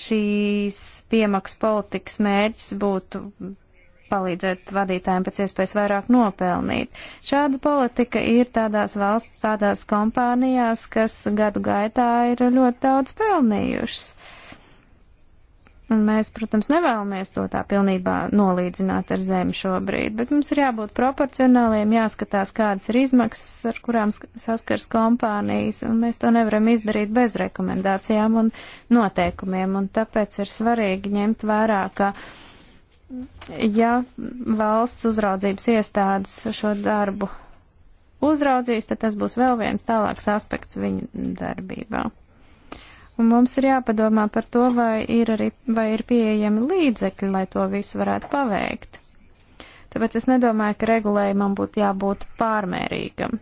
[SPEAKER 2] šīs piemaksas politikas mērķis būtu palīdzēt vadītājiem pēc iespējas vairāk nopelnīt. Šāda politika ir tādās valsts, tādās kompānijās, kas gadu gaitā ir ļoti daudz pelnījušas. Un mēs, protams, nevēlamies to tā pilnībā nolīdzināt ar zemi šobrīd, bet mums ir jābūt proporcionāliem, jāskatās, kādas ir izmaksas, ar kurām saskars kompānijas, un mēs to nevaram izdarīt bez rekomendācijām un noteikumiem, un tāpēc ir svarīgi ņemt vērā, ka uh, ja valsts uzraudzības iestādes šo darbu uzraudzīs, tad tas būs vēl viens tālāks aspekts viņu darbībā. Un mums ir jāpadomā par to, vai ir, arī, vai ir pieejami līdzekļi, lai to visu varētu paveikt. Tāpēc es nedomāju, ka regulējumam būtu jābūt pārmērīgam.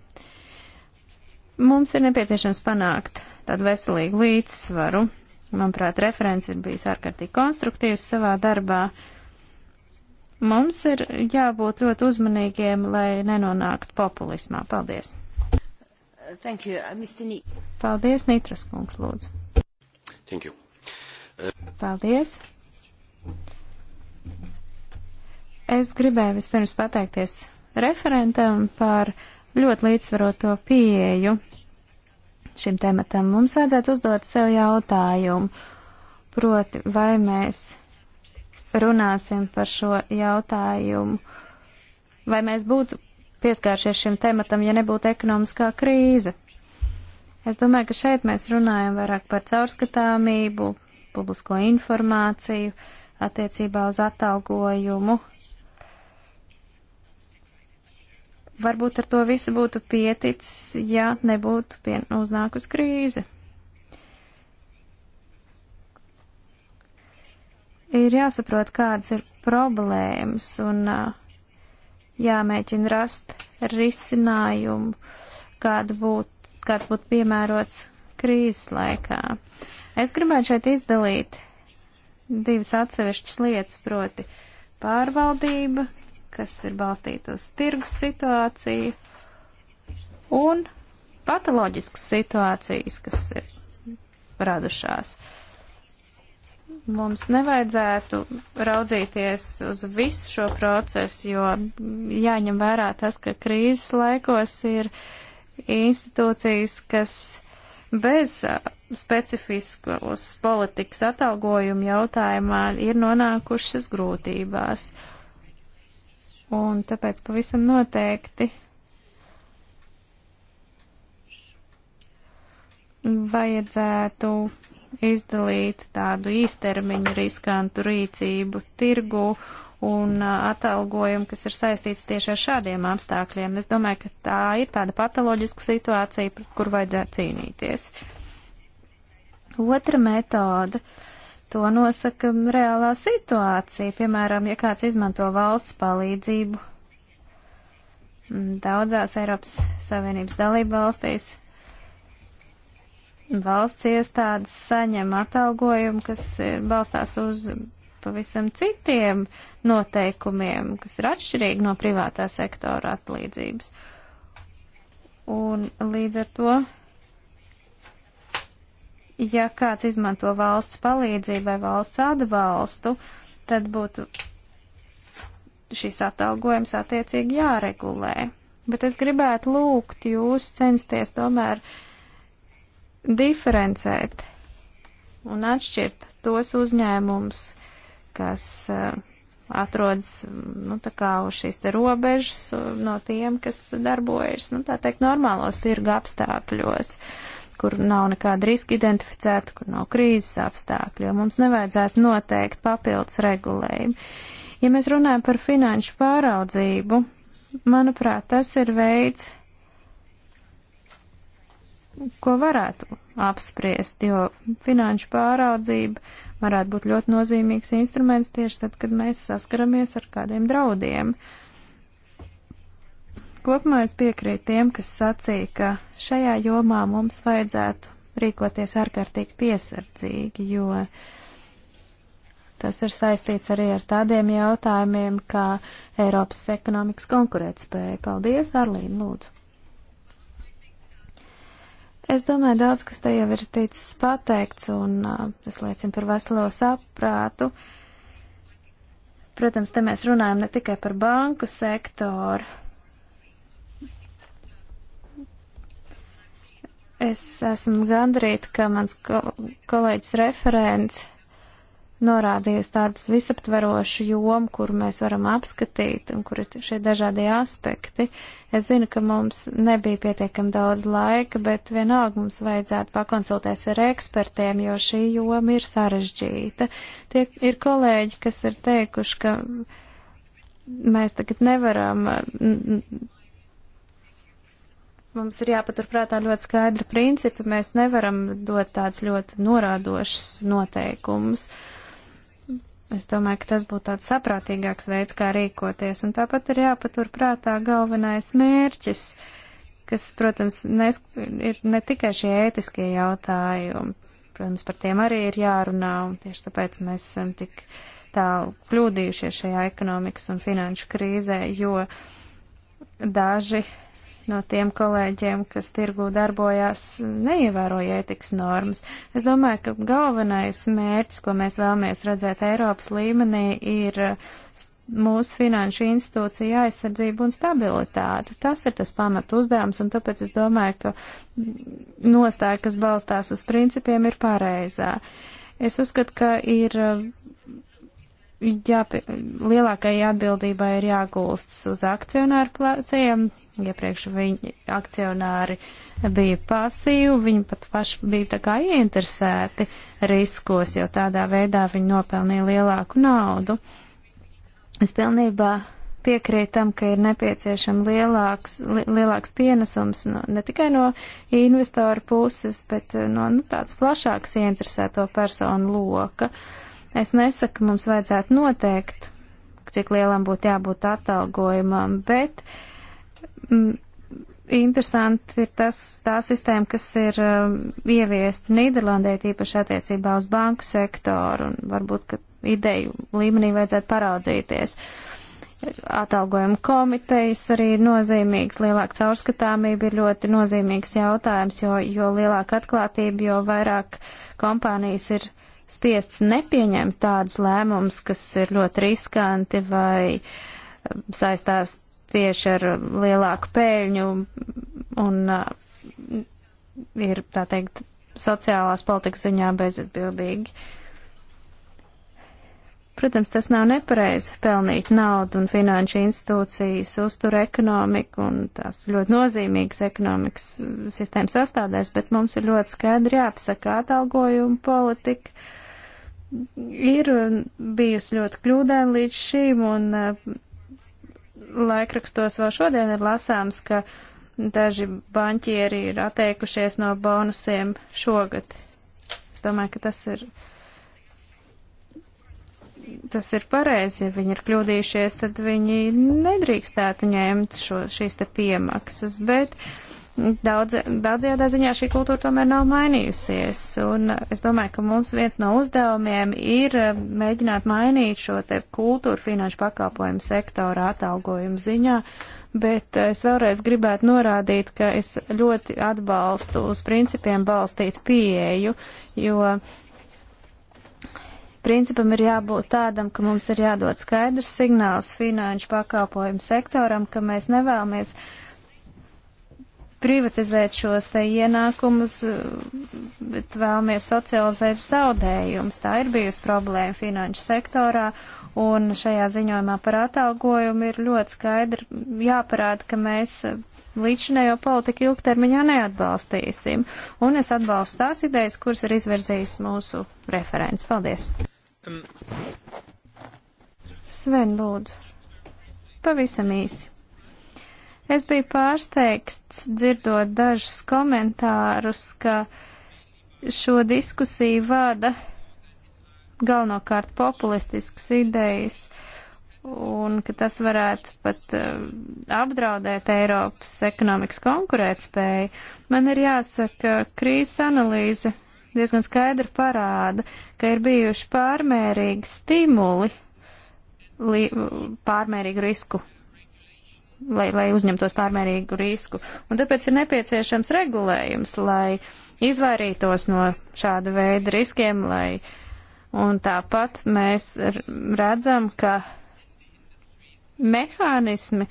[SPEAKER 2] Mums ir nepieciešams panākt tādu veselīgu līdzsvaru. Manuprāt, referents ir bijis ārkārtīgi konstruktīvs savā darbā. Uh, Mums ir jābūt ļoti uzmanīgiem, lai nenonāktu populismā. Paldies!
[SPEAKER 1] Thank you, uh, Mr. Ni
[SPEAKER 2] Paldies, Nitras kungs, lūdzu.
[SPEAKER 1] Thank you. Uh...
[SPEAKER 2] Paldies. Es gribēju vispirms pateikties referentam par ļoti līdzsvaroto pieeju šim tematam. Mums vajadzētu uzdot sev jautājumu, proti, vai mēs runāsim par šo jautājumu. Vai mēs būtu pieskāršies šim tematam, ja nebūtu ekonomiskā krīze? Es domāju, ka šeit mēs runājam vairāk par caurskatāmību, publisko informāciju attiecībā uz atalgojumu. Varbūt ar to visu būtu pieticis, ja nebūtu uznākus krīze. ir jāsaprot, kādas ir problēmas un jāmēģina rast risinājumu, kāda būtu, kāds būtu piemērots krīzes laikā. Es gribētu šeit izdalīt divas atsevišķas lietas, proti pārvaldība, kas ir balstīta uz tirgus situāciju, un patoloģiskas situācijas, kas ir radušās. Uh, mums nevajadzētu raudzīties uz visu šo procesu, jo jāņem vērā tas, ka krīzes laikos ir institūcijas, kas bez specifiskus politikas atalgojumu jautājumā ir nonākušas grūtībās. Un tāpēc pavisam noteikti vajadzētu izdalīt tādu īstermiņu riskantu rīcību tirgu un atalgojumu, kas ir saistīts tieši ar šādiem apstākļiem. Es domāju, ka tā ir tāda patoloģiska situācija, pret kur vajadzētu cīnīties. Otra metode. To nosaka reālā situācija. Piemēram, ja kāds izmanto valsts palīdzību daudzās Eiropas Savienības dalība valstīs, valsts iestādes saņem atalgojumu, kas ir balstās uz pavisam citiem noteikumiem, kas ir atšķirīgi no privātā sektora atlīdzības. Un līdz ar to, ja kāds izmanto valsts palīdzību vai valsts atbalstu, tad būtu šis atalgojums attiecīgi jāregulē. Bet es gribētu lūgt jūs censties tomēr uh, diferencēt un atšķirt tos uzņēmumus, kas eh, atrodas nu, uz šīs robežas eh, no tiem, kas darbojas nu, teikt, normālos tirgu apstākļos, kur nav nekāda riska identificēta, kur nav krīzes apstākļi, jo mums nevajadzētu noteikt papildus regulējumu. Ja mēs runājam par finanšu pāraudzību, manuprāt, tas ir veids, ko varētu apspriest, jo finanšu pāraudzība varētu būt ļoti nozīmīgs instruments tieši tad, kad mēs saskaramies ar kādiem draudiem. Kopumā es piekrītu tiem, kas sacīja, ka šajā jomā mums vajadzētu rīkoties ārkārtīgi piesardzīgi, jo tas ir saistīts arī ar tādiem jautājumiem, kā Eiropas ekonomikas konkurētspēja. Paldies, Arlīna, lūdzu! Es domāju, daudz kas te jau ir ticis pateikts, un uh, tas liecina par veselo saprātu. Protams, te mēs runājam ne tikai par banku sektoru. Es esmu gandrīt, ka mans kol kolēģis referents norādījusi tādu visaptverošu jomu, kuru mēs varam apskatīt un kur ir šie dažādie aspekti. Es zinu, ka mums nebija pietiekam daudz laika, bet vienalga mums vajadzētu pakonsultēties ar ekspertiem, jo šī joma ir sarežģīta. Tie ir kolēģi, kas ir teikuši, ka mēs tagad nevaram. Mums ir jāpaturprātā ļoti skaidra principi, mēs nevaram dot tāds ļoti norādošs noteikums. Uh, es domāju, ka tas būtu tāds saprātīgāks veids, kā rīkoties. Un tāpat ir jāpaturprātā galvenais mērķis, kas, protams, nes, ir ne tikai šie ētiskie jautājumi. Protams, par tiem arī ir jārunā, un tieši tāpēc mēs esam tik tālu kļūdījušies šajā ekonomikas un finanšu krīzē, jo daži no tiem kolēģiem, kas tirgu darbojās, neievēroja ētikas normas. Es domāju, ka galvenais mērķis, ko mēs vēlamies redzēt Eiropas līmenī, ir mūsu finanšu institūcija aizsardzība un stabilitāte. Tas ir tas pamat uzdevums, un tāpēc es domāju, ka nostāja, kas balstās uz principiem, ir pareizā. Es uzskatu, ka ir jā, lielākajai atbildībai ir jāgulstas uz akcionāru pleciem, Iepriekš ja viņi akcionāri bija pasīvi, viņi pat paši bija tā kā ieinteresēti riskos, jo tādā veidā viņi nopelnīja lielāku naudu. Es pilnībā piekrītam, ka ir nepieciešama lielāks, li, lielāks pienesums no, ne tikai no investoru puses, bet eh, no nu, tāds plašāks ieinteresēto personu loka. Es nesaku, mums vajadzētu noteikt, cik lielam būtu jābūt atalgojumam, bet uh, Mm, interesanti ir tas, tā sistēma, kas ir um, ieviesta Nīderlandē, tīpaši attiecībā uz banku sektoru, un varbūt, ka ideju līmenī vajadzētu paraudzīties. Atalgojuma komitejas arī ir nozīmīgs, lielāka caurskatāmība ir ļoti nozīmīgs jautājums, jo, jo lielāka atklātība, jo vairāk kompānijas ir spiests nepieņemt tādus lēmumus, kas ir ļoti riskanti vai um, saistās tieši ar lielāku pēļņu un uh, ir, tā teikt, sociālās politikas ziņā bezatbildīgi. Protams, tas nav nepareizi pelnīt naudu un finanšu institūcijas uztur ekonomiku un tās ļoti nozīmīgas ekonomikas sistēmas sastādēs, bet mums ir ļoti skaidri jāapsaka atalgojumu politika ir bijusi ļoti kļūdaina līdz šīm un uh, laikrakstos vēl šodien ir lasāms, ka daži banķieri ir atteikušies no bonusiem šogad. Es domāju, ka tas ir, tas ir pareizi. Ja viņi ir kļūdījušies, tad viņi nedrīkstētu ņemt šo, šīs te piemaksas. Bet uh, daudz, daudzajādā ziņā šī kultūra tomēr nav mainījusies. Un es domāju, ka mums viens no uzdevumiem ir eh, mēģināt mainīt šo te kultūru finanšu pakalpojumu sektora atalgojumu ziņā. Bet eh, es vēlreiz gribētu norādīt, ka es ļoti atbalstu uz principiem balstīt pieeju, jo principam ir jābūt tādam, ka mums ir jādod skaidrs signāls finanšu pakalpojumu sektoram, ka mēs nevēlamies uh, privatizēt šos te ienākumus, bet vēlamies socializēt zaudējumus. Tā ir bijusi problēma finanšu sektorā, un šajā ziņojumā par atalgojumu ir ļoti skaidri jāparāda, ka mēs līdzinējo politiku ilgtermiņā neatbalstīsim. Un es atbalstu tās idejas, kuras ir izverzījis mūsu referents. Paldies! Um. Sven, lūdzu. Pavisam īsi. Es biju pārsteigts dzirdot dažus komentārus, ka šo diskusiju vada galvenokārt populistiskas idejas un ka tas varētu pat uh, apdraudēt Eiropas ekonomikas konkurētspēju, man ir jāsaka, ka krīzes analīze diezgan skaidri parāda, ka ir bijuši pārmērīgi stimuli pārmērīgu risku lai, lai uzņemtos pārmērīgu risku. Un tāpēc ir nepieciešams regulējums, lai izvairītos no šāda veida riskiem, lai, un tāpat mēs redzam, ka mehānismi,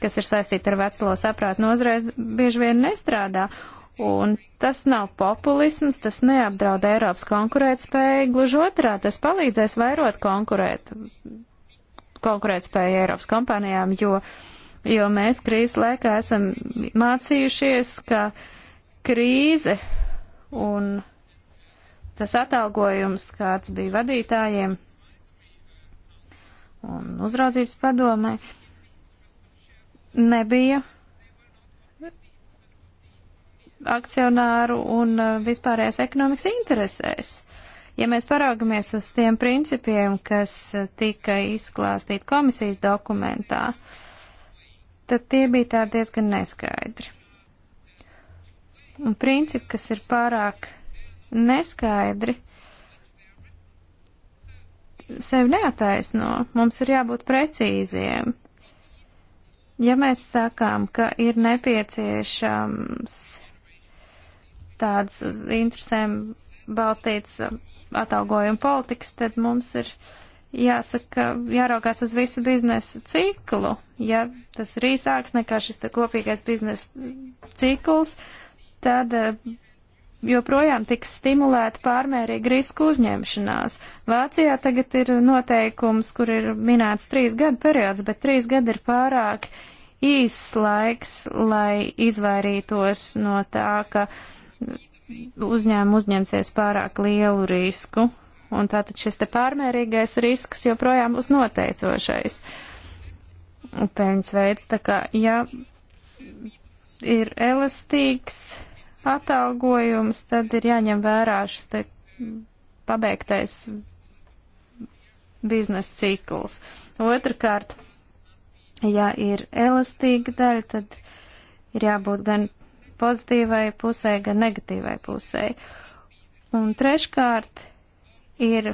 [SPEAKER 2] kas ir saistīti ar veclo saprātu nozreiz, bieži vien nestrādā. Un tas nav populisms, tas neapdraud Eiropas konkurētspēju, gluži otrā, tas palīdzēs vairot konkurēt, konkurētspēju Eiropas kompānijām, jo uh, jo mēs krīzes laikā esam mācījušies, ka krīze un tas atalgojums, kāds bija vadītājiem un uzraudzības padomē, nebija akcionāru un uh, vispārējās ekonomikas interesēs. Ja mēs paraugamies uz tiem principiem, kas uh, tika izklāstīti komisijas dokumentā, uh, tad tie bija tā diezgan neskaidri. Un principi, kas ir pārāk neskaidri, sevi neataisno. Mums ir jābūt precīziem. Ja mēs sakām, ka ir nepieciešams tādas uz interesēm balstītas uh, atalgojuma politikas, tad mums ir jāsaka, jāraugās uz visu biznesa ciklu. Ja tas ir īsāks nekā šis kopīgais biznesa cikls, tad eh, joprojām tiks stimulēta pārmērīga riska uzņemšanās. Vācijā tagad ir noteikums, kur ir minēts trīs gadu periods, bet trīs gadi ir pārāk īss laiks, lai izvairītos no tā, ka uzņēmumi uzņemsies pārāk lielu risku. Un tātad šis te pārmērīgais risks joprojām būs noteicošais. Peļņas veids, tā kā, ja ir elastīgs atalgojums, tad ir jāņem vērā šis te pabeigtais biznesa cikls. Otrakārt, ja ir elastīga daļa, tad ir jābūt gan pozitīvai pusē, gan negatīvai pusē. Un treškārt, ir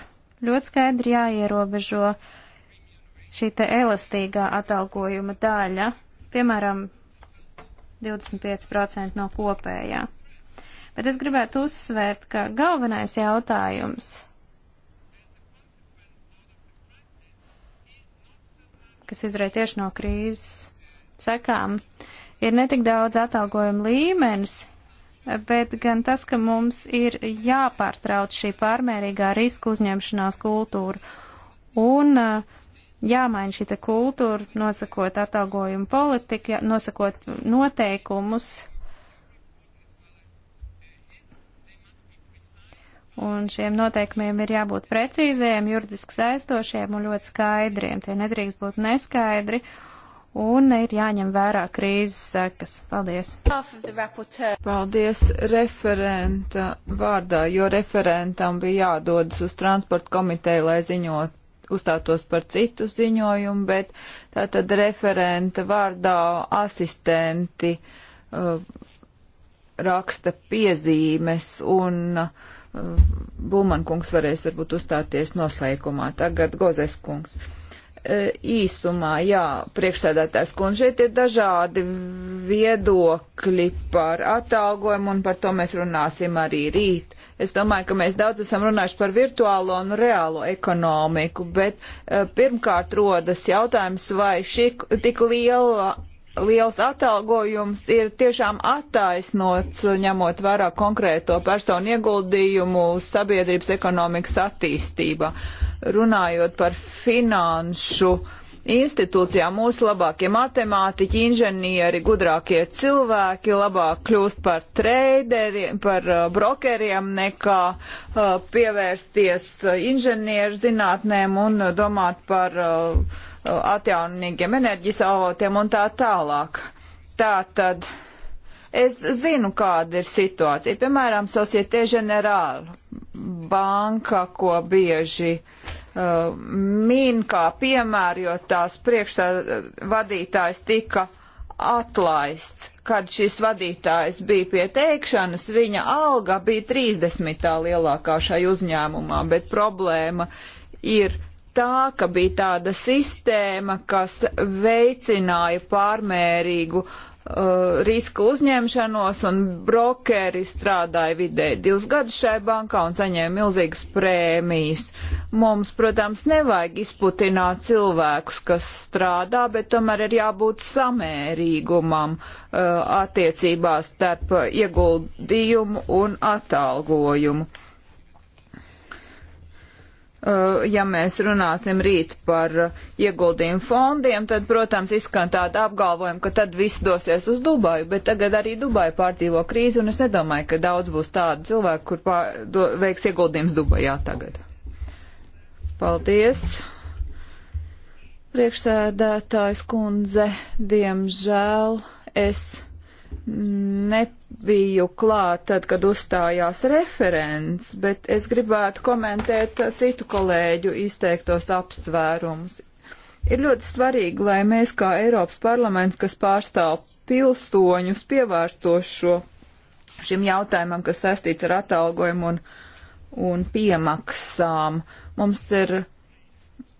[SPEAKER 2] ļoti skaidri jāierobežo šī te elastīgā atalgojuma daļa, piemēram, 25% no kopējā. Bet es gribētu uzsvērt, ka galvenais jautājums, kas izrēja tieši no krīzes sekām, ir netik daudz atalgojuma līmenis, bet gan tas, ka mums ir jāpārtrauc šī pārmērīgā riska uzņemšanās kultūra un eh, jāmaina šī kultūra, nosakot atalgojumu politiku, nosakot noteikumus. Un šiem noteikumiem ir jābūt precīziem, juridiski saistošiem un ļoti skaidriem. Tie nedrīkst būt neskaidri. Uh, un ir jāņem vērā krīzes sekas. Paldies! Paldies referenta
[SPEAKER 1] vārdā, jo referentam bija jādodas uz transporta komiteju, lai ziņot uzstātos par citu ziņojumu, bet tātad referenta vārdā asistenti uh, raksta piezīmes un uh, Bulman kungs varēs varbūt uzstāties noslēgumā. Tagad Gozes kungs. Uh, E, īsumā, jā, priekšsēdētājs kundze, šeit ir dažādi viedokļi par atalgojumu, un par to mēs runāsim arī rīt. Es domāju, ka mēs daudz esam runājuši par virtuālo un reālo ekonomiku, bet e, pirmkārt rodas jautājums, vai šī tik liela liels atalgojums ir tiešām attaisnots, ņemot vērā konkrēto personu ieguldījumu sabiedrības ekonomikas attīstībā. Runājot par finanšu institūcijām, mūsu labākie matemātiķi, inženieri, gudrākie cilvēki labāk kļūst par treideriem, par uh, brokeriem nekā uh, pievērsties uh, inženieru zinātnēm un domāt par uh, atjaunīgiem enerģijas avotiem un tā tālāk. Tā tad es zinu, kāda ir situācija. Piemēram, Societe Generāla banka, ko bieži uh, min kā piemēru, jo tās priekšsādātājs tika atlaists. Kad šis vadītājs bija pie teikšanas, viņa alga bija 30. lielākā šai uzņēmumā, bet problēma ir tā, ka bija tāda sistēma, kas veicināja pārmērīgu uh, risku uzņemšanos, un brokeri strādāja vidēji divus gadus šai bankā un saņēma milzīgas prēmijas. Mums, protams, nevajag izputināt cilvēkus, kas strādā, bet tomēr ir jābūt samērīgumam uh, attiecībās starp ieguldījumu un atalgojumu Uh, ja mēs runāsim rīt par uh, ieguldījumu fondiem, tad, protams, izskan tāda apgalvojuma, ka tad viss dosies uz Dubaju, bet tagad arī Dubaja pārdzīvo krīzi, un es nedomāju, ka daudz būs tādu cilvēku, kur pār, do, veiks ieguldījums Dubajā tagad. Paldies! Priekšsēdētājs kundze, diemžēl es nepārādīju biju klāt tad, kad uzstājās referents, bet es gribētu komentēt citu kolēģu izteiktos apsvērumus. Ir ļoti svarīgi, lai mēs kā Eiropas parlaments, kas pārstāv pilsoņus, pievērstos šo, šim jautājumam, kas saistīts ar atalgojumu un, un piemaksām. Mums ir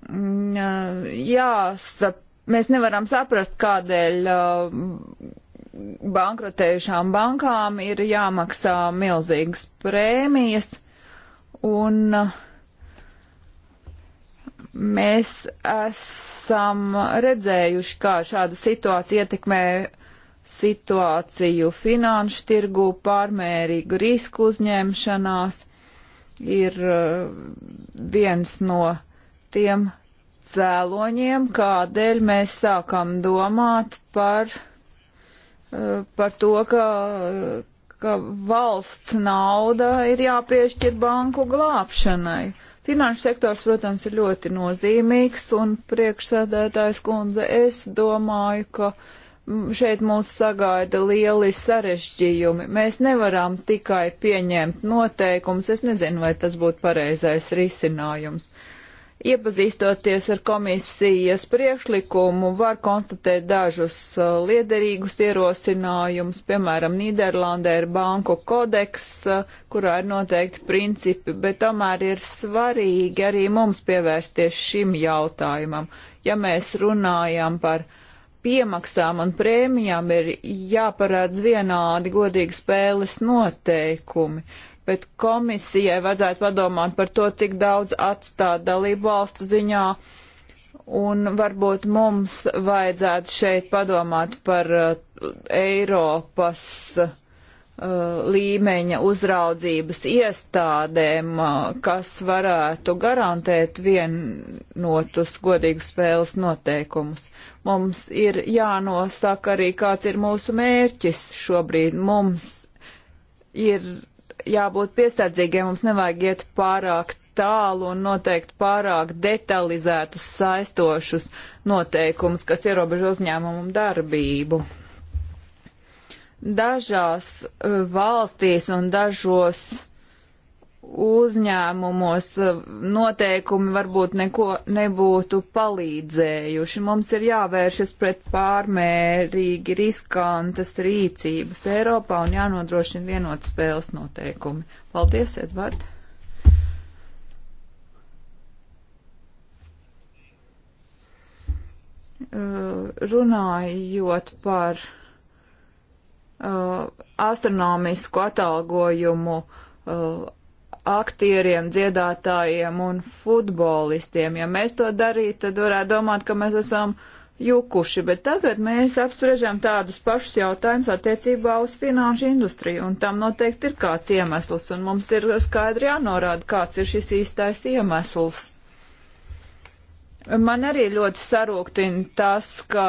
[SPEAKER 1] mm, jāsap, mēs nevaram saprast, kādēļ uh, bankrotējušām bankām ir jāmaksā milzīgas prēmijas, un uh, mēs esam redzējuši, kā šāda situācija ietekmē situāciju finanšu tirgu, pārmērīgu risku uzņemšanās, ir uh, viens no tiem cēloņiem, kādēļ mēs sākam domāt par par to, ka, ka valsts nauda ir jāpiešķir banku glābšanai. Finanšu sektors, protams, ir ļoti nozīmīgs, un priekšsēdētājs kundze, es domāju, ka šeit mūs sagaida lieli sarežģījumi. Mēs nevaram tikai pieņemt noteikumus, es nezinu, vai tas būtu pareizais risinājums. Uh, Iepazīstoties ar komisijas priekšlikumu, var konstatēt dažus uh, liederīgus ierosinājumus, piemēram, Nīderlandē ir banku kodeks, uh, kurā ir noteikti principi, bet tomēr ir svarīgi arī mums pievērsties šim jautājumam. Ja mēs runājam par piemaksām un prēmijām, ir jāparādz vienādi godīgi spēles noteikumi bet komisijai vajadzētu padomāt par to, cik daudz atstāt dalību valstu ziņā, un varbūt mums vajadzētu šeit padomāt par uh, Eiropas uh, līmeņa uzraudzības iestādēm, uh, kas varētu garantēt vienotus godīgus spēles noteikumus. Mums ir jānosaka arī, kāds ir mūsu mērķis šobrīd. Mums ir jābūt piesardzīgiem, mums nevajag iet pārāk tālu un noteikt pārāk detalizētus saistošus noteikumus, kas ierobežo uzņēmumu darbību. Dažās uh, valstīs un dažos uh, uzņēmumos eh, noteikumi varbūt neko nebūtu palīdzējuši. Mums ir jāvēršas pret pārmērīgi riskantas rīcības Eiropā un jānodrošina vienot spēles noteikumi. Paldies, Edvard! Eh, runājot par eh, astronomisku atalgojumu, aktieriem, dziedātājiem un futbolistiem. Ja mēs to darītu, tad varētu domāt, ka mēs esam jukuši, bet tagad mēs apspriežam tādus pašus jautājumus attiecībā uz finanšu industriju, un tam noteikti ir kāds iemesls, un mums ir skaidri jānorāda, kāds ir šis īstais iemesls. Man arī ļoti sarūktina tas, ka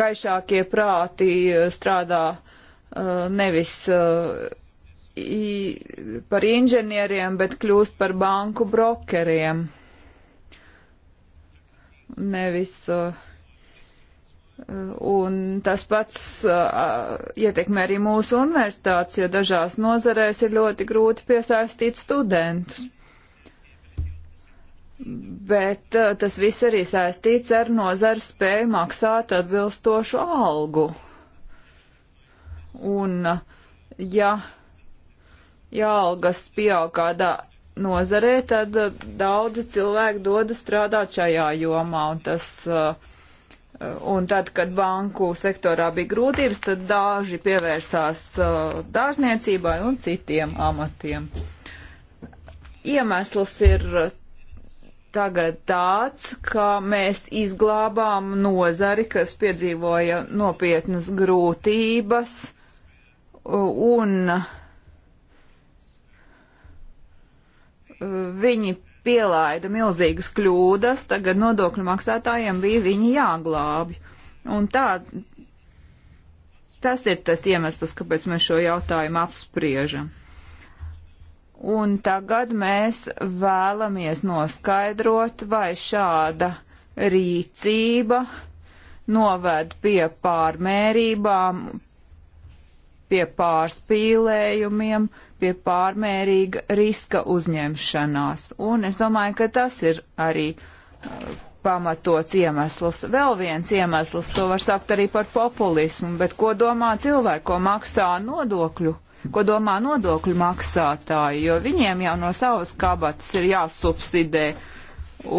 [SPEAKER 1] gaišākie prāti eh, strādā uh, nevis uh, par inženieriem, bet kļūst par banku brokeriem. Nevis. Uh, un tas pats uh, ietekmē arī mūsu universitātes, jo dažās nozarēs ir ļoti grūti piesaistīt studentus. Bet uh, tas viss arī saistīts ar nozares spēju maksāt atbilstošu algu. Un, ja ja algas pieaug kādā nozarē, tad uh, daudzi cilvēki dodas strādāt šajā jomā, un tas uh, uh, Un tad, kad banku sektorā bija grūtības, tad daži pievērsās uh, dārzniecībai un citiem amatiem. Iemesls ir uh, tagad tāds, ka mēs izglābām nozari, kas piedzīvoja nopietnas grūtības un uh, viņi pielaida milzīgas kļūdas, tagad nodokļu maksātājiem bija viņi jāglābj. Un tā, tas ir tas iemesls, kāpēc mēs šo jautājumu apspriežam. Un tagad mēs vēlamies noskaidrot, vai šāda rīcība noved pie pārmērībām, pie pārspīlējumiem, pie pārmērīga riska uzņemšanās. Un es domāju, ka tas ir arī uh, pamatots iemesls. Vēl viens iemesls, to var saukt arī par populismu, bet ko domā cilvēki, ko maksā nodokļu, ko domā nodokļu maksātāji, jo viņiem jau no savas kabatas ir jāsubsidē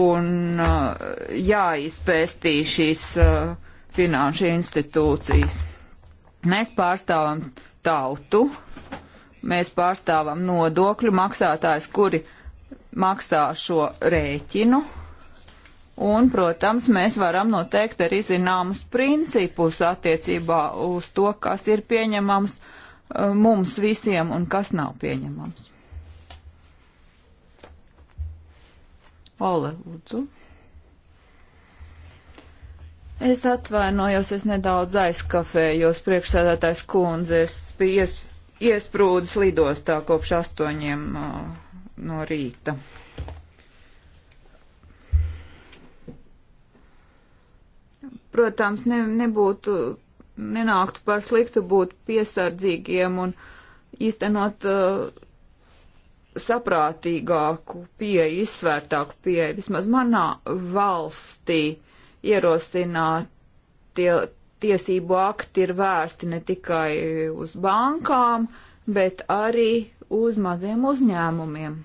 [SPEAKER 1] un uh, jāizpēstī šīs uh, finanšu institūcijas. Mēs pārstāvam tautu, mēs pārstāvam nodokļu maksātājs, kuri maksā šo rēķinu. Un, protams, mēs varam noteikt arī zināmus principus attiecībā uz to, kas ir pieņemams uh, mums visiem un kas nav pieņemams. Ole, lūdzu. Es atvainojos, es nedaudz aizkafējos priekšsēdētājs kundze. Es biju ies, iesprūdis lidostā kopš astoņiem uh, no rīta. Protams, ne, nebūtu, nenāktu par sliktu būt piesardzīgiem un īstenot uh, saprātīgāku pieeju, izsvērtāku pieeju. Vismaz manā valstī ierosinātie tiesību akti ir vērsti ne tikai uz bankām, bet arī uz maziem uzņēmumiem.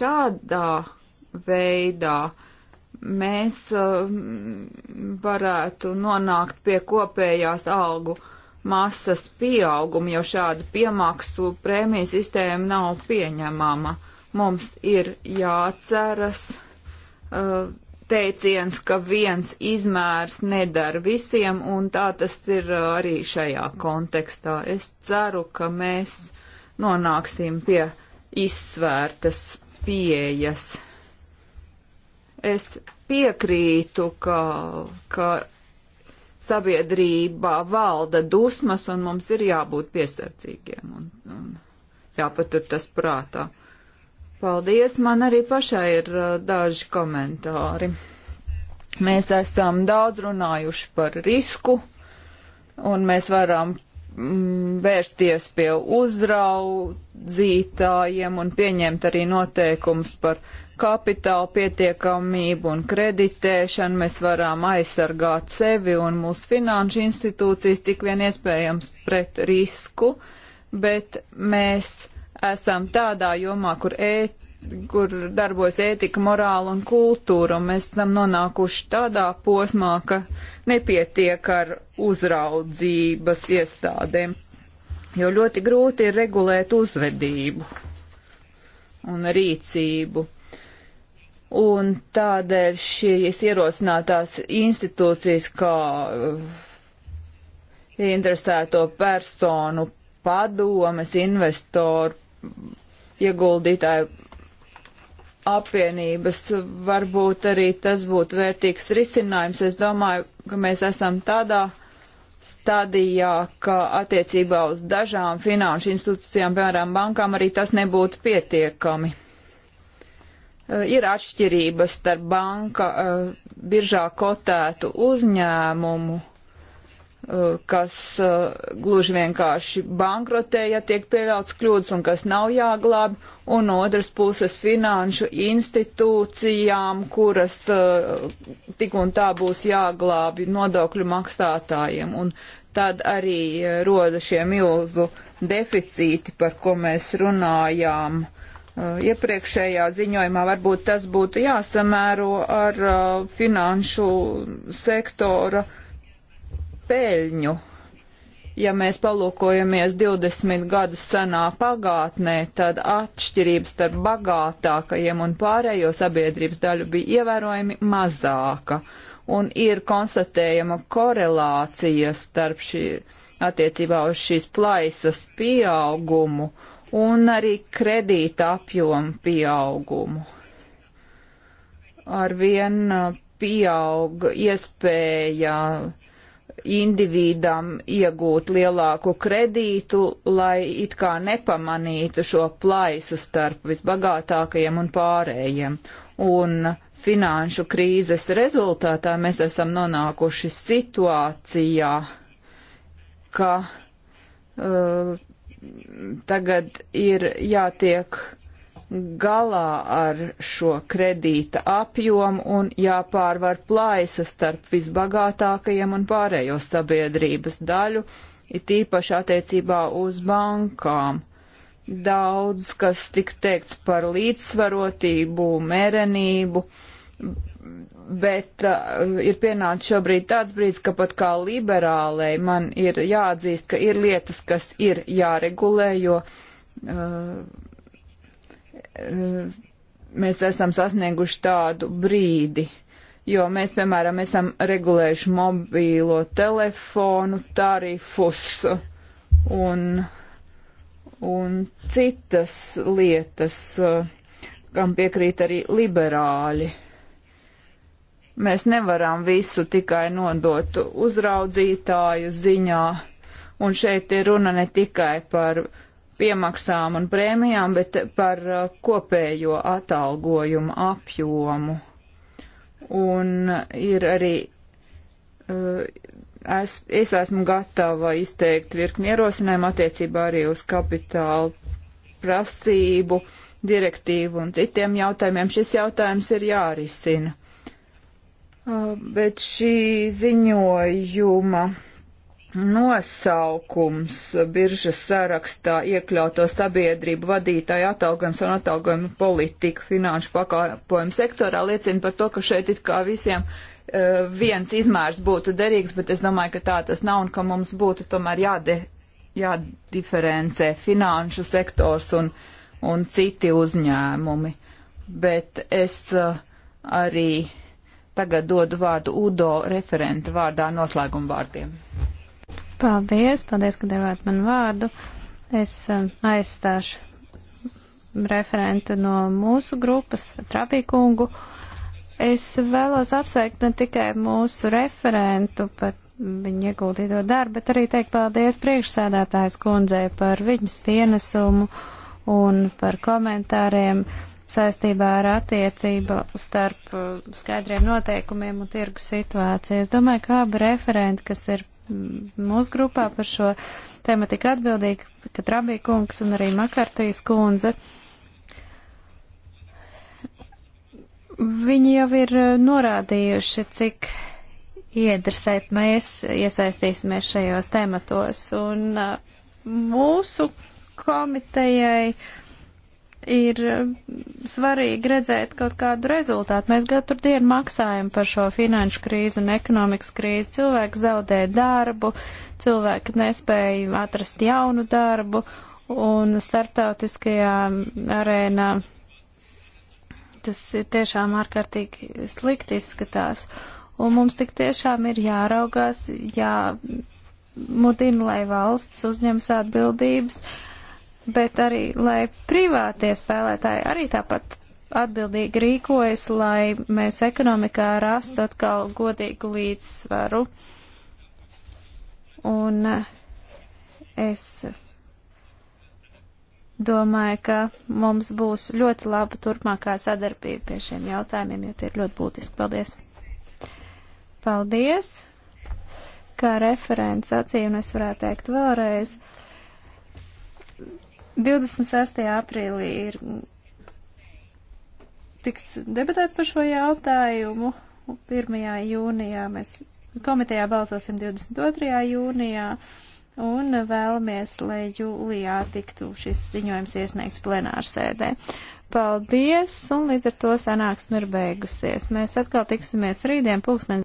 [SPEAKER 1] Šādā veidā mēs uh, varētu nonākt pie kopējās algu masas pieauguma, jo šāda piemaksu prēmiju sistēma nav pieņemama. Mums ir jāceras uh, teiciens, ka viens izmērs nedara visiem, un tā tas ir uh, arī šajā kontekstā. Es ceru, ka mēs nonāksim pie izsvērtas pieejas. Es piekrītu, ka, ka sabiedrībā valda dusmas, un mums ir jābūt piesardzīgiem un, un jāpatur tas prātā. Paldies, man arī pašai ir uh, daži komentāri. Mēs esam daudz runājuši par risku, un mēs varam mm, vērsties pie uzraudzītājiem un pieņemt arī noteikumus par kapitāla pietiekamību un kreditēšanu. Mēs varam aizsargāt sevi un mūsu finanšu institūcijas cik vien iespējams pret risku, bet mēs esam tādā jomā, kur, ē, kur darbojas ētika, morāla un kultūra, un mēs esam nonākuši tādā posmā, ka nepietiek ar uzraudzības iestādēm, jo ļoti grūti ir regulēt uzvedību un rīcību. Un tādēļ šīs ierosinātās institūcijas, kā uh, interesēto personu padomes, investoru ieguldītāju apvienības. Varbūt arī tas būtu vērtīgs risinājums. Es domāju, ka mēs esam tādā stadijā, ka attiecībā uz dažām finanšu institūcijām, piemēram, bankām, arī tas nebūtu pietiekami. Eh, ir atšķirības starp banka eh, biržā kotētu uzņēmumu Eh, kas eh, gluži vienkārši bankrotē, ja tiek pieļauts kļūdas un kas nav jāglāb, un otras puses finanšu institūcijām, kuras eh, tik un tā būs jāglābi nodokļu maksātājiem. Un tad arī roda šie milzu deficīti, par ko mēs runājām. Iepriekšējā ziņojumā varbūt tas būtu jāsamēro ar finanšu sektora uh, peļņu. Ja mēs palūkojamies 20 gadus senā pagātnē, tad atšķirības starp bagātākajiem un pārējo sabiedrības daļu bija ievērojami mazāka, un ir konstatējama korelācija starp šī, attiecībā uz šīs plaisas pieaugumu un arī kredīta apjomu pieaugumu. Arvien uh, pieaug iespēja uh, individam iegūt lielāku kredītu, lai it kā nepamanītu šo plaisu starp visbagātākajiem un pārējiem. Un finanšu krīzes rezultātā mēs esam nonākuši situācijā, ka uh, tagad ir jātiek galā ar šo kredīta apjomu un jāpārvar plaisa starp visbagātākajiem un pārējo sabiedrības daļu, it īpaši attiecībā uz bankām. Daudz, kas tik teikts par līdzsvarotību, mērenību, bet uh, ir pienācis šobrīd tāds brīdis, ka pat kā liberālei man ir jāatzīst, ka ir lietas, kas ir jāregulē, jo uh, mēs esam sasnieguši tādu brīdi, jo mēs, piemēram, esam regulējuši mobīlo telefonu tarifus un, un citas lietas, kam piekrīt arī liberāļi. Mēs nevaram visu tikai nodot uzraudzītāju ziņā, un šeit ir runa ne tikai par uh, piemaksām un prēmijām, bet par uh, kopējo atalgojumu apjomu. Un ir arī, uh, es, es esmu gatava izteikt virkni ierosinājumu attiecībā arī uz kapitālu prasību, direktīvu un citiem jautājumiem. Šis jautājums ir jārisina. Uh, bet šī ziņojuma nosaukums biržas sarakstā iekļauto sabiedrību vadītāju atalgojums un atalgojuma politika finanšu pakalpojumu sektorā liecina par to, ka šeit it kā visiem uh, viens izmērs būtu derīgs, bet es domāju, ka tā tas nav un ka mums būtu tomēr jāde, jādiferencē finanšu sektors un, un citi uzņēmumi. Bet es uh, arī tagad dodu vārdu Udo referenta vārdā noslēguma vārdiem.
[SPEAKER 2] Paldies, paldies, ka devāt man vārdu. Es eh, aizstāšu referentu no mūsu grupas, Trapīkungu. Es vēlos apsveikt ne tikai mūsu referentu par viņu ieguldīto darbu, bet arī teikt paldies priekšsēdētājas kundzei par viņas pienesumu un par komentāriem saistībā ar attiecību starp eh, skaidriem noteikumiem un tirgu situāciju. Es domāju, ka abi referenti, kas ir mūsu grupā par šo tematiku atbildīgi, ka Trabija kungs un arī Makartīs kundze. Viņi jau ir e, norādījuši, cik iedresēt mēs iesaistīsimies šajos tematos, un e, mūsu komitejai uh, ir eh, svarīgi redzēt kaut kādu rezultātu. Mēs katru dienu maksājam par šo finanšu krīzi un ekonomikas krīzi. Cilvēki zaudē darbu, cilvēki nespēja atrast jaunu darbu un starptautiskajā arēnā tas ir tiešām ārkārtīgi slikti izskatās. Un mums tik tiešām ir jāraugās, jā, mudina, lai valsts uzņems atbildības. Uh, bet arī, lai privātie spēlētāji arī tāpat atbildīgi rīkojas, lai mēs ekonomikā rastu atkal godīgu līdzsvaru. Un eh, es domāju, ka mums būs ļoti laba turpmākā sadarbība pie šiem jautājumiem, jo tie ir ļoti būtiski. Paldies! Paldies! Kā referents acīm es varētu teikt vēlreiz. Uh, 26. aprīlī ir tiks debatēts par šo jautājumu. 1. jūnijā mēs komitejā balsosim 22. jūnijā un vēlamies, lai jūlijā tiktu šis ziņojums iesniegts plenārsēdē. Paldies, un līdz ar to sanāksme ir beigusies. Mēs atkal tiksimies rītdien pulksten.